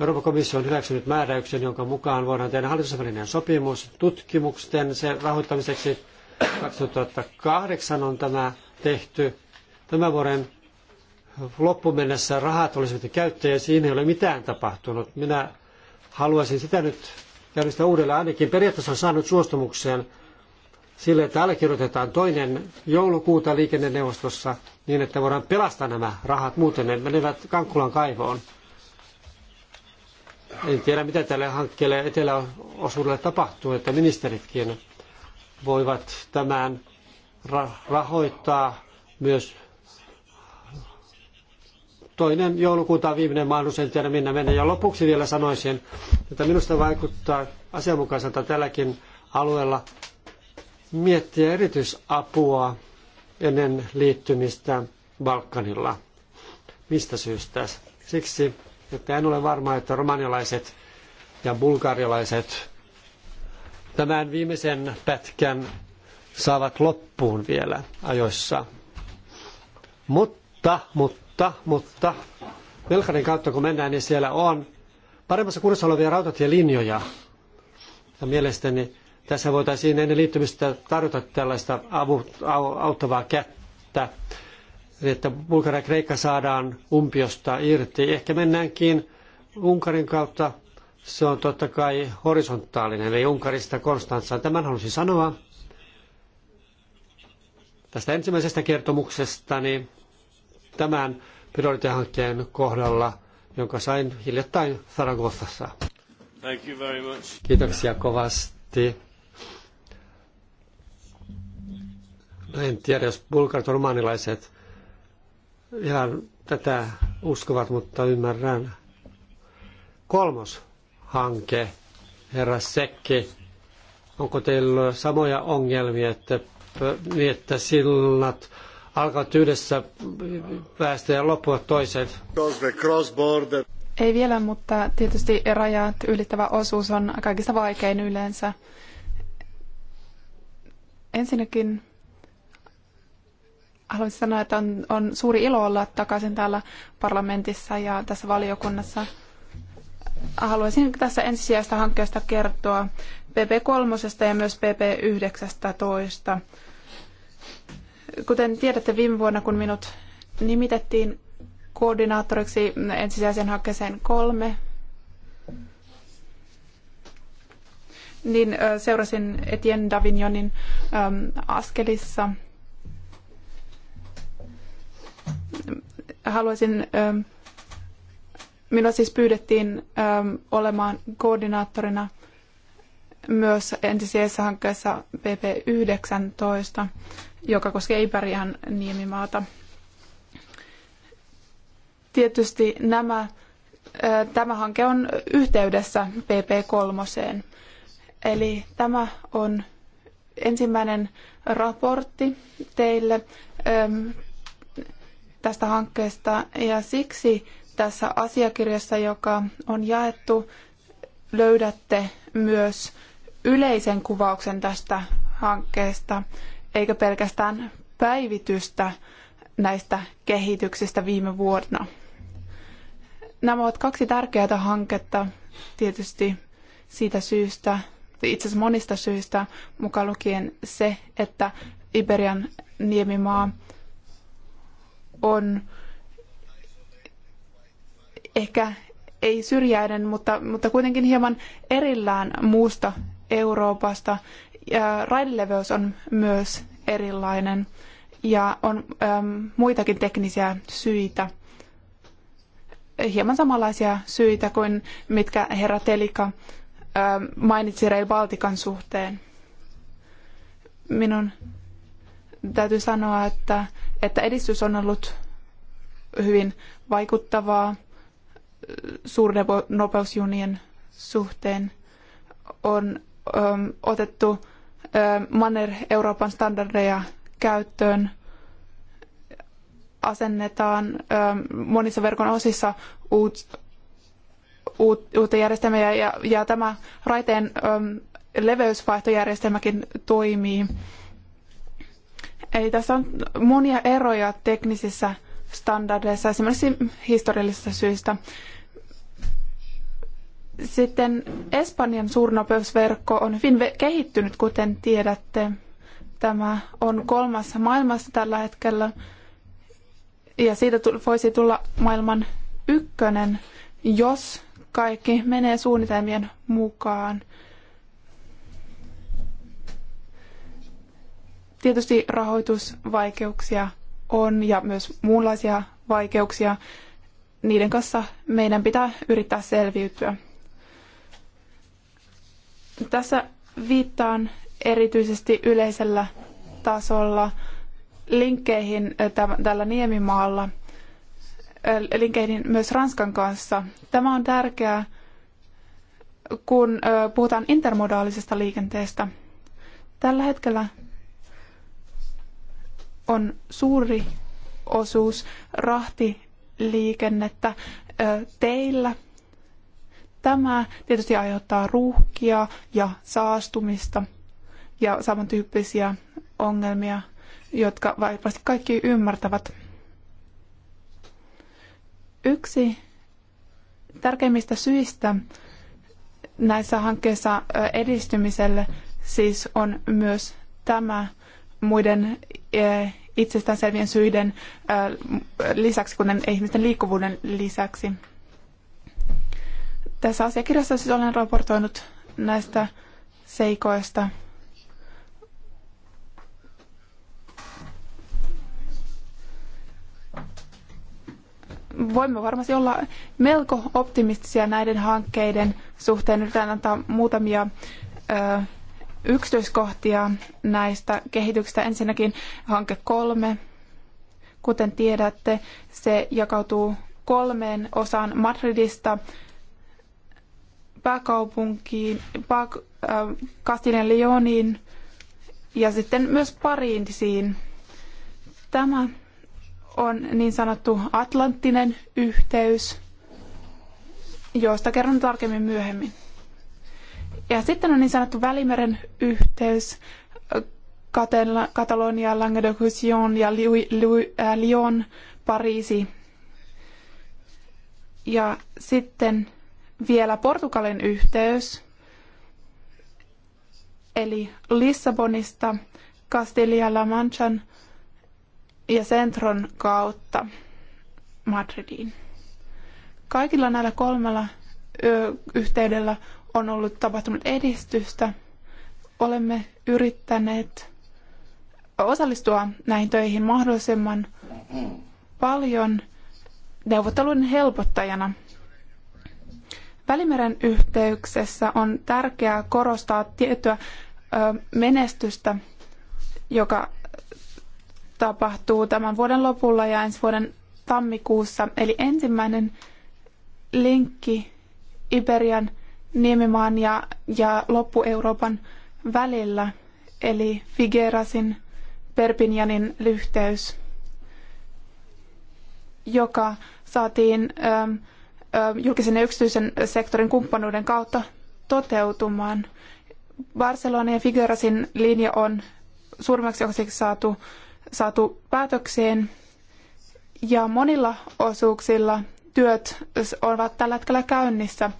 Euroopan komissio on hyväksynyt määräyksen, jonka mukaan voidaan tehdä hallitusvälinen sopimus tutkimusten sen rahoittamiseksi. 2008 on tämä tehty. Tämän vuoden loppuun mennessä rahat olisivat käyttäjä, siinä ei ole mitään tapahtunut. Minä haluaisin sitä nyt järjestää uudelleen. Ainakin periaatteessa on saanut suostumuksen sille, että allekirjoitetaan toinen joulukuuta liikenneneuvostossa niin, että voidaan pelastaa nämä rahat. Muuten ne menevät Kankkulan kaivoon. En tiedä, mitä tälle hankkeelle eteläosuudelle tapahtuu, että ministeritkin voivat tämän rahoittaa myös toinen joulukuuta on viimeinen mahdollisuus, en tiedä minne mennä. Ja lopuksi vielä sanoisin, että minusta vaikuttaa asianmukaiselta tälläkin alueella miettiä erityisapua ennen liittymistä Balkanilla. Mistä syystä? Siksi, että en ole varma, että romanialaiset ja bulgarialaiset tämän viimeisen pätkän saavat loppuun vielä ajoissa. Mutta, mutta mutta Velkanen kautta kun mennään, niin siellä on paremmassa kunnossa olevia rautatielinjoja. Ja mielestäni tässä voitaisiin ennen liittymistä tarjota tällaista auttavaa kättä, niin että Bulgaria ja Kreikka saadaan umpiosta irti. Ehkä mennäänkin Unkarin kautta. Se on totta kai horisontaalinen, eli Unkarista Konstantsaan. Tämän halusin sanoa tästä ensimmäisestä kertomuksesta, niin tämän prioriteettihankkeen kohdalla, jonka sain hiljattain Zaragozassa. Thank you very much. Kiitoksia kovasti. No en tiedä, jos bulgarit romaanilaiset ihan tätä uskovat, mutta ymmärrän. Kolmos hanke, herra Sekki. Onko teillä samoja ongelmia, että, niin, että sillat alkavat yhdessä päästä ja loppuvat toiset. Ei vielä, mutta tietysti rajat ylittävä osuus on kaikista vaikein yleensä. Ensinnäkin haluaisin sanoa, että on, on suuri ilo olla takaisin täällä parlamentissa ja tässä valiokunnassa. Haluaisin tässä ensisijaista hankkeesta kertoa PP3 ja myös PP19. Kuten tiedätte, viime vuonna kun minut nimitettiin koordinaattoriksi ensisijaisen hankkeeseen kolme, niin seurasin Etienne Davignonin askelissa. Haluaisin, minua siis pyydettiin olemaan koordinaattorina myös ensisijaisessa hankkeessa PP19 joka koskee Ipärian niemimaata. Tietysti nämä, tämä hanke on yhteydessä PP3. Eli tämä on ensimmäinen raportti teille tästä hankkeesta ja siksi tässä asiakirjassa, joka on jaettu, löydätte myös yleisen kuvauksen tästä hankkeesta eikä pelkästään päivitystä näistä kehityksistä viime vuonna. Nämä ovat kaksi tärkeää hanketta tietysti siitä syystä, itse asiassa monista syistä, mukaan lukien se, että Iberian niemimaa on ehkä ei syrjäinen, mutta, mutta kuitenkin hieman erillään muusta Euroopasta raideleveys on myös erilainen ja on äm, muitakin teknisiä syitä, hieman samanlaisia syitä kuin mitkä herra Telika äm, mainitsi Rail Baltican suhteen. Minun täytyy sanoa, että, että edistys on ollut hyvin vaikuttavaa äh, suurnopeusjunien suhteen. On äm, otettu Manner Euroopan standardeja käyttöön asennetaan monissa verkon osissa uut, uut, uutta järjestelmää ja, ja tämä raiteen leveysvaihtojärjestelmäkin toimii. Eli tässä on monia eroja teknisissä standardeissa, esimerkiksi historiallisista syistä. Sitten Espanjan suurnopeusverkko on hyvin kehittynyt, kuten tiedätte. Tämä on kolmas maailmassa tällä hetkellä ja siitä voisi tulla maailman ykkönen, jos kaikki menee suunnitelmien mukaan. Tietysti rahoitusvaikeuksia on ja myös muunlaisia vaikeuksia. Niiden kanssa meidän pitää yrittää selviytyä. Tässä viittaan erityisesti yleisellä tasolla linkkeihin tällä Niemimaalla, linkkeihin myös Ranskan kanssa. Tämä on tärkeää, kun puhutaan intermodaalisesta liikenteestä. Tällä hetkellä on suuri osuus rahtiliikennettä teillä – Tämä tietysti aiheuttaa ruuhkia ja saastumista ja samantyyppisiä ongelmia, jotka varmasti kaikki ymmärtävät. Yksi tärkeimmistä syistä näissä hankkeissa edistymiselle siis on myös tämä muiden itsestäänselvien syiden lisäksi, kuten ihmisten liikkuvuuden lisäksi. Tässä asiakirjassa siis olen raportoinut näistä seikoista. Voimme varmasti olla melko optimistisia näiden hankkeiden suhteen. Yritän antaa muutamia ö, yksityiskohtia näistä kehityksistä. Ensinnäkin hanke kolme. Kuten tiedätte, se jakautuu kolmeen osaan Madridista pääkaupunkiin, pääk- äh, Leoniin ja sitten myös Pariisiin. Tämä on niin sanottu atlanttinen yhteys, josta kerron tarkemmin myöhemmin. Ja sitten on niin sanottu Välimeren yhteys, Katalonia, Languedoc-Roussillon ja äh, Lyon, Pariisi. Ja sitten vielä Portugalin yhteys, eli Lissabonista Castilla La Manchan ja Centron kautta Madridiin. Kaikilla näillä kolmella yhteydellä on ollut tapahtunut edistystä. Olemme yrittäneet osallistua näihin töihin mahdollisimman paljon neuvottelun helpottajana – Välimeren yhteyksessä on tärkeää korostaa tiettyä menestystä, joka tapahtuu tämän vuoden lopulla ja ensi vuoden tammikuussa. Eli ensimmäinen linkki Iberian niemimaan ja, ja loppu-Euroopan välillä, eli Figerasin Perpignanin yhteys, joka saatiin ö, julkisen ja yksityisen sektorin kumppanuuden kautta toteutumaan. Barcelona ja Figuerasin linja on suurimmaksi osaksi saatu, saatu päätökseen ja monilla osuuksilla työt ovat tällä hetkellä käynnissä.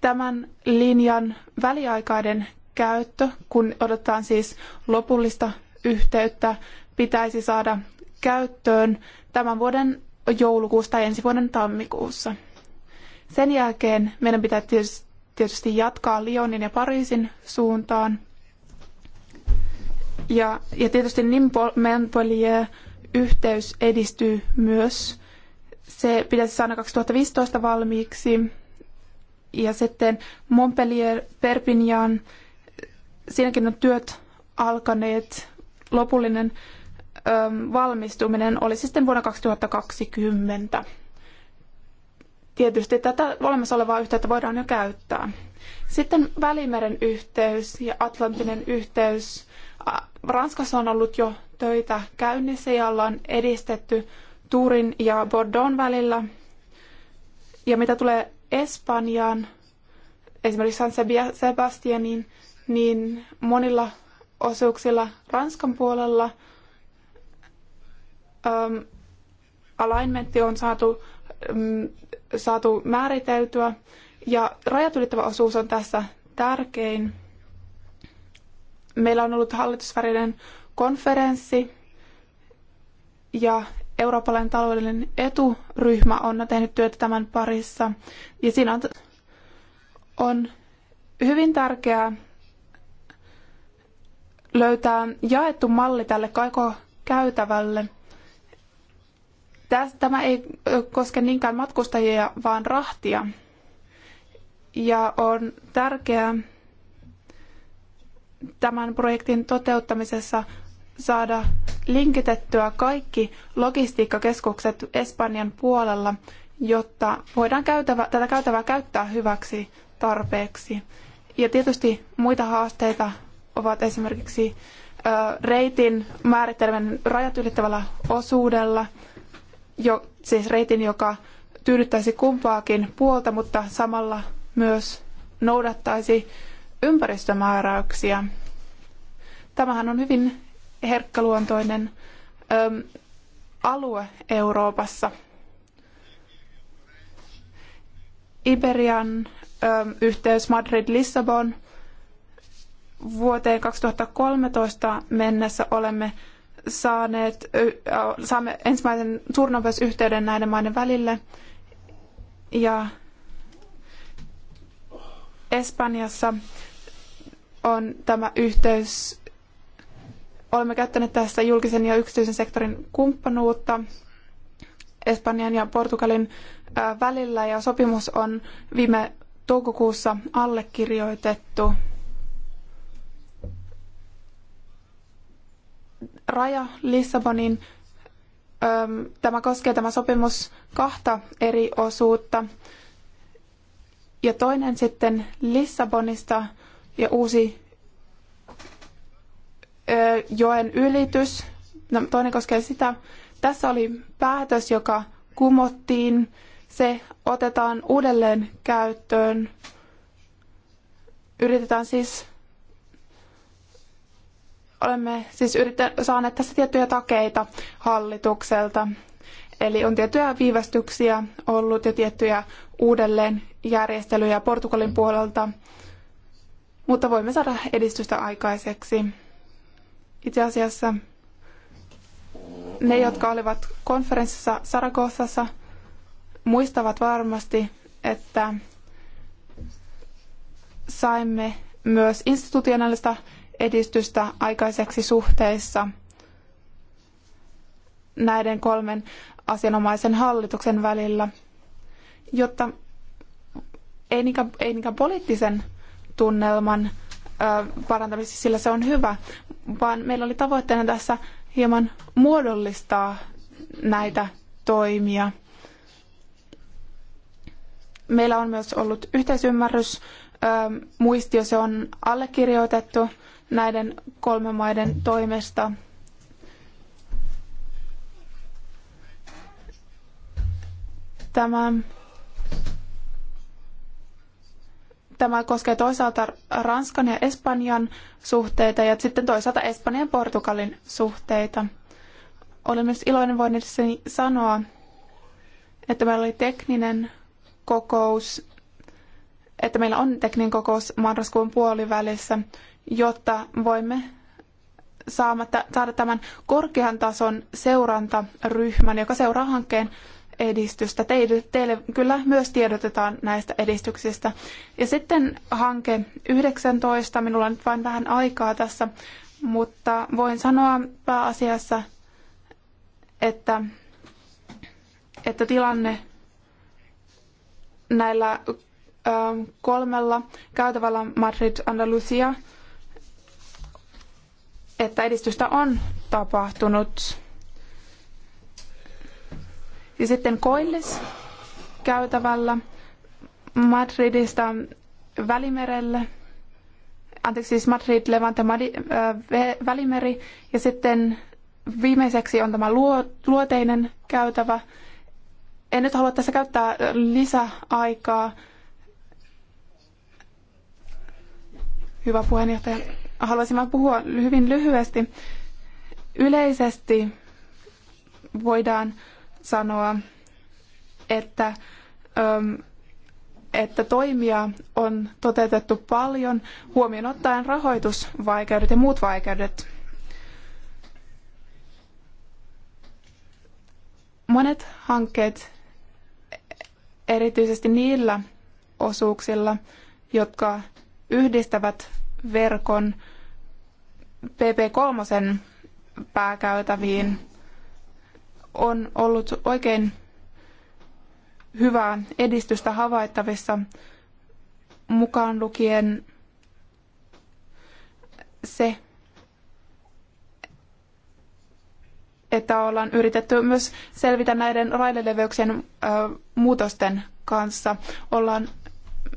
Tämän linjan väliaikainen käyttö, kun odotetaan siis lopullista yhteyttä, pitäisi saada käyttöön tämän vuoden joulukuussa tai ensi vuoden tammikuussa. Sen jälkeen meidän pitää tietysti jatkaa Lyonin ja Pariisin suuntaan. Ja, ja tietysti Montpellier-yhteys edistyy myös. Se pitäisi saada 2015 valmiiksi. Ja sitten Montpellier-Perpignan, siinäkin on työt alkaneet. Lopullinen Ähm, valmistuminen olisi sitten vuonna 2020. Tietysti tätä olemassa olevaa yhteyttä voidaan jo käyttää. Sitten Välimeren yhteys ja Atlanttinen yhteys. Ranskassa on ollut jo töitä käynnissä ja ollaan edistetty Turin ja Bordeaux välillä. Ja mitä tulee Espanjaan, esimerkiksi San Sebastianiin, niin monilla osuuksilla Ranskan puolella – Ähm, alignment alignmentti on saatu, äm, mm, saatu määriteltyä ja rajat ylittävä osuus on tässä tärkein. Meillä on ollut hallitusvälinen konferenssi ja Eurooppalainen taloudellinen eturyhmä on tehnyt työtä tämän parissa. Ja siinä on, on hyvin tärkeää löytää jaettu malli tälle käytävälle. Tämä ei koske niinkään matkustajia, vaan rahtia. Ja on tärkeää tämän projektin toteuttamisessa saada linkitettyä kaikki logistiikkakeskukset Espanjan puolella, jotta voidaan käytävä, tätä käytävää käyttää hyväksi tarpeeksi. Ja tietysti muita haasteita ovat esimerkiksi reitin määritteleminen rajat ylittävällä osuudella – jo, siis reitin, joka tyydyttäisi kumpaakin puolta, mutta samalla myös noudattaisi ympäristömääräyksiä. Tämähän on hyvin herkkäluontoinen ö, alue Euroopassa. Iberian ö, yhteys Madrid-Lissabon vuoteen 2013 mennessä olemme saaneet, saamme ensimmäisen suurnopeusyhteyden näiden maiden välille. Ja Espanjassa on tämä yhteys. Olemme käyttäneet tässä julkisen ja yksityisen sektorin kumppanuutta Espanjan ja Portugalin välillä ja sopimus on viime toukokuussa allekirjoitettu. raja Lissabonin. Tämä koskee tämä sopimus kahta eri osuutta. Ja toinen sitten Lissabonista ja uusi joen ylitys. No, toinen koskee sitä. Tässä oli päätös, joka kumottiin. Se otetaan uudelleen käyttöön. Yritetään siis olemme siis saaneet tässä tiettyjä takeita hallitukselta. Eli on tiettyjä viivästyksiä ollut ja tiettyjä uudelleenjärjestelyjä Portugalin puolelta, mutta voimme saada edistystä aikaiseksi. Itse asiassa ne, jotka olivat konferenssissa Saragossassa, muistavat varmasti, että saimme myös institutionaalista edistystä aikaiseksi suhteissa näiden kolmen asianomaisen hallituksen välillä, jotta ei niinkään, ei niinkään poliittisen tunnelman parantamiseksi, sillä se on hyvä, vaan meillä oli tavoitteena tässä hieman muodollistaa näitä toimia. Meillä on myös ollut yhteisymmärrys, muistio se on allekirjoitettu näiden kolmen maiden toimesta. Tämä, tämä koskee toisaalta Ranskan ja Espanjan suhteita ja sitten toisaalta Espanjan ja Portugalin suhteita. Olen myös iloinen voineeni sanoa, että meillä oli tekninen kokous, että meillä on tekninen kokous marraskuun puolivälissä, jotta voimme saada tämän korkean tason seurantaryhmän, joka seuraa hankkeen edistystä. Teille, teille kyllä myös tiedotetaan näistä edistyksistä. Ja sitten hanke 19, minulla on nyt vain vähän aikaa tässä, mutta voin sanoa pääasiassa, että, että tilanne näillä ö, kolmella käytävällä Madrid-Andalusia – että edistystä on tapahtunut. Ja sitten Koillis käytävällä Madridista Välimerelle, anteeksi siis Madrid, Levante, Madi, äh, Välimeri ja sitten viimeiseksi on tämä luo, luoteinen käytävä. En nyt halua tässä käyttää äh, lisäaikaa. Hyvä puheenjohtaja. Haluaisin vain puhua hyvin lyhyesti. Yleisesti voidaan sanoa, että, ähm, että toimia on toteutettu paljon huomioon ottaen rahoitusvaikeudet ja muut vaikeudet. Monet hankkeet, erityisesti niillä osuuksilla, jotka yhdistävät verkon PP3 pääkäytäviin on ollut oikein hyvää edistystä havaittavissa mukaan lukien se, että ollaan yritetty myös selvitä näiden raideleveyksien muutosten kanssa. Ollaan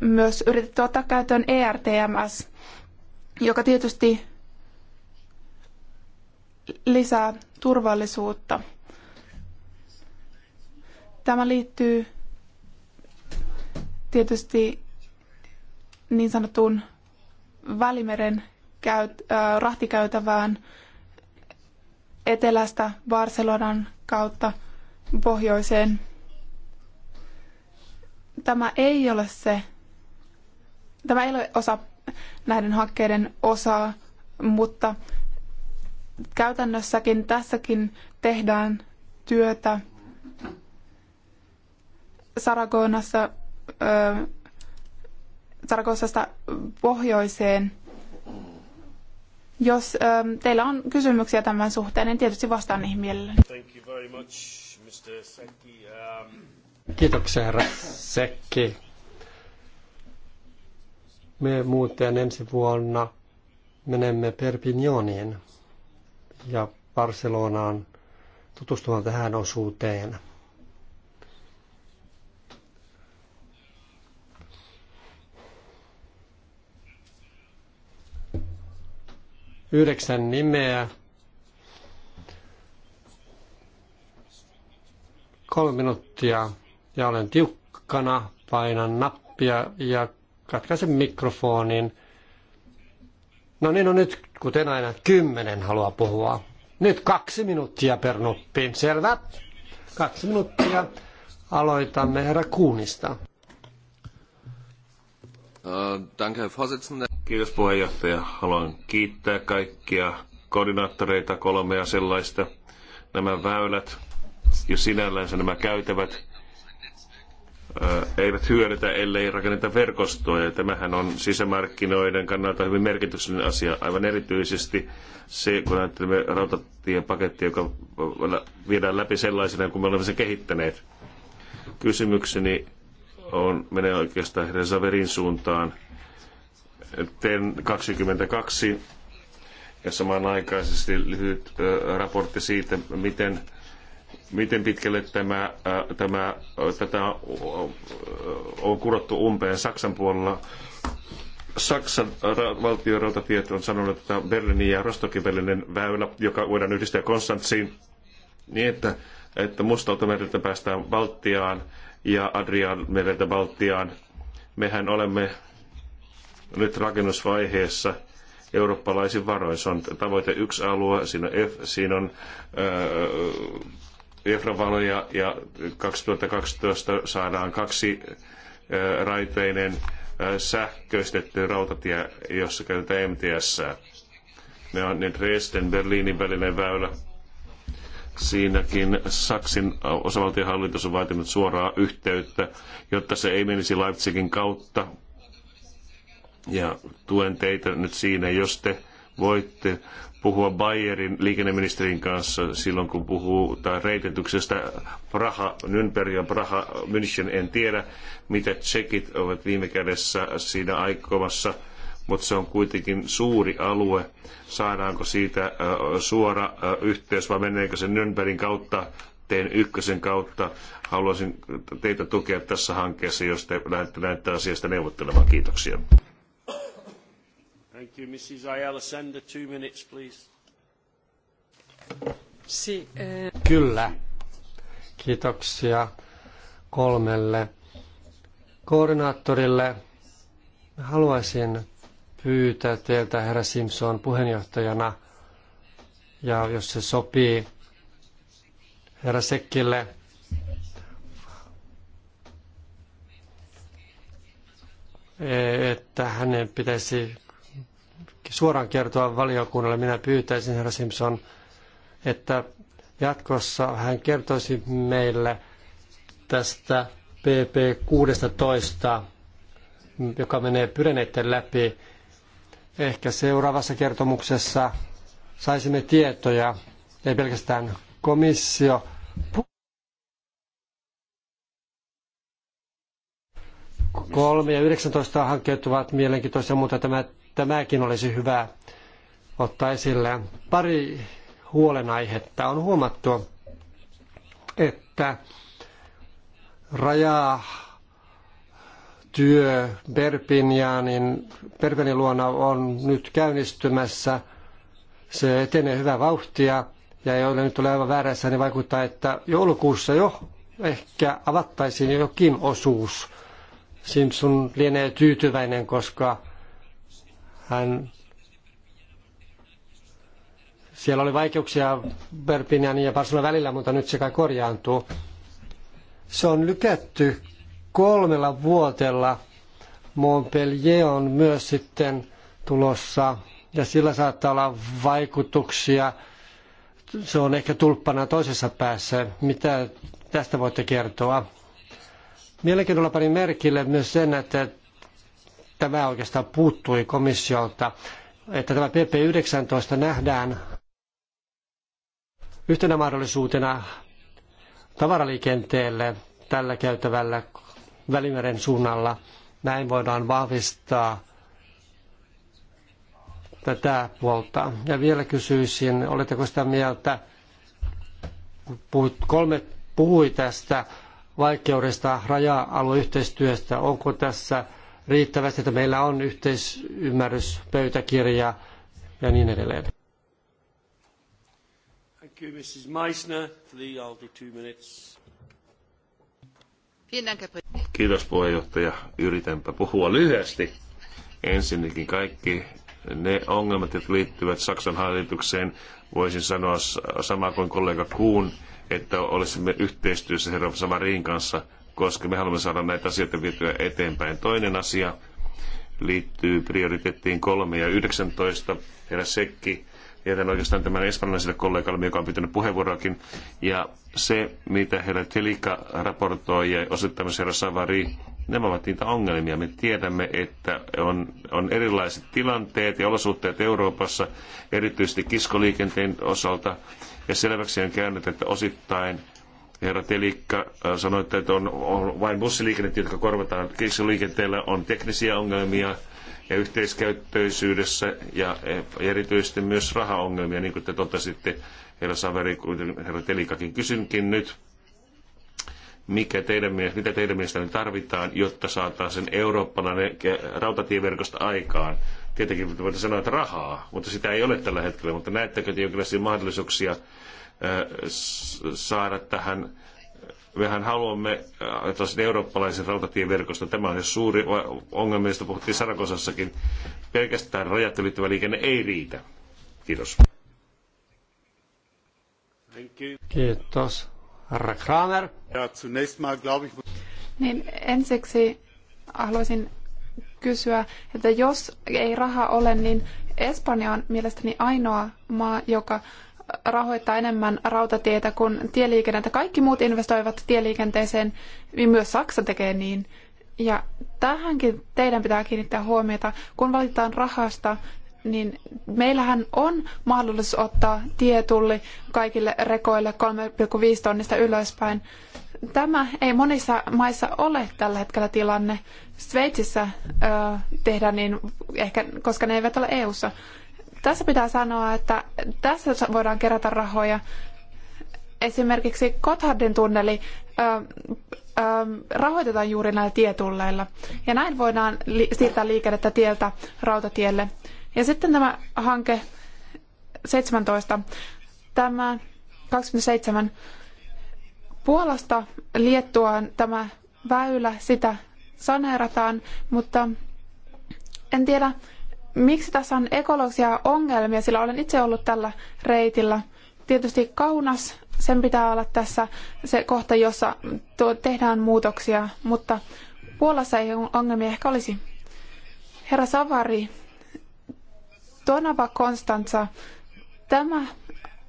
myös yritetty ottaa käyttöön ERTMS joka tietysti lisää turvallisuutta. Tämä liittyy tietysti niin sanotun Välimeren käyt, äh, rahtikäytävään etelästä Barcelonan kautta pohjoiseen. Tämä ei ole se, tämä ei ole osa näiden hakkeiden osaa, mutta käytännössäkin tässäkin tehdään työtä Saragonassa, äh, Saragossasta pohjoiseen. Jos äh, teillä on kysymyksiä tämän suhteen, niin tietysti vastaan niihin mielelläni. Um, Kiitoksia herra Sekki. Me muuten ensi vuonna menemme Perpignaniin ja Barcelonaan tutustumaan tähän osuuteen. Yhdeksän nimeä. Kolme minuuttia ja olen tiukkana, painan nappia ja katkaisen mikrofonin. No niin, no nyt kuten aina kymmenen haluaa puhua. Nyt kaksi minuuttia per nuppi. Selvä. Kaksi minuuttia. Aloitamme herra Kuunista. Äh, Kiitos puheenjohtaja. Haluan kiittää kaikkia koordinaattoreita, kolmea sellaista. Nämä väylät ja sinällänsä nämä käytävät eivät hyödytä, ellei rakenneta verkostoa. Ja tämähän on sisämarkkinoiden kannalta hyvin merkityksellinen asia, aivan erityisesti se, kun ajattelemme rautatiepakettia, joka viedään läpi sellaisena, kun me olemme sen kehittäneet. Kysymykseni on, menee oikeastaan herra Saverin suuntaan. TEN 22 ja samanaikaisesti lyhyt raportti siitä, miten miten pitkälle tämä, äh, tämä, äh, tätä äh, on kurottu umpeen Saksan puolella. Saksan valtion rautatiet on sanonut, että Berliinin ja Rostokin välinen väylä, joka voidaan yhdistää Konstantsiin, niin että, että Mustalta mereltä päästään Baltiaan ja Adrian mereltä Baltiaan. Mehän olemme nyt rakennusvaiheessa eurooppalaisin varoin. Se on tavoite yksi alue, siinä on, F, siinä on öö, infravaloja ja 2012 saadaan kaksi raiteinen sähköistetty rautatie, jossa käytetään MTS. Ne on niin Dresden Berliinin välinen väylä. Siinäkin Saksin osavaltion hallitus on vaatinut suoraa yhteyttä, jotta se ei menisi Leipzigin kautta. Ja tuen teitä nyt siinä, jos te voitte puhua Bayerin liikenneministerin kanssa silloin, kun puhuu tai reitetyksestä Praha, Nynberg ja Praha, München, en tiedä, mitä tsekit ovat viime kädessä siinä aikomassa, mutta se on kuitenkin suuri alue. Saadaanko siitä suora yhteys vai meneekö se Nynbergin kautta, teen ykkösen kautta? Haluaisin teitä tukea tässä hankkeessa, jos te lähdette näitä asiasta neuvottelemaan. Kiitoksia. Thank you, Mrs. Ayala Sender. Two minutes, please. Si, eh... Kyllä. Kiitoksia kolmelle koordinaattorille. Haluaisin pyytää teiltä, herra Simpson, puheenjohtajana, ja jos se sopii, herra Sekkille, e, että hänen pitäisi suoraan kertoa valiokunnalle. Minä pyytäisin, herra Simpson, että jatkossa hän kertoisi meille tästä PP16, joka menee pyreneiden läpi. Ehkä seuraavassa kertomuksessa saisimme tietoja, ei pelkästään komissio. Kolme ja 19 hankkeet ovat mielenkiintoisia, mutta tämä tämäkin olisi hyvä ottaa esille. Pari huolenaihetta on huomattu, että rajaa työ Berpinjaanin, Berpinin luona on nyt käynnistymässä. Se etenee hyvää vauhtia ja ei ole nyt ole aivan väärässä, niin vaikuttaa, että joulukuussa jo ehkä avattaisiin jokin osuus. Simpson lienee tyytyväinen, koska hän, siellä oli vaikeuksia Perpignan ja Barcelonan välillä, mutta nyt se kai korjaantuu. Se on lykätty kolmella vuotella. Montpellier on myös sitten tulossa ja sillä saattaa olla vaikutuksia. Se on ehkä tulppana toisessa päässä. Mitä tästä voitte kertoa? Mielenkiinnolla panin merkille myös sen, että tämä oikeastaan puuttui komissiolta, että tämä PP19 nähdään yhtenä mahdollisuutena tavaraliikenteelle tällä käytävällä Välimeren suunnalla. Näin voidaan vahvistaa tätä puolta. Ja vielä kysyisin, oletteko sitä mieltä, puhut, kolme puhui tästä vaikeudesta raja-alueyhteistyöstä, onko tässä riittävästi, että meillä on yhteisymmärrys, pöytäkirja ja niin edelleen. Thank you, Mrs. Meissner, for the two minutes. Kiitos puheenjohtaja. Yritänpä puhua lyhyesti. Ensinnäkin kaikki ne ongelmat, jotka liittyvät Saksan hallitukseen, voisin sanoa samaa kuin kollega Kuun, että olisimme yhteistyössä herra Samarin kanssa koska me haluamme saada näitä asioita vietyä eteenpäin. Toinen asia liittyy prioriteettiin 3 ja 19. Herra Sekki, jätän oikeastaan tämän espanjalaiselle kollegalle, joka on pitänyt puheenvuoroakin. Ja se, mitä herra Telika raportoi ja osittain myös herra Savari, nämä ovat niitä ongelmia. Me tiedämme, että on, on erilaiset tilanteet ja olosuhteet Euroopassa, erityisesti kiskoliikenteen osalta. Ja selväksi on käynyt, että osittain Herra Telikka, äh, sanoitte, että on, on vain bussiliikennettä, jotka korvataan. Keksoliikenteellä on teknisiä ongelmia ja yhteiskäyttöisyydessä ja erityisesti myös rahaongelmia, niin kuin te totesitte, herra Saveri, kuten herra Telikakin. Kysynkin nyt, mikä teidän, mitä teidän mielestänne tarvitaan, jotta saataisiin eurooppalainen rautatieverkosta aikaan? Tietenkin voidaan sanoa, että rahaa, mutta sitä ei ole tällä hetkellä. Mutta näettekö te jonkinlaisia mahdollisuuksia Äh, saada tähän mehän haluamme äh, tosin eurooppalaisen rautatieverkoston. Tämä on jo suuri ongelma, josta puhuttiin Sarakosassakin. Pelkästään rajat ylittävä liikenne ei riitä. Kiitos. Kiitos. Herra Kramer. Niin ensiksi haluaisin kysyä, että jos ei raha ole, niin Espanja on mielestäni ainoa maa, joka rahoittaa enemmän rautatietä kuin tieliikennettä. Kaikki muut investoivat tieliikenteeseen, niin myös Saksa tekee niin. Ja tähänkin teidän pitää kiinnittää huomiota. Kun valitaan rahasta, niin meillähän on mahdollisuus ottaa tietulli kaikille rekoille 3,5 tonnista ylöspäin. Tämä ei monissa maissa ole tällä hetkellä tilanne. Sveitsissä ö, tehdään niin, ehkä, koska ne eivät ole EU-ssa. Tässä pitää sanoa, että tässä voidaan kerätä rahoja. Esimerkiksi Gotthardin tunneli rahoitetaan juuri näillä tietulleilla. Ja näin voidaan siirtää liikennettä tieltä rautatielle. Ja sitten tämä hanke 17, tämä 27, Puolasta Liettuaan tämä väylä, sitä saneerataan, mutta en tiedä, miksi tässä on ekologisia ongelmia, sillä olen itse ollut tällä reitillä. Tietysti kaunas, sen pitää olla tässä se kohta, jossa tehdään muutoksia, mutta Puolassa ei ongelmia ehkä olisi. Herra Savari, Tonava Constanza, tämä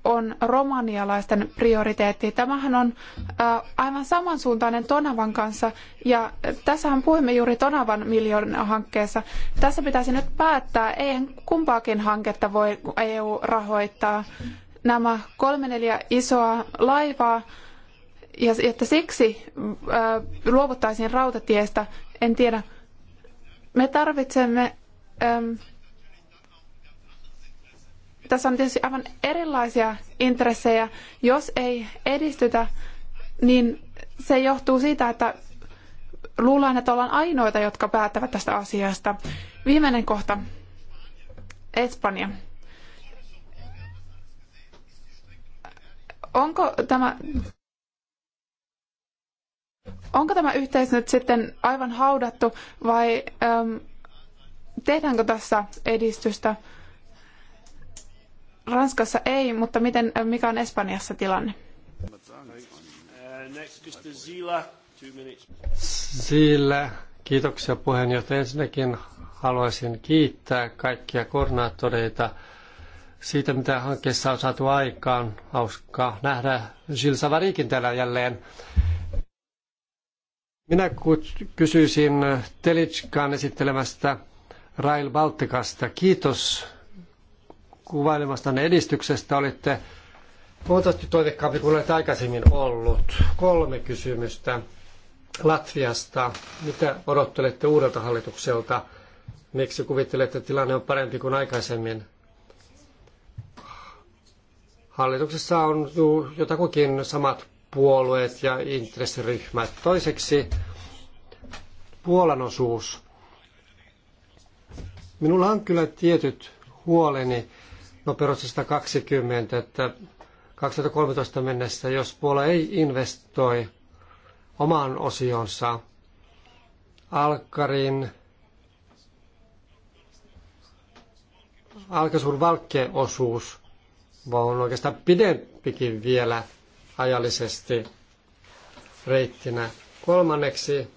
on romanialaisten prioriteetti. Tämähän on äh, aivan samansuuntainen Tonavan kanssa, ja tässähän puhumme juuri Tonavan miljoonahankkeessa. Tässä pitäisi nyt päättää, eihän kumpaakin hanketta voi EU rahoittaa. Nämä kolme neljä isoa laivaa, ja että siksi äh, luovuttaisiin rautatiestä, en tiedä. Me tarvitsemme... Ähm, tässä on tietysti aivan erilaisia intressejä. Jos ei edistytä, niin se johtuu siitä, että luullaan, että ollaan ainoita, jotka päättävät tästä asiasta. Viimeinen kohta. Espanja. Onko tämä, onko tämä yhteys nyt sitten aivan haudattu vai äm, tehdäänkö tässä edistystä? Ranskassa ei, mutta miten, äh, mikä on Espanjassa tilanne? Sillä, kiitoksia puheenjohtaja. Ensinnäkin haluaisin kiittää kaikkia koordinaattoreita siitä, mitä hankkeessa on saatu aikaan. Hauska nähdä Gilles Savarikin täällä jälleen. Minä kysyisin Telitskan esittelemästä Rail Balticasta. Kiitos kuvailemastanne edistyksestä. Olitte huomattavasti toiveikkaampi kuin olet aikaisemmin ollut. Kolme kysymystä Latviasta. Mitä odottelette uudelta hallitukselta? Miksi kuvittelette, että tilanne on parempi kuin aikaisemmin? Hallituksessa on jotakukin samat puolueet ja intressiryhmät. Toiseksi Puolan osuus. Minulla on kyllä tietyt huoleni no perustus 120, että 2013 mennessä, jos Puola ei investoi omaan osionsa Alkarin Alkasur valkkeosuus on oikeastaan pidempikin vielä ajallisesti reittinä. Kolmanneksi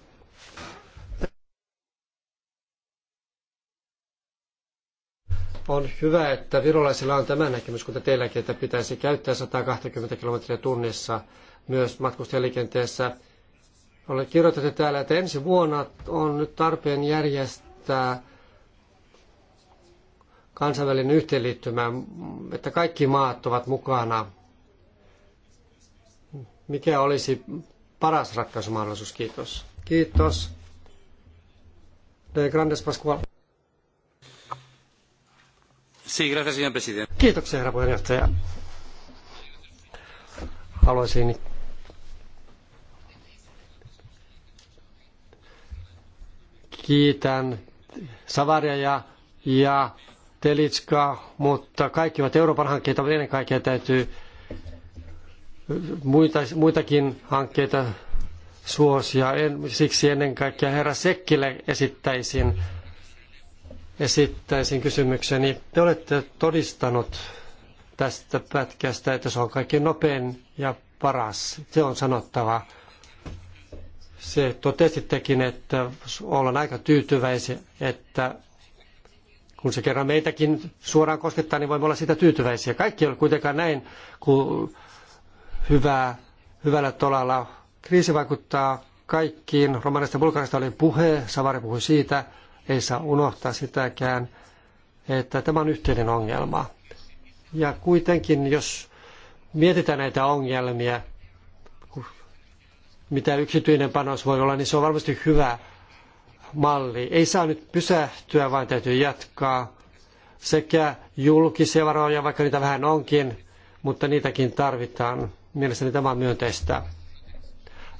On hyvä, että virolaisilla on tämä näkemys, kuten teilläkin, että pitäisi käyttää 120 kilometriä tunnissa myös matkustajaliikenteessä. Olen kirjoitettu täällä, että ensi vuonna on nyt tarpeen järjestää kansainvälinen yhteenliittymä, että kaikki maat ovat mukana. Mikä olisi paras ratkaisumahdollisuus? Kiitos. Kiitos. De Grandes Pascual. Kiitoksia, herra puheenjohtaja. Haluaisin kiitän Savaria ja, ja Telitska, mutta kaikki ovat Euroopan hankkeita, mutta ennen kaikkea täytyy muita, muitakin hankkeita suosia. En, siksi ennen kaikkea herra Sekkille esittäisin esittäisin kysymykseni. Te olette todistanut tästä pätkästä, että se on kaikkein nopein ja paras. Se on sanottava. Se totesittekin, että ollaan aika tyytyväisiä, että kun se kerran meitäkin suoraan koskettaa, niin voimme olla siitä tyytyväisiä. Kaikki ei ole kuitenkaan näin kuin hyvää, hyvällä tolalla. Kriisi vaikuttaa kaikkiin. Romanista ja Bulgarista oli puhe, Savari puhui siitä. Ei saa unohtaa sitäkään, että tämä on yhteinen ongelma. Ja kuitenkin, jos mietitään näitä ongelmia, mitä yksityinen panos voi olla, niin se on varmasti hyvä malli. Ei saa nyt pysähtyä, vaan täytyy jatkaa sekä julkisia varoja, vaikka niitä vähän onkin, mutta niitäkin tarvitaan. Mielestäni tämä on myönteistä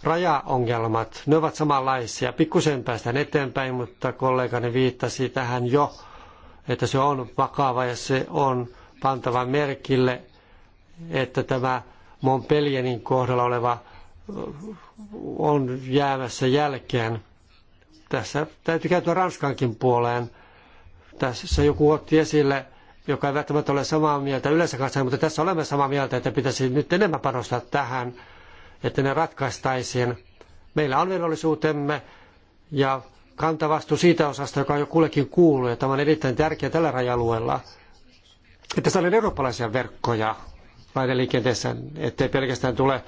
rajaongelmat, ne ovat samanlaisia. Pikkusen päästään eteenpäin, mutta kollegani viittasi tähän jo, että se on vakava ja se on pantava merkille, että tämä Montpellierin kohdalla oleva on jäämässä jälkeen. Tässä täytyy käytyä Ranskankin puoleen. Tässä joku otti esille, joka ei välttämättä ole samaa mieltä yleensä kanssa, mutta tässä olemme samaa mieltä, että pitäisi nyt enemmän panostaa tähän – että ne ratkaistaisiin. Meillä on velvollisuutemme ja kantavastuu siitä osasta, joka jo kullekin kuuluu, ja tämä on erittäin tärkeää tällä raja-alueella, että saadaan eurooppalaisia verkkoja raideliikenteessä, ettei pelkästään tule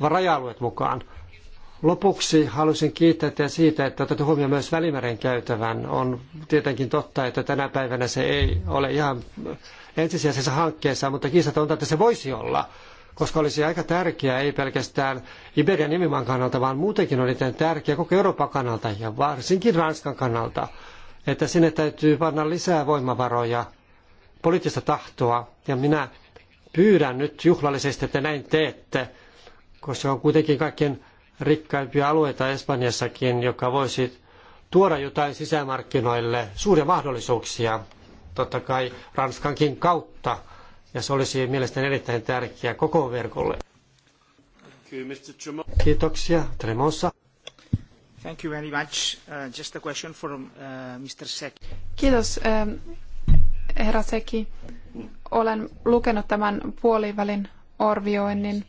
raja-alueet mukaan. Lopuksi haluaisin kiittää teitä siitä, että otatte huomioon myös Välimeren käytävän. On tietenkin totta, että tänä päivänä se ei ole ihan ensisijaisessa hankkeessa, mutta kiistatonta, että se voisi olla koska olisi aika tärkeää, ei pelkästään Iberian nimimaan kannalta, vaan muutenkin on erittäin tärkeää koko Euroopan kannalta ja varsinkin Ranskan kannalta, että sinne täytyy panna lisää voimavaroja, poliittista tahtoa. Ja minä pyydän nyt juhlallisesti, että näin teette, koska on kuitenkin kaikkien rikkaimpia alueita Espanjassakin, joka voisi tuoda jotain sisämarkkinoille, suuria mahdollisuuksia, totta kai Ranskankin kautta – ja se olisi mielestäni erittäin tärkeää koko verkolle. Kiitoksia. Tremossa. Thank you very much. Uh, just a question from uh, Mr. Seki. Kiitos, uh, herra Seki. Olen lukenut tämän puolivälin arvioinnin.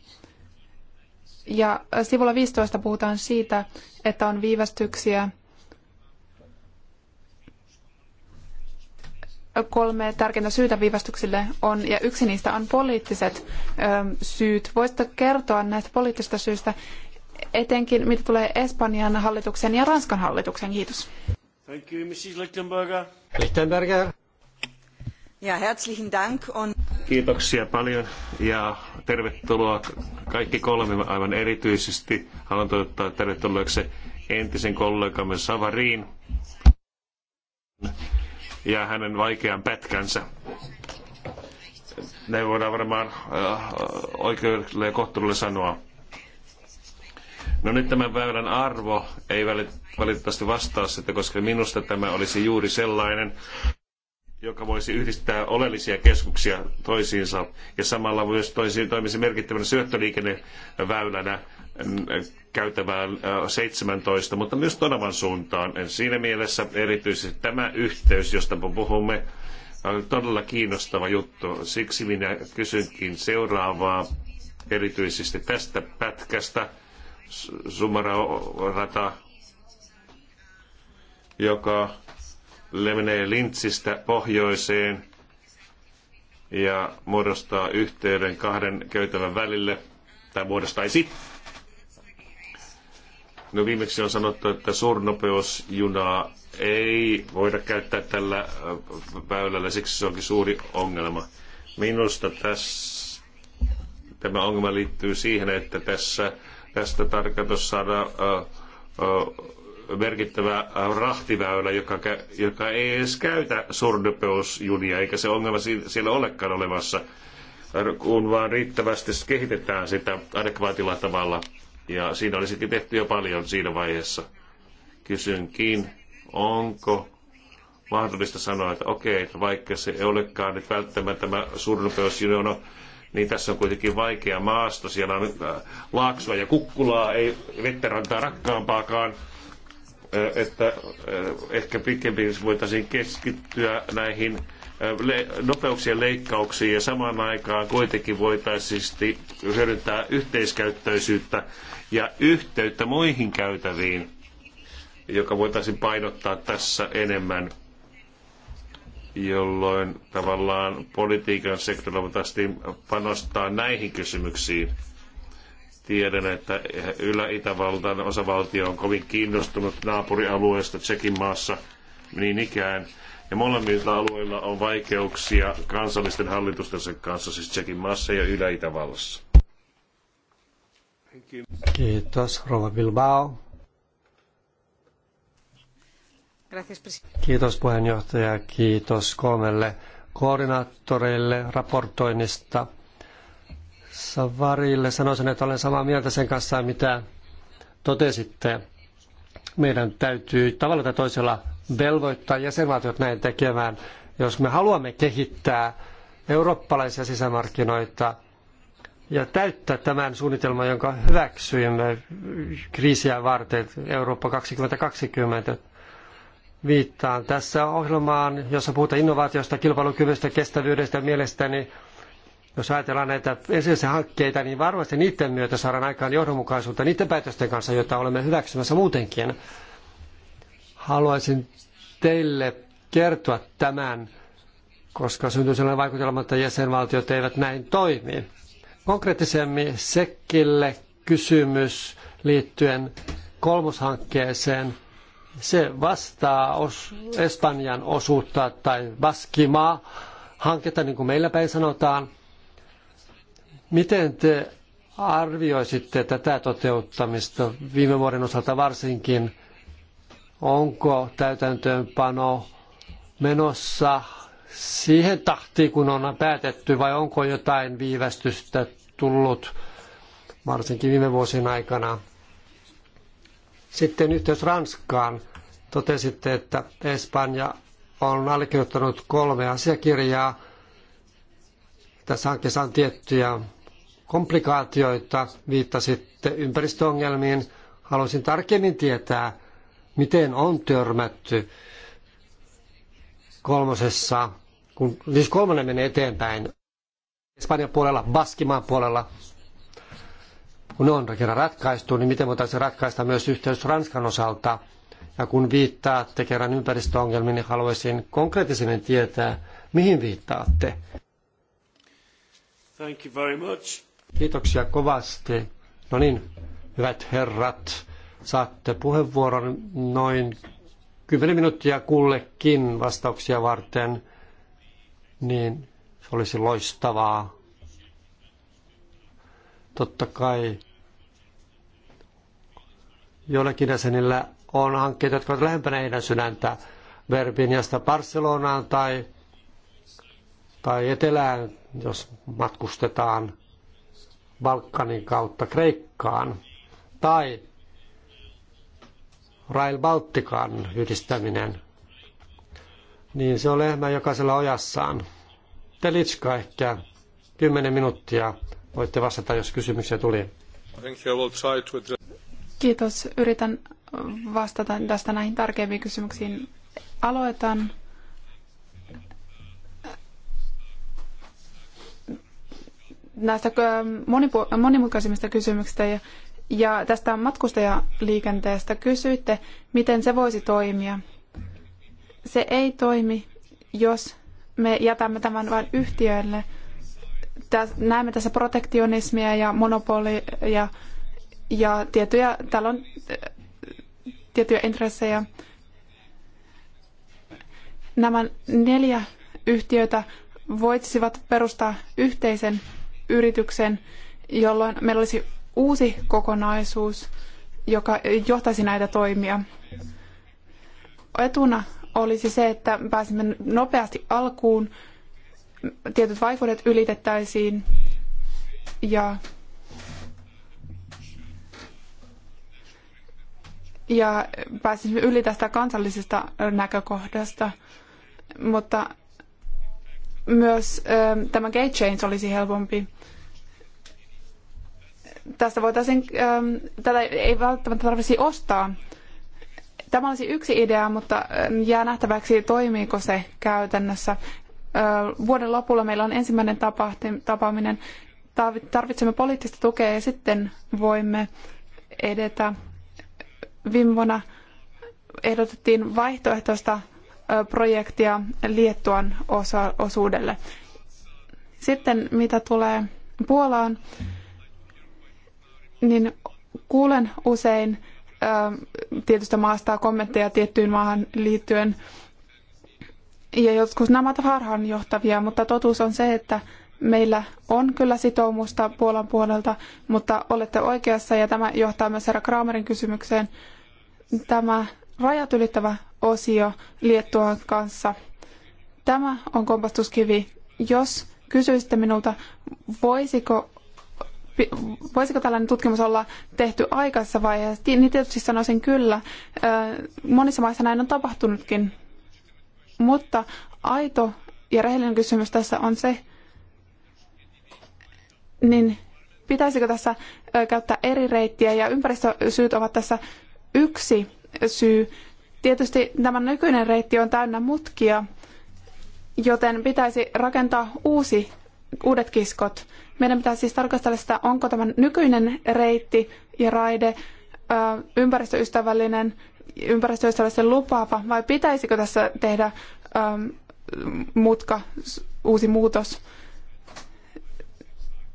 Ja sivulla 15 puhutaan siitä, että on viivästyksiä kolme tärkeintä syytä viivästyksille on, ja yksi niistä on poliittiset ö, syyt. Voisitko kertoa näistä poliittisista syistä, etenkin mitä tulee Espanjan hallituksen ja Ranskan hallituksen? Kiitos. Thank you, Mrs. Lichtenberger. Lichtenberger. Ja herzlichen Dank on... Kiitoksia paljon ja tervetuloa kaikki kolme aivan erityisesti. Haluan toivottaa tervetulleeksi entisen kollegamme Savariin ja hänen vaikean pätkänsä. Ne voidaan varmaan äh, oikeudelle ja kohtuudelle sanoa. No nyt tämän väylän arvo ei valitettavasti vastaa sitä, koska minusta tämä olisi juuri sellainen, joka voisi yhdistää oleellisia keskuksia toisiinsa ja samalla myös toisiin, toimisi merkittävänä syöttöliikenneväylänä Käytävää 17, mutta myös Donavan suuntaan. Siinä mielessä erityisesti tämä yhteys, josta me puhumme, on todella kiinnostava juttu. Siksi minä kysynkin seuraavaa erityisesti tästä pätkästä, Sumara-rata, joka menee Lintsistä pohjoiseen ja muodostaa yhteyden kahden käytävän välille, tai muodostaisi No viimeksi on sanottu, että suurnopeusjunaa ei voida käyttää tällä äh, väylällä, siksi se onkin suuri ongelma. Minusta tässä, tämä ongelma liittyy siihen, että tässä, tästä tarkoitus saada uh, uh, merkittävä rahtiväylä, joka, joka ei edes käytä suurnopeusjunia, eikä se ongelma siellä olekaan olemassa kun vaan riittävästi kehitetään sitä adekvaatilla tavalla. Ja siinä olisikin tehty jo paljon siinä vaiheessa. Kysynkin, onko mahdollista sanoa, että okei, vaikka se ei olekaan nyt välttämättä tämä suurnopeusjono, niin, niin tässä on kuitenkin vaikea maasto. Siellä on äh, laaksoa ja kukkulaa, ei vettä rantaa rakkaampaakaan. Äh, että äh, ehkä pikemminkin voitaisiin keskittyä näihin nopeuksien leikkauksiin ja samaan aikaan kuitenkin voitaisiin hyödyntää yhteiskäyttöisyyttä ja yhteyttä muihin käytäviin, joka voitaisiin painottaa tässä enemmän jolloin tavallaan politiikan sektorilla voitaisiin panostaa näihin kysymyksiin. Tiedän, että Ylä-Itävaltan osavaltio on kovin kiinnostunut naapurialueesta Tsekin maassa niin ikään – ja molemmilla alueilla on vaikeuksia kansallisten hallitustensa kanssa, siis Tsekin maassa ja Ylä-Itävallassa. Kiitos, Rova Bilbao. Kiitos puheenjohtaja, kiitos kolmelle koordinaattoreille raportoinnista. Savarille sanoisin, että olen samaa mieltä sen kanssa, mitä totesitte. Meidän täytyy tavalla tai toisella velvoittaa jäsenvaltiot näin tekemään. Jos me haluamme kehittää eurooppalaisia sisämarkkinoita ja täyttää tämän suunnitelman, jonka hyväksyimme kriisiä varten Eurooppa 2020, viittaan tässä ohjelmaan, jossa puhutaan innovaatiosta, kilpailukyvystä, kestävyydestä mielestäni. Jos ajatellaan näitä ensisijaisia hankkeita, niin varmasti niiden myötä saadaan aikaan johdonmukaisuutta niiden päätösten kanssa, joita olemme hyväksymässä muutenkin haluaisin teille kertoa tämän, koska syntyy sellainen vaikutelma, että jäsenvaltiot eivät näin toimi. Konkreettisemmin Sekkille kysymys liittyen kolmoshankkeeseen. Se vastaa os- Espanjan osuutta tai Baskimaa hanketta, niin kuin meillä päin sanotaan. Miten te arvioisitte tätä toteuttamista viime vuoden osalta varsinkin? onko täytäntöönpano menossa siihen tahtiin, kun on päätetty, vai onko jotain viivästystä tullut, varsinkin viime vuosien aikana. Sitten yhteys Ranskaan. Totesitte, että Espanja on allekirjoittanut kolme asiakirjaa. Tässä hankkeessa on tiettyjä komplikaatioita, viittasitte ympäristöongelmiin. Haluaisin tarkemmin tietää, miten on törmätty kolmosessa, kun siis kolmonen menee eteenpäin Espanjan puolella, Baskimaan puolella, kun ne on kerran ratkaistu, niin miten voitaisiin ratkaista myös yhteys Ranskan osalta. Ja kun viittaatte kerran ympäristöongelmiin, niin haluaisin konkreettisemmin tietää, mihin viittaatte. Thank you very much. Kiitoksia kovasti. No niin, hyvät herrat. Saatte puheenvuoron noin 10 minuuttia kullekin vastauksia varten, niin se olisi loistavaa. Totta kai joillakin jäsenillä on hankkeita, jotka ovat lähempänä heidän sydäntä Verbiniasta Barcelonaan tai, tai etelään, jos matkustetaan Balkanin kautta Kreikkaan. Tai Rail Baltikan yhdistäminen, niin se on lehmä jokaisella ojassaan. Telitska ehkä 10 minuuttia. Voitte vastata, jos kysymyksiä tuli. Kiitos. Yritän vastata tästä näihin tarkempiin kysymyksiin. Aloitan näistä äh, monipu- monimutkaisimmista kysymyksistä ja ja tästä matkustajaliikenteestä kysyitte, miten se voisi toimia. Se ei toimi, jos me jätämme tämän vain yhtiöille. näemme tässä protektionismia ja monopolia ja tiettyjä, täällä on äh, tiettyjä intressejä. Nämä neljä yhtiötä voisivat perustaa yhteisen yrityksen, jolloin meillä olisi uusi kokonaisuus, joka johtaisi näitä toimia. Etuna olisi se, että pääsimme nopeasti alkuun, tietyt vaikeudet ylitettäisiin ja, ja pääsimme yli tästä kansallisesta näkökohdasta, mutta myös tämä gate change olisi helpompi tästä voitaisiin, ähm, tätä ei välttämättä tarvitsisi ostaa. Tämä olisi yksi idea, mutta ähm, jää nähtäväksi, toimiiko se käytännössä. Äh, vuoden lopulla meillä on ensimmäinen tapaaminen. Tarvitsemme poliittista tukea ja sitten voimme edetä. Viime vuonna ehdotettiin vaihtoehtoista äh, projektia Liettuan osa- osuudelle. Sitten mitä tulee Puolaan, niin kuulen usein tietystä maasta kommentteja tiettyyn maahan liittyen. Ja joskus nämä ovat harhaanjohtavia, mutta totuus on se, että meillä on kyllä sitoumusta Puolan puolelta, mutta olette oikeassa ja tämä johtaa myös herra Kramerin kysymykseen. Tämä rajat ylittävä osio Liettuan kanssa. Tämä on kompastuskivi. Jos kysyisitte minulta, voisiko voisiko tällainen tutkimus olla tehty aikaisessa vaiheessa, niin tietysti sanoisin kyllä. Monissa maissa näin on tapahtunutkin. Mutta aito ja rehellinen kysymys tässä on se, niin pitäisikö tässä käyttää eri reittiä ja ympäristösyyt ovat tässä yksi syy. Tietysti tämä nykyinen reitti on täynnä mutkia, joten pitäisi rakentaa uusi, uudet kiskot. Meidän pitää siis tarkastella sitä, onko tämä nykyinen reitti ja raide ympäristöystävällinen, ympäristöystävällisen lupaava vai pitäisikö tässä tehdä mutka, uusi muutos,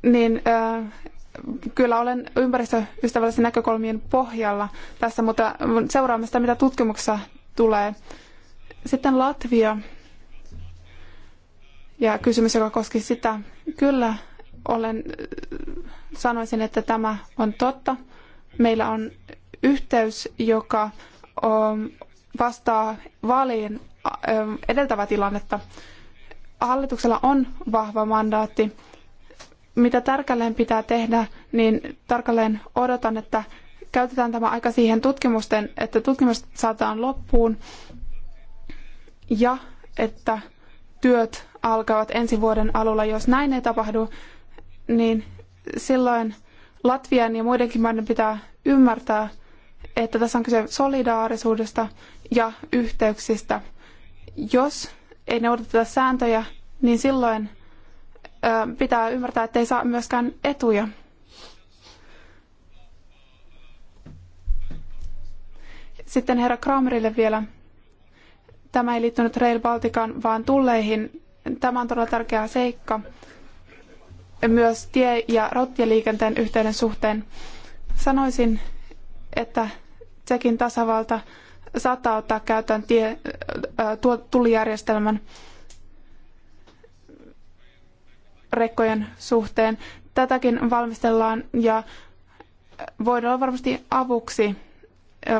niin kyllä olen ympäristöystävällisen näkökulmien pohjalla tässä, mutta seuraamme sitä, mitä tutkimuksessa tulee. Sitten Latvia ja kysymys, joka koski sitä. Kyllä, olen, sanoisin, että tämä on totta. Meillä on yhteys, joka um, vastaa vaaliin um, edeltävää tilannetta. Hallituksella on vahva mandaatti. Mitä tarkalleen pitää tehdä, niin tarkalleen odotan, että käytetään tämä aika siihen tutkimusten, että tutkimukset saadaan loppuun ja että työt alkavat ensi vuoden alulla. Jos näin ei tapahdu, niin silloin Latvian ja muidenkin maiden pitää ymmärtää, että tässä on kyse solidaarisuudesta ja yhteyksistä. Jos ei noudateta sääntöjä, niin silloin pitää ymmärtää, että ei saa myöskään etuja. Sitten herra Kramerille vielä. Tämä ei liittynyt Rail Baltican, vaan tulleihin. Tämä on todella tärkeä seikka myös tie- ja rautatieliikenteen yhteyden suhteen. Sanoisin, että Tsekin tasavalta saattaa ottaa käyttöön tie, tulijärjestelmän rekkojen suhteen. Tätäkin valmistellaan ja voidaan olla varmasti avuksi.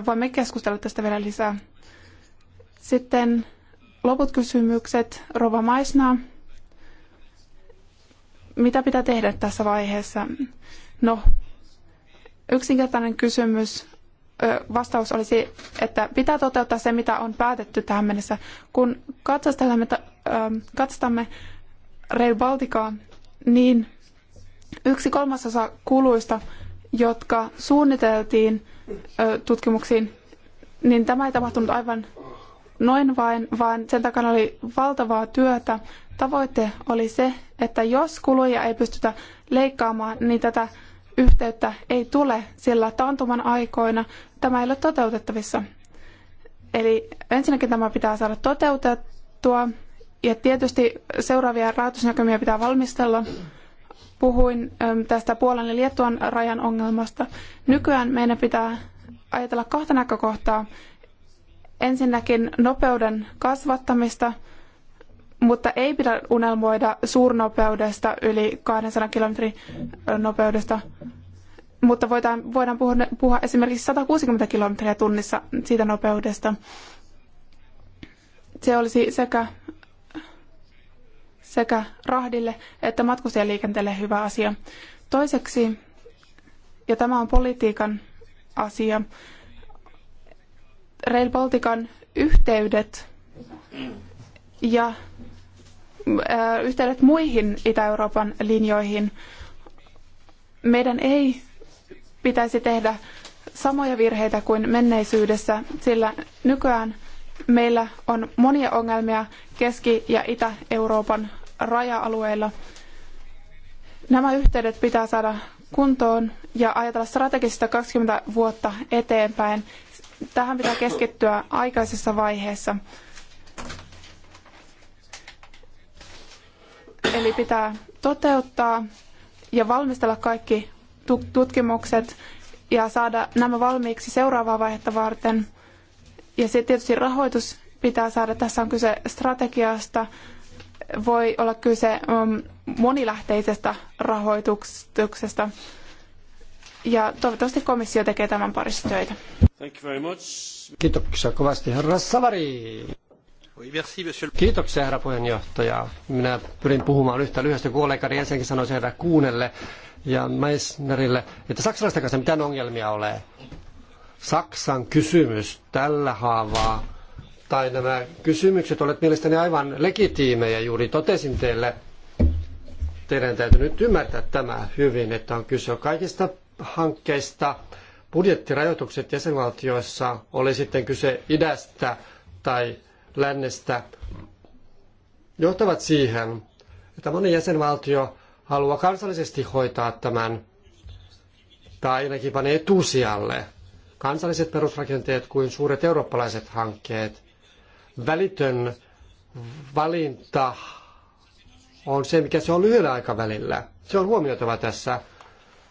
Voimme keskustella tästä vielä lisää. Sitten loput kysymykset Rova Maisnaa mitä pitää tehdä tässä vaiheessa? No, yksinkertainen kysymys, vastaus olisi, että pitää toteuttaa se, mitä on päätetty tähän mennessä. Kun katsastamme, katsastamme Rail Balticaa, niin yksi kolmasosa kuluista, jotka suunniteltiin tutkimuksiin, niin tämä ei tapahtunut aivan noin vain, vaan sen takana oli valtavaa työtä, tavoite oli se, että jos kuluja ei pystytä leikkaamaan, niin tätä yhteyttä ei tule, sillä taantuman aikoina tämä ei ole toteutettavissa. Eli ensinnäkin tämä pitää saada toteutettua ja tietysti seuraavia rahoitusnäkymiä pitää valmistella. Puhuin ähm, tästä Puolan ja Liettuan rajan ongelmasta. Nykyään meidän pitää ajatella kahta näkökohtaa. Ensinnäkin nopeuden kasvattamista – mutta ei pidä unelmoida suurnopeudesta yli 200 kilometrin nopeudesta, mutta voidaan, voidaan puhua, puhua esimerkiksi 160 kilometriä tunnissa siitä nopeudesta. Se olisi sekä, sekä rahdille että matkustajaliikenteelle hyvä asia. Toiseksi, ja tämä on politiikan asia, Rail Baltican yhteydet ja yhteydet muihin Itä-Euroopan linjoihin. Meidän ei pitäisi tehdä samoja virheitä kuin menneisyydessä, sillä nykyään meillä on monia ongelmia Keski- ja Itä-Euroopan raja-alueilla. Nämä yhteydet pitää saada kuntoon ja ajatella strategisista 20 vuotta eteenpäin. Tähän pitää keskittyä aikaisessa vaiheessa. Eli pitää toteuttaa ja valmistella kaikki tutkimukset ja saada nämä valmiiksi seuraavaa vaihetta varten. Ja sitten tietysti rahoitus pitää saada. Tässä on kyse strategiasta. Voi olla kyse mm, monilähteisestä rahoituksesta. Ja toivottavasti komissio tekee tämän parissa töitä. Thank you very much. Kiitoksia kovasti, herra Savari. Kiitoksia, herra puheenjohtaja. Minä pyrin puhumaan yhtä lyhyesti kollegani. Ensinnäkin sanoisin herra Kuunelle ja Meissnerille, että saksalaisten kanssa mitään ongelmia ole. Saksan kysymys tällä haavaa, tai nämä kysymykset olet mielestäni aivan legitiimejä. Juuri totesin teille, teidän täytyy nyt ymmärtää tämä hyvin, että on kyse kaikista hankkeista, budjettirajoitukset jäsenvaltioissa, oli sitten kyse idästä tai lännestä johtavat siihen, että moni jäsenvaltio haluaa kansallisesti hoitaa tämän tai ainakin panee etusijalle kansalliset perusrakenteet kuin suuret eurooppalaiset hankkeet. Välitön valinta on se, mikä se on lyhyellä aikavälillä. Se on huomioitava tässä.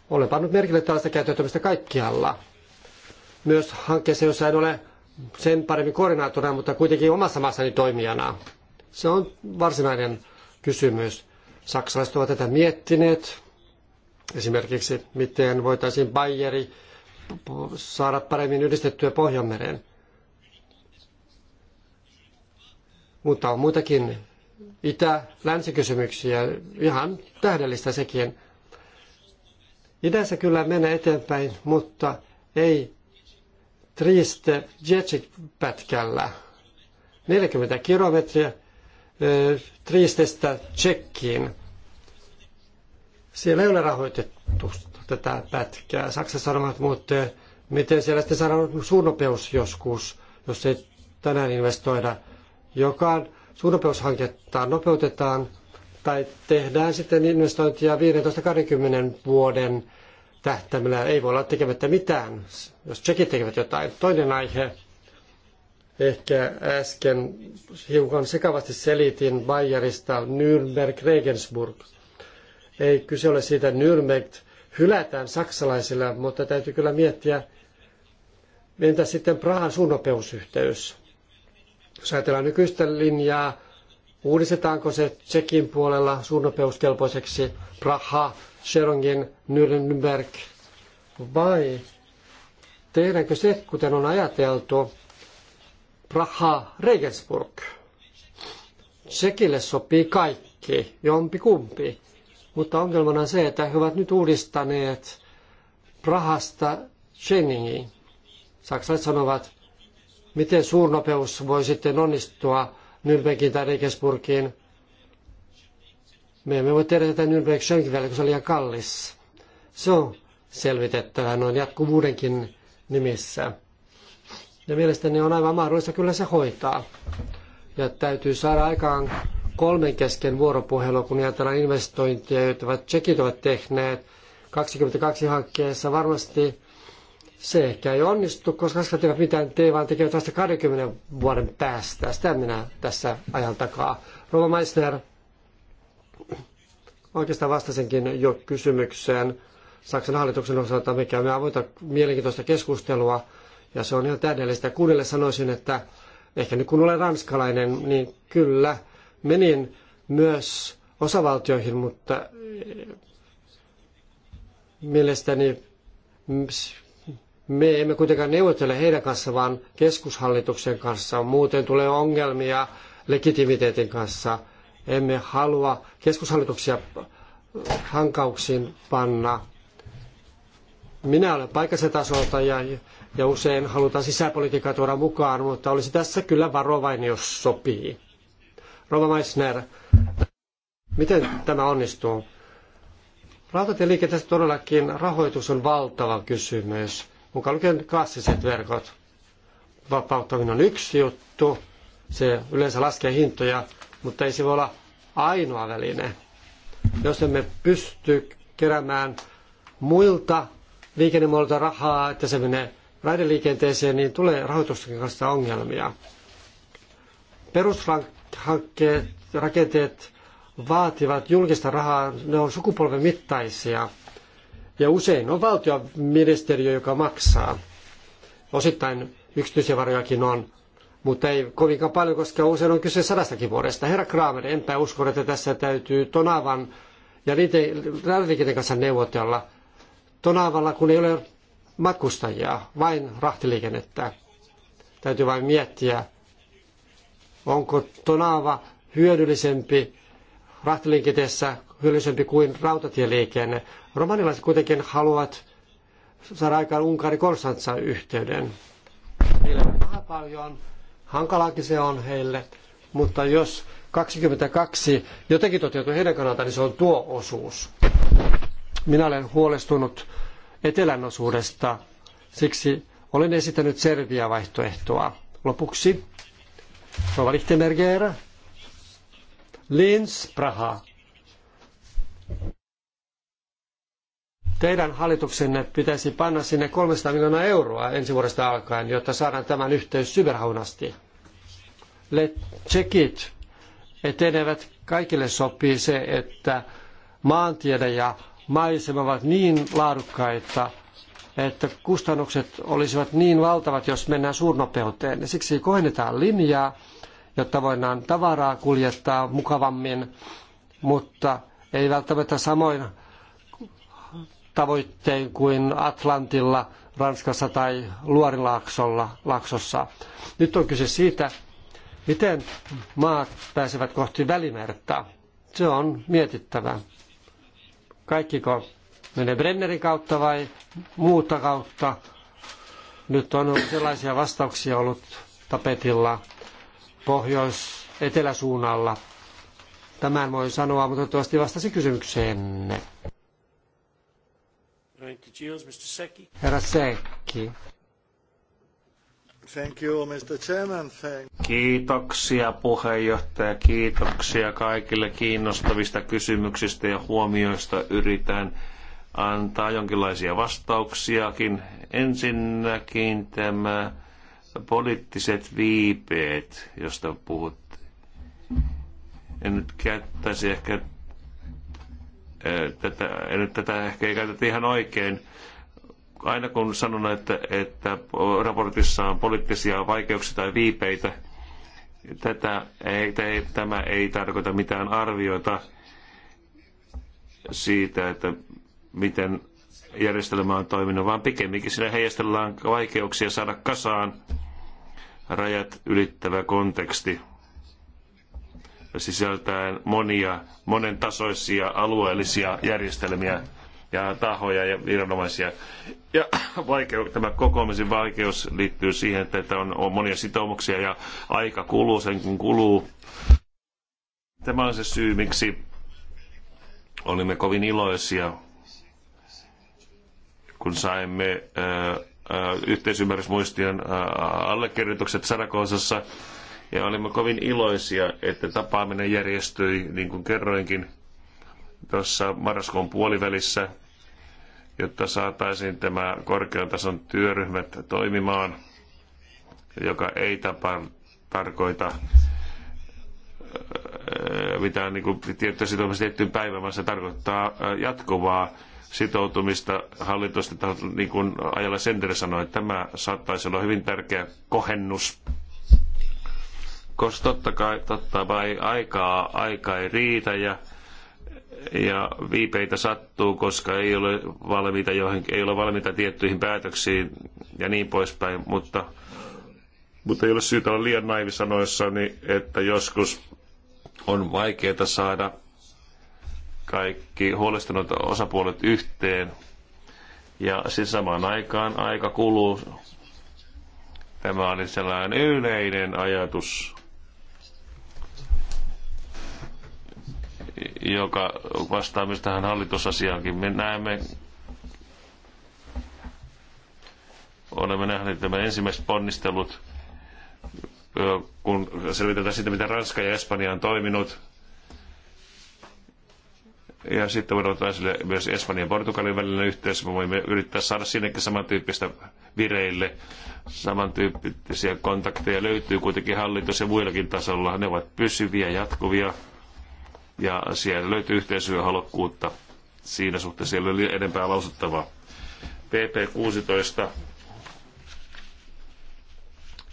Olen pannut merkille tällaista käyttäytymistä kaikkialla. Myös hankkeessa, jossa en ole sen paremmin koordinaattorina, mutta kuitenkin omassa maassani toimijana. Se on varsinainen kysymys. Saksalaiset ovat tätä miettineet. Esimerkiksi, miten voitaisiin Bayeri saada paremmin yhdistettyä Pohjanmereen. Mutta on muitakin itä-länsikysymyksiä, ihan tähdellistä sekin. Idässä kyllä menee eteenpäin, mutta ei Trieste Jetsit pätkällä 40 kilometriä Triestestä Tsekkiin. Siellä ei ole rahoitettu tätä pätkää. Saksassa ovat muut, miten siellä sitten saadaan suunnopeus joskus, jos ei tänään investoida. Joka suunnopeushanketta nopeutetaan tai tehdään sitten investointia 15-20 vuoden tähtäimellä ei voi olla tekemättä mitään, jos tsekit tekevät jotain. Toinen aihe, ehkä äsken hiukan sekavasti selitin Bayerista Nürnberg-Regensburg. Ei kyse ole siitä, että Nürnberg hylätään saksalaisille, mutta täytyy kyllä miettiä, entä sitten Prahan suunnopeusyhteys. Jos ajatellaan nykyistä linjaa, uudistetaanko se Tsekin puolella suunnopeuskelpoiseksi Praha Scherongen, Nürnberg, vai tehdäänkö se, kuten on ajateltu, Praha, Regensburg? Sekille sopii kaikki, jompi kumpi. Mutta ongelmana on se, että he ovat nyt uudistaneet Prahasta Schengenin. Saksalaiset sanovat, miten suurnopeus voi sitten onnistua Nürnbergin tai Regensburgiin. Me emme voi tehdä tätä Nürnberg Schengen kun se on liian kallis. Se on selvitettävä noin jatkuvuudenkin nimissä. Ja mielestäni on aivan mahdollista kyllä se hoitaa. Ja täytyy saada aikaan kolmen kesken vuoropuhelu, kun ajatellaan investointia, joita ovat, tsekit ovat tehneet 22 hankkeessa. Varmasti se ehkä ei onnistu, koska kasvat eivät mitään tee, vaan tekevät vasta 20 vuoden päästä. Sitä minä tässä ajan takaa. Rova Meissner Oikeastaan vastasinkin jo kysymykseen Saksan hallituksen osalta, me on avointa mielenkiintoista keskustelua, ja se on ihan täydellistä. Kuudelle sanoisin, että ehkä nyt kun olen ranskalainen, niin kyllä menin myös osavaltioihin, mutta eh, mielestäni me emme kuitenkaan neuvottele heidän kanssa, vaan keskushallituksen kanssa. Muuten tulee ongelmia legitimiteetin kanssa. Emme halua keskushallituksia hankauksiin panna. Minä olen paikallisen tasolta ja, ja usein halutaan sisäpolitiikkaa tuoda mukaan, mutta olisi tässä kyllä varovainen, jos sopii. Rova Meissner, miten tämä onnistuu? Rautatieliikenteessä todellakin rahoitus on valtava kysymys, mukaan lukien klassiset verkot. Vapauttaminen on yksi juttu, se yleensä laskee hintoja, mutta ei se voi olla ainoa väline. Jos emme pysty keräämään muilta liikennemuodolta rahaa, että se menee raideliikenteeseen, niin tulee rahoituksen kanssa ongelmia. Perushankkeet, rakenteet vaativat julkista rahaa, ne on sukupolven mittaisia. Ja usein on valtioministeriö, joka maksaa. Osittain yksityisiä varojakin on, mutta ei kovinkaan paljon, koska usein on kyse sadastakin vuodesta. Herra Kramer, enpä usko, että tässä täytyy Tonavan ja rahtiliikenteen kanssa neuvotella. Tonavalla, kun ei ole matkustajia, vain rahtiliikennettä. Täytyy vain miettiä, onko Tonava hyödyllisempi rahtiliikenteessä hyödyllisempi kuin rautatieliikenne. Romanilaiset kuitenkin haluavat saada aikaan Unkari-Konstantsan yhteyden. Heillä on rahaa paljon, Hankalaakin se on heille, mutta jos 22 jotenkin toteutuu heidän kannaltaan, niin se on tuo osuus. Minä olen huolestunut etelän osuudesta, siksi olen esittänyt Serbia vaihtoehtoa. Lopuksi Rova Lichtenberger, Linz, Praha teidän hallituksenne pitäisi panna sinne 300 miljoonaa euroa ensi vuodesta alkaen, jotta saadaan tämän yhteys syberhaunasti. Let checkit etenevät. Kaikille sopii se, että maantiede ja maisema ovat niin laadukkaita, että kustannukset olisivat niin valtavat, jos mennään suurnopeuteen. Siksi kohennetaan linjaa, jotta voidaan tavaraa kuljettaa mukavammin, mutta ei välttämättä samoin tavoitteen kuin Atlantilla, Ranskassa tai Luorinlaaksolla, Laaksossa. Nyt on kyse siitä, miten maat pääsevät kohti välimerta. Se on mietittävä. Kaikkiko menee Brennerin kautta vai muuta kautta? Nyt on ollut sellaisia vastauksia ollut tapetilla pohjois-eteläsuunnalla. Tämän voin sanoa, mutta toivottavasti vastasi kysymykseenne. Herra Sekki. Thank you, Mr. Chairman. Thank... Kiitoksia puheenjohtaja, kiitoksia kaikille kiinnostavista kysymyksistä ja huomioista. Yritän antaa jonkinlaisia vastauksiakin. Ensinnäkin tämä poliittiset viipeet, josta puhuttiin. En nyt käyttäisi ehkä tätä, tätä ehkä ei käytetä ihan oikein. Aina kun sanon, että, että raportissa on poliittisia vaikeuksia tai viipeitä, tätä ei, tämä ei tarkoita mitään arviota siitä, että miten järjestelmä on toiminut, vaan pikemminkin siinä heijastellaan vaikeuksia saada kasaan rajat ylittävä konteksti sisältäen monia, monen tasoisia alueellisia järjestelmiä ja tahoja ja viranomaisia. Ja vaikeu, tämä kokoamisen vaikeus liittyy siihen, että on, on monia sitoumuksia ja aika kuluu sen kun kuluu. Tämä on se syy, miksi olimme kovin iloisia, kun saimme ää, yhteisymmärrysmuistion allekirjoitukset Sarakoosassa ja olimme kovin iloisia, että tapaaminen järjestyi, niin kuin kerroinkin, tuossa marraskuun puolivälissä, jotta saataisiin tämä korkean tason työryhmä toimimaan, joka ei tapa, tarkoita äh, mitään niin kuin, tiettyä sitoutumista tiettyyn päivään, vaan se tarkoittaa äh, jatkuvaa sitoutumista hallitusten taholta, niin kuin ajalla Sender sanoi, että tämä saattaisi olla hyvin tärkeä kohennus koska totta kai totta vai aikaa, aika ei riitä ja, ja viipeitä sattuu, koska ei ole, valmiita johon, ei ole valmiita tiettyihin päätöksiin ja niin poispäin, mutta, mutta ei ole syytä olla liian naivisanoissa, niin että joskus on vaikeaa saada kaikki huolestuneet osapuolet yhteen. Ja siis samaan aikaan aika kuluu. Tämä oli sellainen yleinen ajatus joka vastaa myös tähän hallitusasiaankin. Me näemme, olemme nähneet tämän ensimmäiset ponnistelut, kun selvitetään sitä, mitä Ranska ja Espanja on toiminut. Ja sitten voidaan ottaa esille myös Espanjan ja Portugalin välinen yhteys. Me voimme yrittää saada sinnekin samantyyppistä vireille. Samantyyppisiä kontakteja löytyy kuitenkin hallitus ja muillakin tasolla. Ne ovat pysyviä, jatkuvia ja siellä löytyy yhteistyöhalukkuutta. Siinä suhteessa siellä oli enempää lausuttavaa. PP16.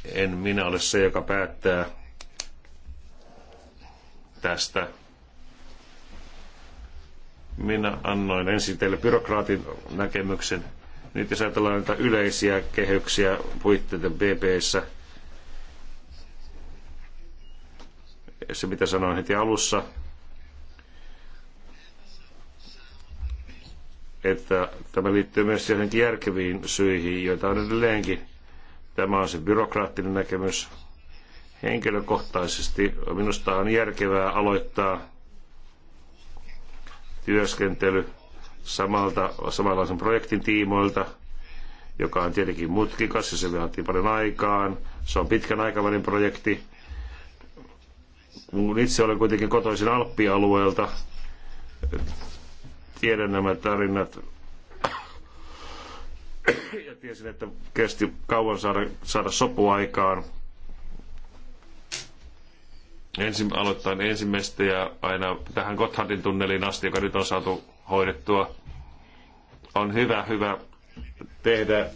En minä ole se, joka päättää tästä. Minä annoin ensin teille byrokraatin näkemyksen. Nyt jos ajatellaan näitä yleisiä kehyksiä puitteiden BPissä, se mitä sanoin heti alussa, että tämä liittyy myös johonkin järkeviin syihin, joita on edelleenkin. Tämä on se byrokraattinen näkemys. Henkilökohtaisesti minusta on järkevää aloittaa työskentely samalta, samanlaisen projektin tiimoilta, joka on tietenkin mutkikas ja se vaatii paljon aikaan. Se on pitkän aikavälin projekti. Kun itse olen kuitenkin kotoisin Alppialueelta, tiedän nämä tarinat ja tiesin, että kesti kauan saada, saada sopu aikaan. Ensin, aloittain ensimmäistä ja aina tähän Gotthardin tunneliin asti, joka nyt on saatu hoidettua. On hyvä, hyvä tehdä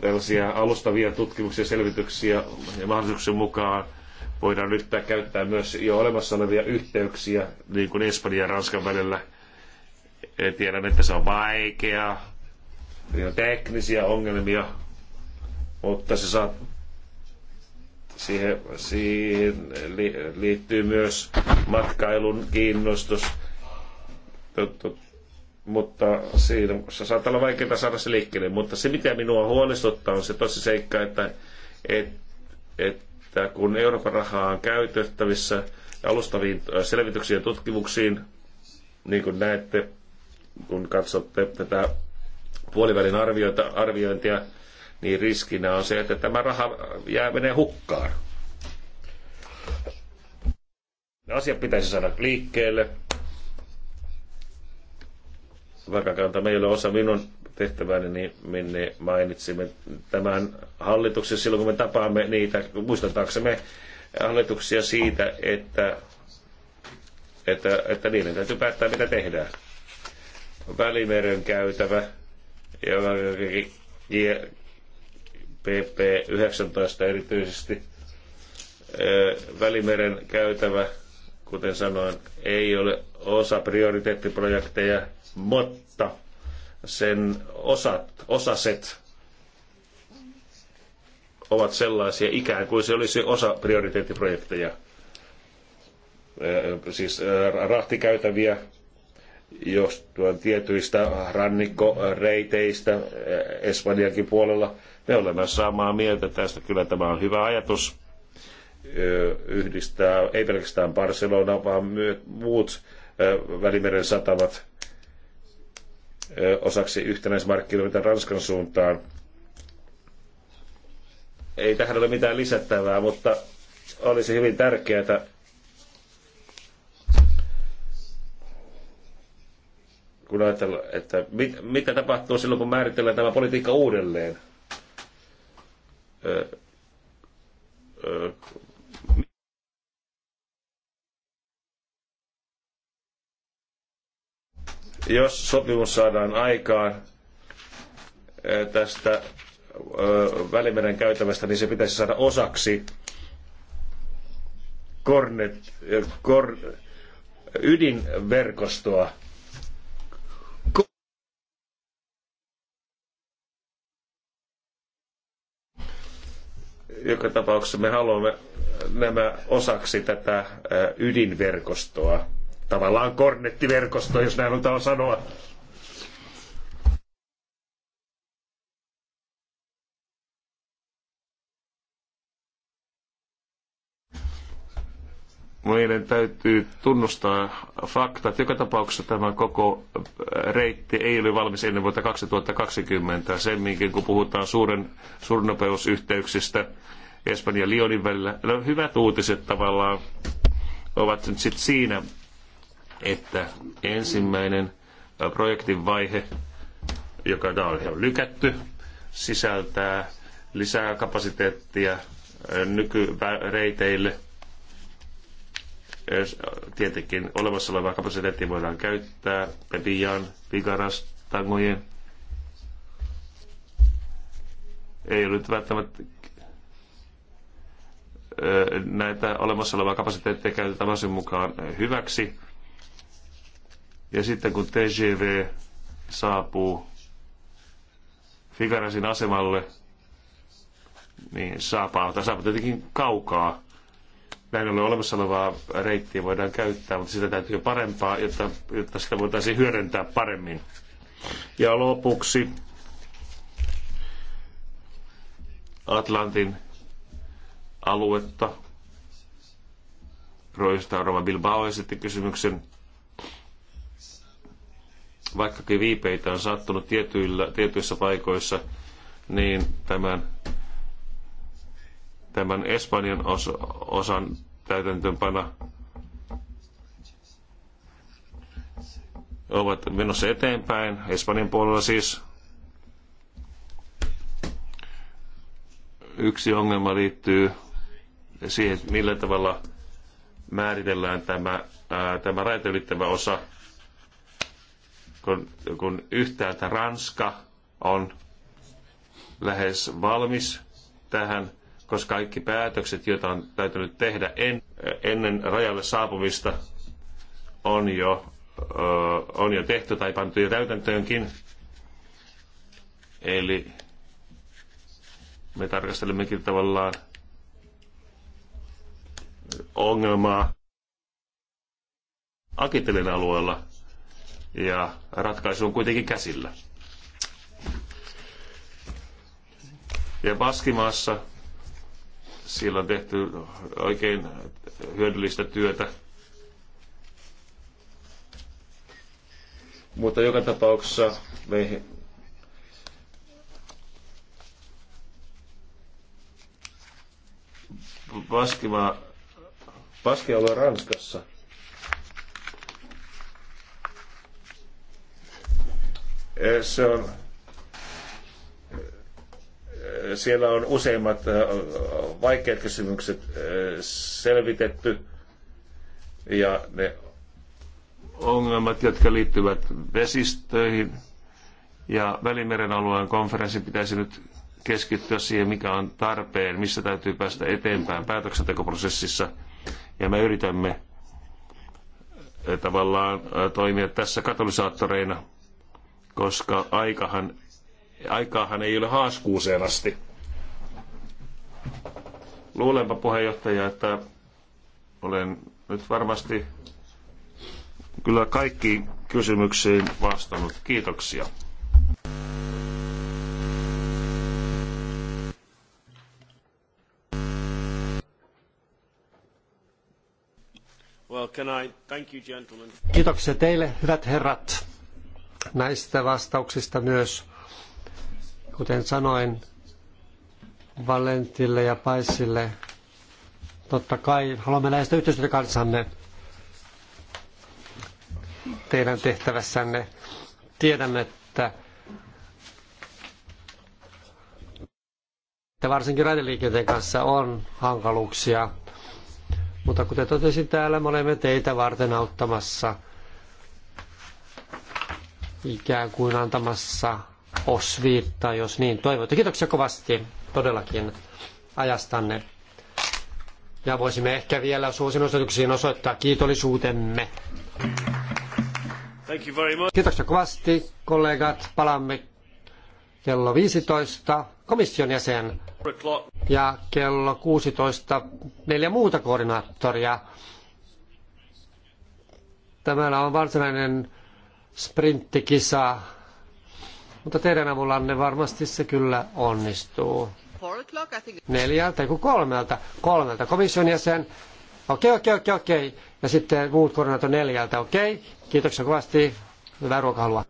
tällaisia alustavia tutkimuksia, selvityksiä ja mahdollisuuksien mukaan voidaan nyt käyttää myös jo olemassa olevia yhteyksiä, niin kuin Espanjan ja Ranskan välillä – Tiedän, että se on vaikea, on teknisiä ongelmia, mutta se saa, siihen, siihen li, liittyy myös matkailun kiinnostus. Mutta siinä se saattaa olla vaikeaa saada se liikkeelle. Mutta se, mitä minua huolestuttaa, on se tosi seikka, että, et, että kun Euroopan rahaa on käytettävissä alustaviin äh, selvityksiin ja tutkimuksiin, niin kuin näette, kun katsotte tätä puolivälin arvioita, arviointia, niin riskinä on se, että tämä raha jää menee hukkaan. Asia pitäisi saada liikkeelle. kanta meillä on osa minun tehtäväni, niin minne mainitsimme tämän hallituksen silloin, kun me tapaamme niitä, muistantaaksemme hallituksia siitä, että, että, että niiden täytyy päättää, mitä tehdään. Välimeren käytävä, ja PP19 erityisesti, Välimeren käytävä, kuten sanoin, ei ole osa prioriteettiprojekteja, mutta sen osat, osaset ovat sellaisia ikään kuin se olisi osa prioriteettiprojekteja. Siis rahtikäytäviä, johtuen tietyistä rannikkoreiteistä eh, Espanjankin puolella. Me olemme samaa mieltä tästä. Kyllä tämä on hyvä ajatus eh, yhdistää ei pelkästään Barcelona, vaan myös muut eh, Välimeren satamat osaksi yhtenäismarkkinoita Ranskan suuntaan. Ei tähän ole mitään lisättävää, mutta olisi hyvin tärkeää, kun ajatellaan, että mit, mitä tapahtuu silloin, kun määritellään tämä politiikka uudelleen. jos sopimus saadaan aikaan tästä Välimeren käytävästä, niin se pitäisi saada osaksi Kornet, kor, ydinverkostoa, joka tapauksessa me haluamme nämä osaksi tätä ydinverkostoa. Tavallaan kornettiverkostoa, jos näin halutaan sanoa. meidän täytyy tunnustaa että Joka tapauksessa tämä koko reitti ei ole valmis ennen vuotta 2020, semminkin kun puhutaan suuren, suurnopeusyhteyksistä Espanjan ja Lyonin välillä. No, hyvät uutiset tavallaan ovat nyt sitten siinä, että ensimmäinen projektin vaihe, joka on lykätty, sisältää lisää kapasiteettia nykyreiteille – Tietenkin olemassa olevaa kapasiteettia voidaan käyttää Pepian, Pigaras, Tangojen. Ei ole nyt välttämättä näitä olemassa olevaa kapasiteettia käytetään varsin mukaan hyväksi. Ja sitten kun TGV saapuu Figarasin asemalle, niin saapaa, tai saapuu tietenkin kaukaa näin ollen olemassa olevaa reittiä voidaan käyttää, mutta sitä täytyy parempaa, jotta, jotta sitä voitaisiin hyödyntää paremmin. Ja lopuksi Atlantin aluetta. Roista Rova Bilbao esitti kysymyksen. Vaikkakin viipeitä on sattunut tietyissä paikoissa, niin tämän tämän Espanjan os, osan täytäntöönpana ovat menossa eteenpäin, Espanjan puolella siis. Yksi ongelma liittyy siihen, millä tavalla määritellään tämä, ää, tämä rajatylittävä osa, kun, kun yhtäältä Ranska on lähes valmis tähän koska kaikki päätökset, joita on täytynyt tehdä en, ennen rajalle saapumista, on jo, on jo tehty tai pantu jo täytäntöönkin. Eli me tarkastelemmekin tavallaan ongelmaa Akitelin alueella ja ratkaisu on kuitenkin käsillä. Ja Baskimaassa sillä on tehty oikein hyödyllistä työtä. Mutta joka tapauksessa meihin, Baskima, Baskialue Ranskassa. Eh, se on siellä on useimmat vaikeat kysymykset selvitetty ja ne ongelmat, jotka liittyvät vesistöihin ja Välimeren alueen konferenssi pitäisi nyt keskittyä siihen, mikä on tarpeen, missä täytyy päästä eteenpäin päätöksentekoprosessissa. Ja me yritämme tavallaan toimia tässä katalysaattoreina, koska aikahan aikaahan ei ole haaskuuseen asti. Luulenpa puheenjohtaja, että olen nyt varmasti kyllä kaikki kysymyksiin vastannut. Kiitoksia. Kiitoksia teille, hyvät herrat, näistä vastauksista myös. Kuten sanoin Valentille ja Paisille, totta kai haluamme näistä yhteistyötä kanssanne teidän tehtävässänne. Tiedämme, että että varsinkin raideliikenteen kanssa on hankaluuksia. Mutta kuten totesin täällä, me olemme teitä varten auttamassa, ikään kuin antamassa osviittaa, jos niin toivotte. Kiitoksia kovasti todellakin ajastanne. Ja voisimme ehkä vielä suosin osoituksiin osoittaa kiitollisuutemme. Thank you very much. Kiitoksia kovasti, kollegat. Palaamme kello 15 komission jäsen ja kello 16 neljä muuta koordinaattoria. Tämä on varsinainen sprinttikisa mutta teidän avullanne varmasti se kyllä onnistuu. Neljältä, kun kolmelta, kolmelta komission jäsen. Okei, okei, okei, okei. Ja sitten muut koronat on neljältä, okei. Kiitoksia kovasti. Hyvää ruokahalua.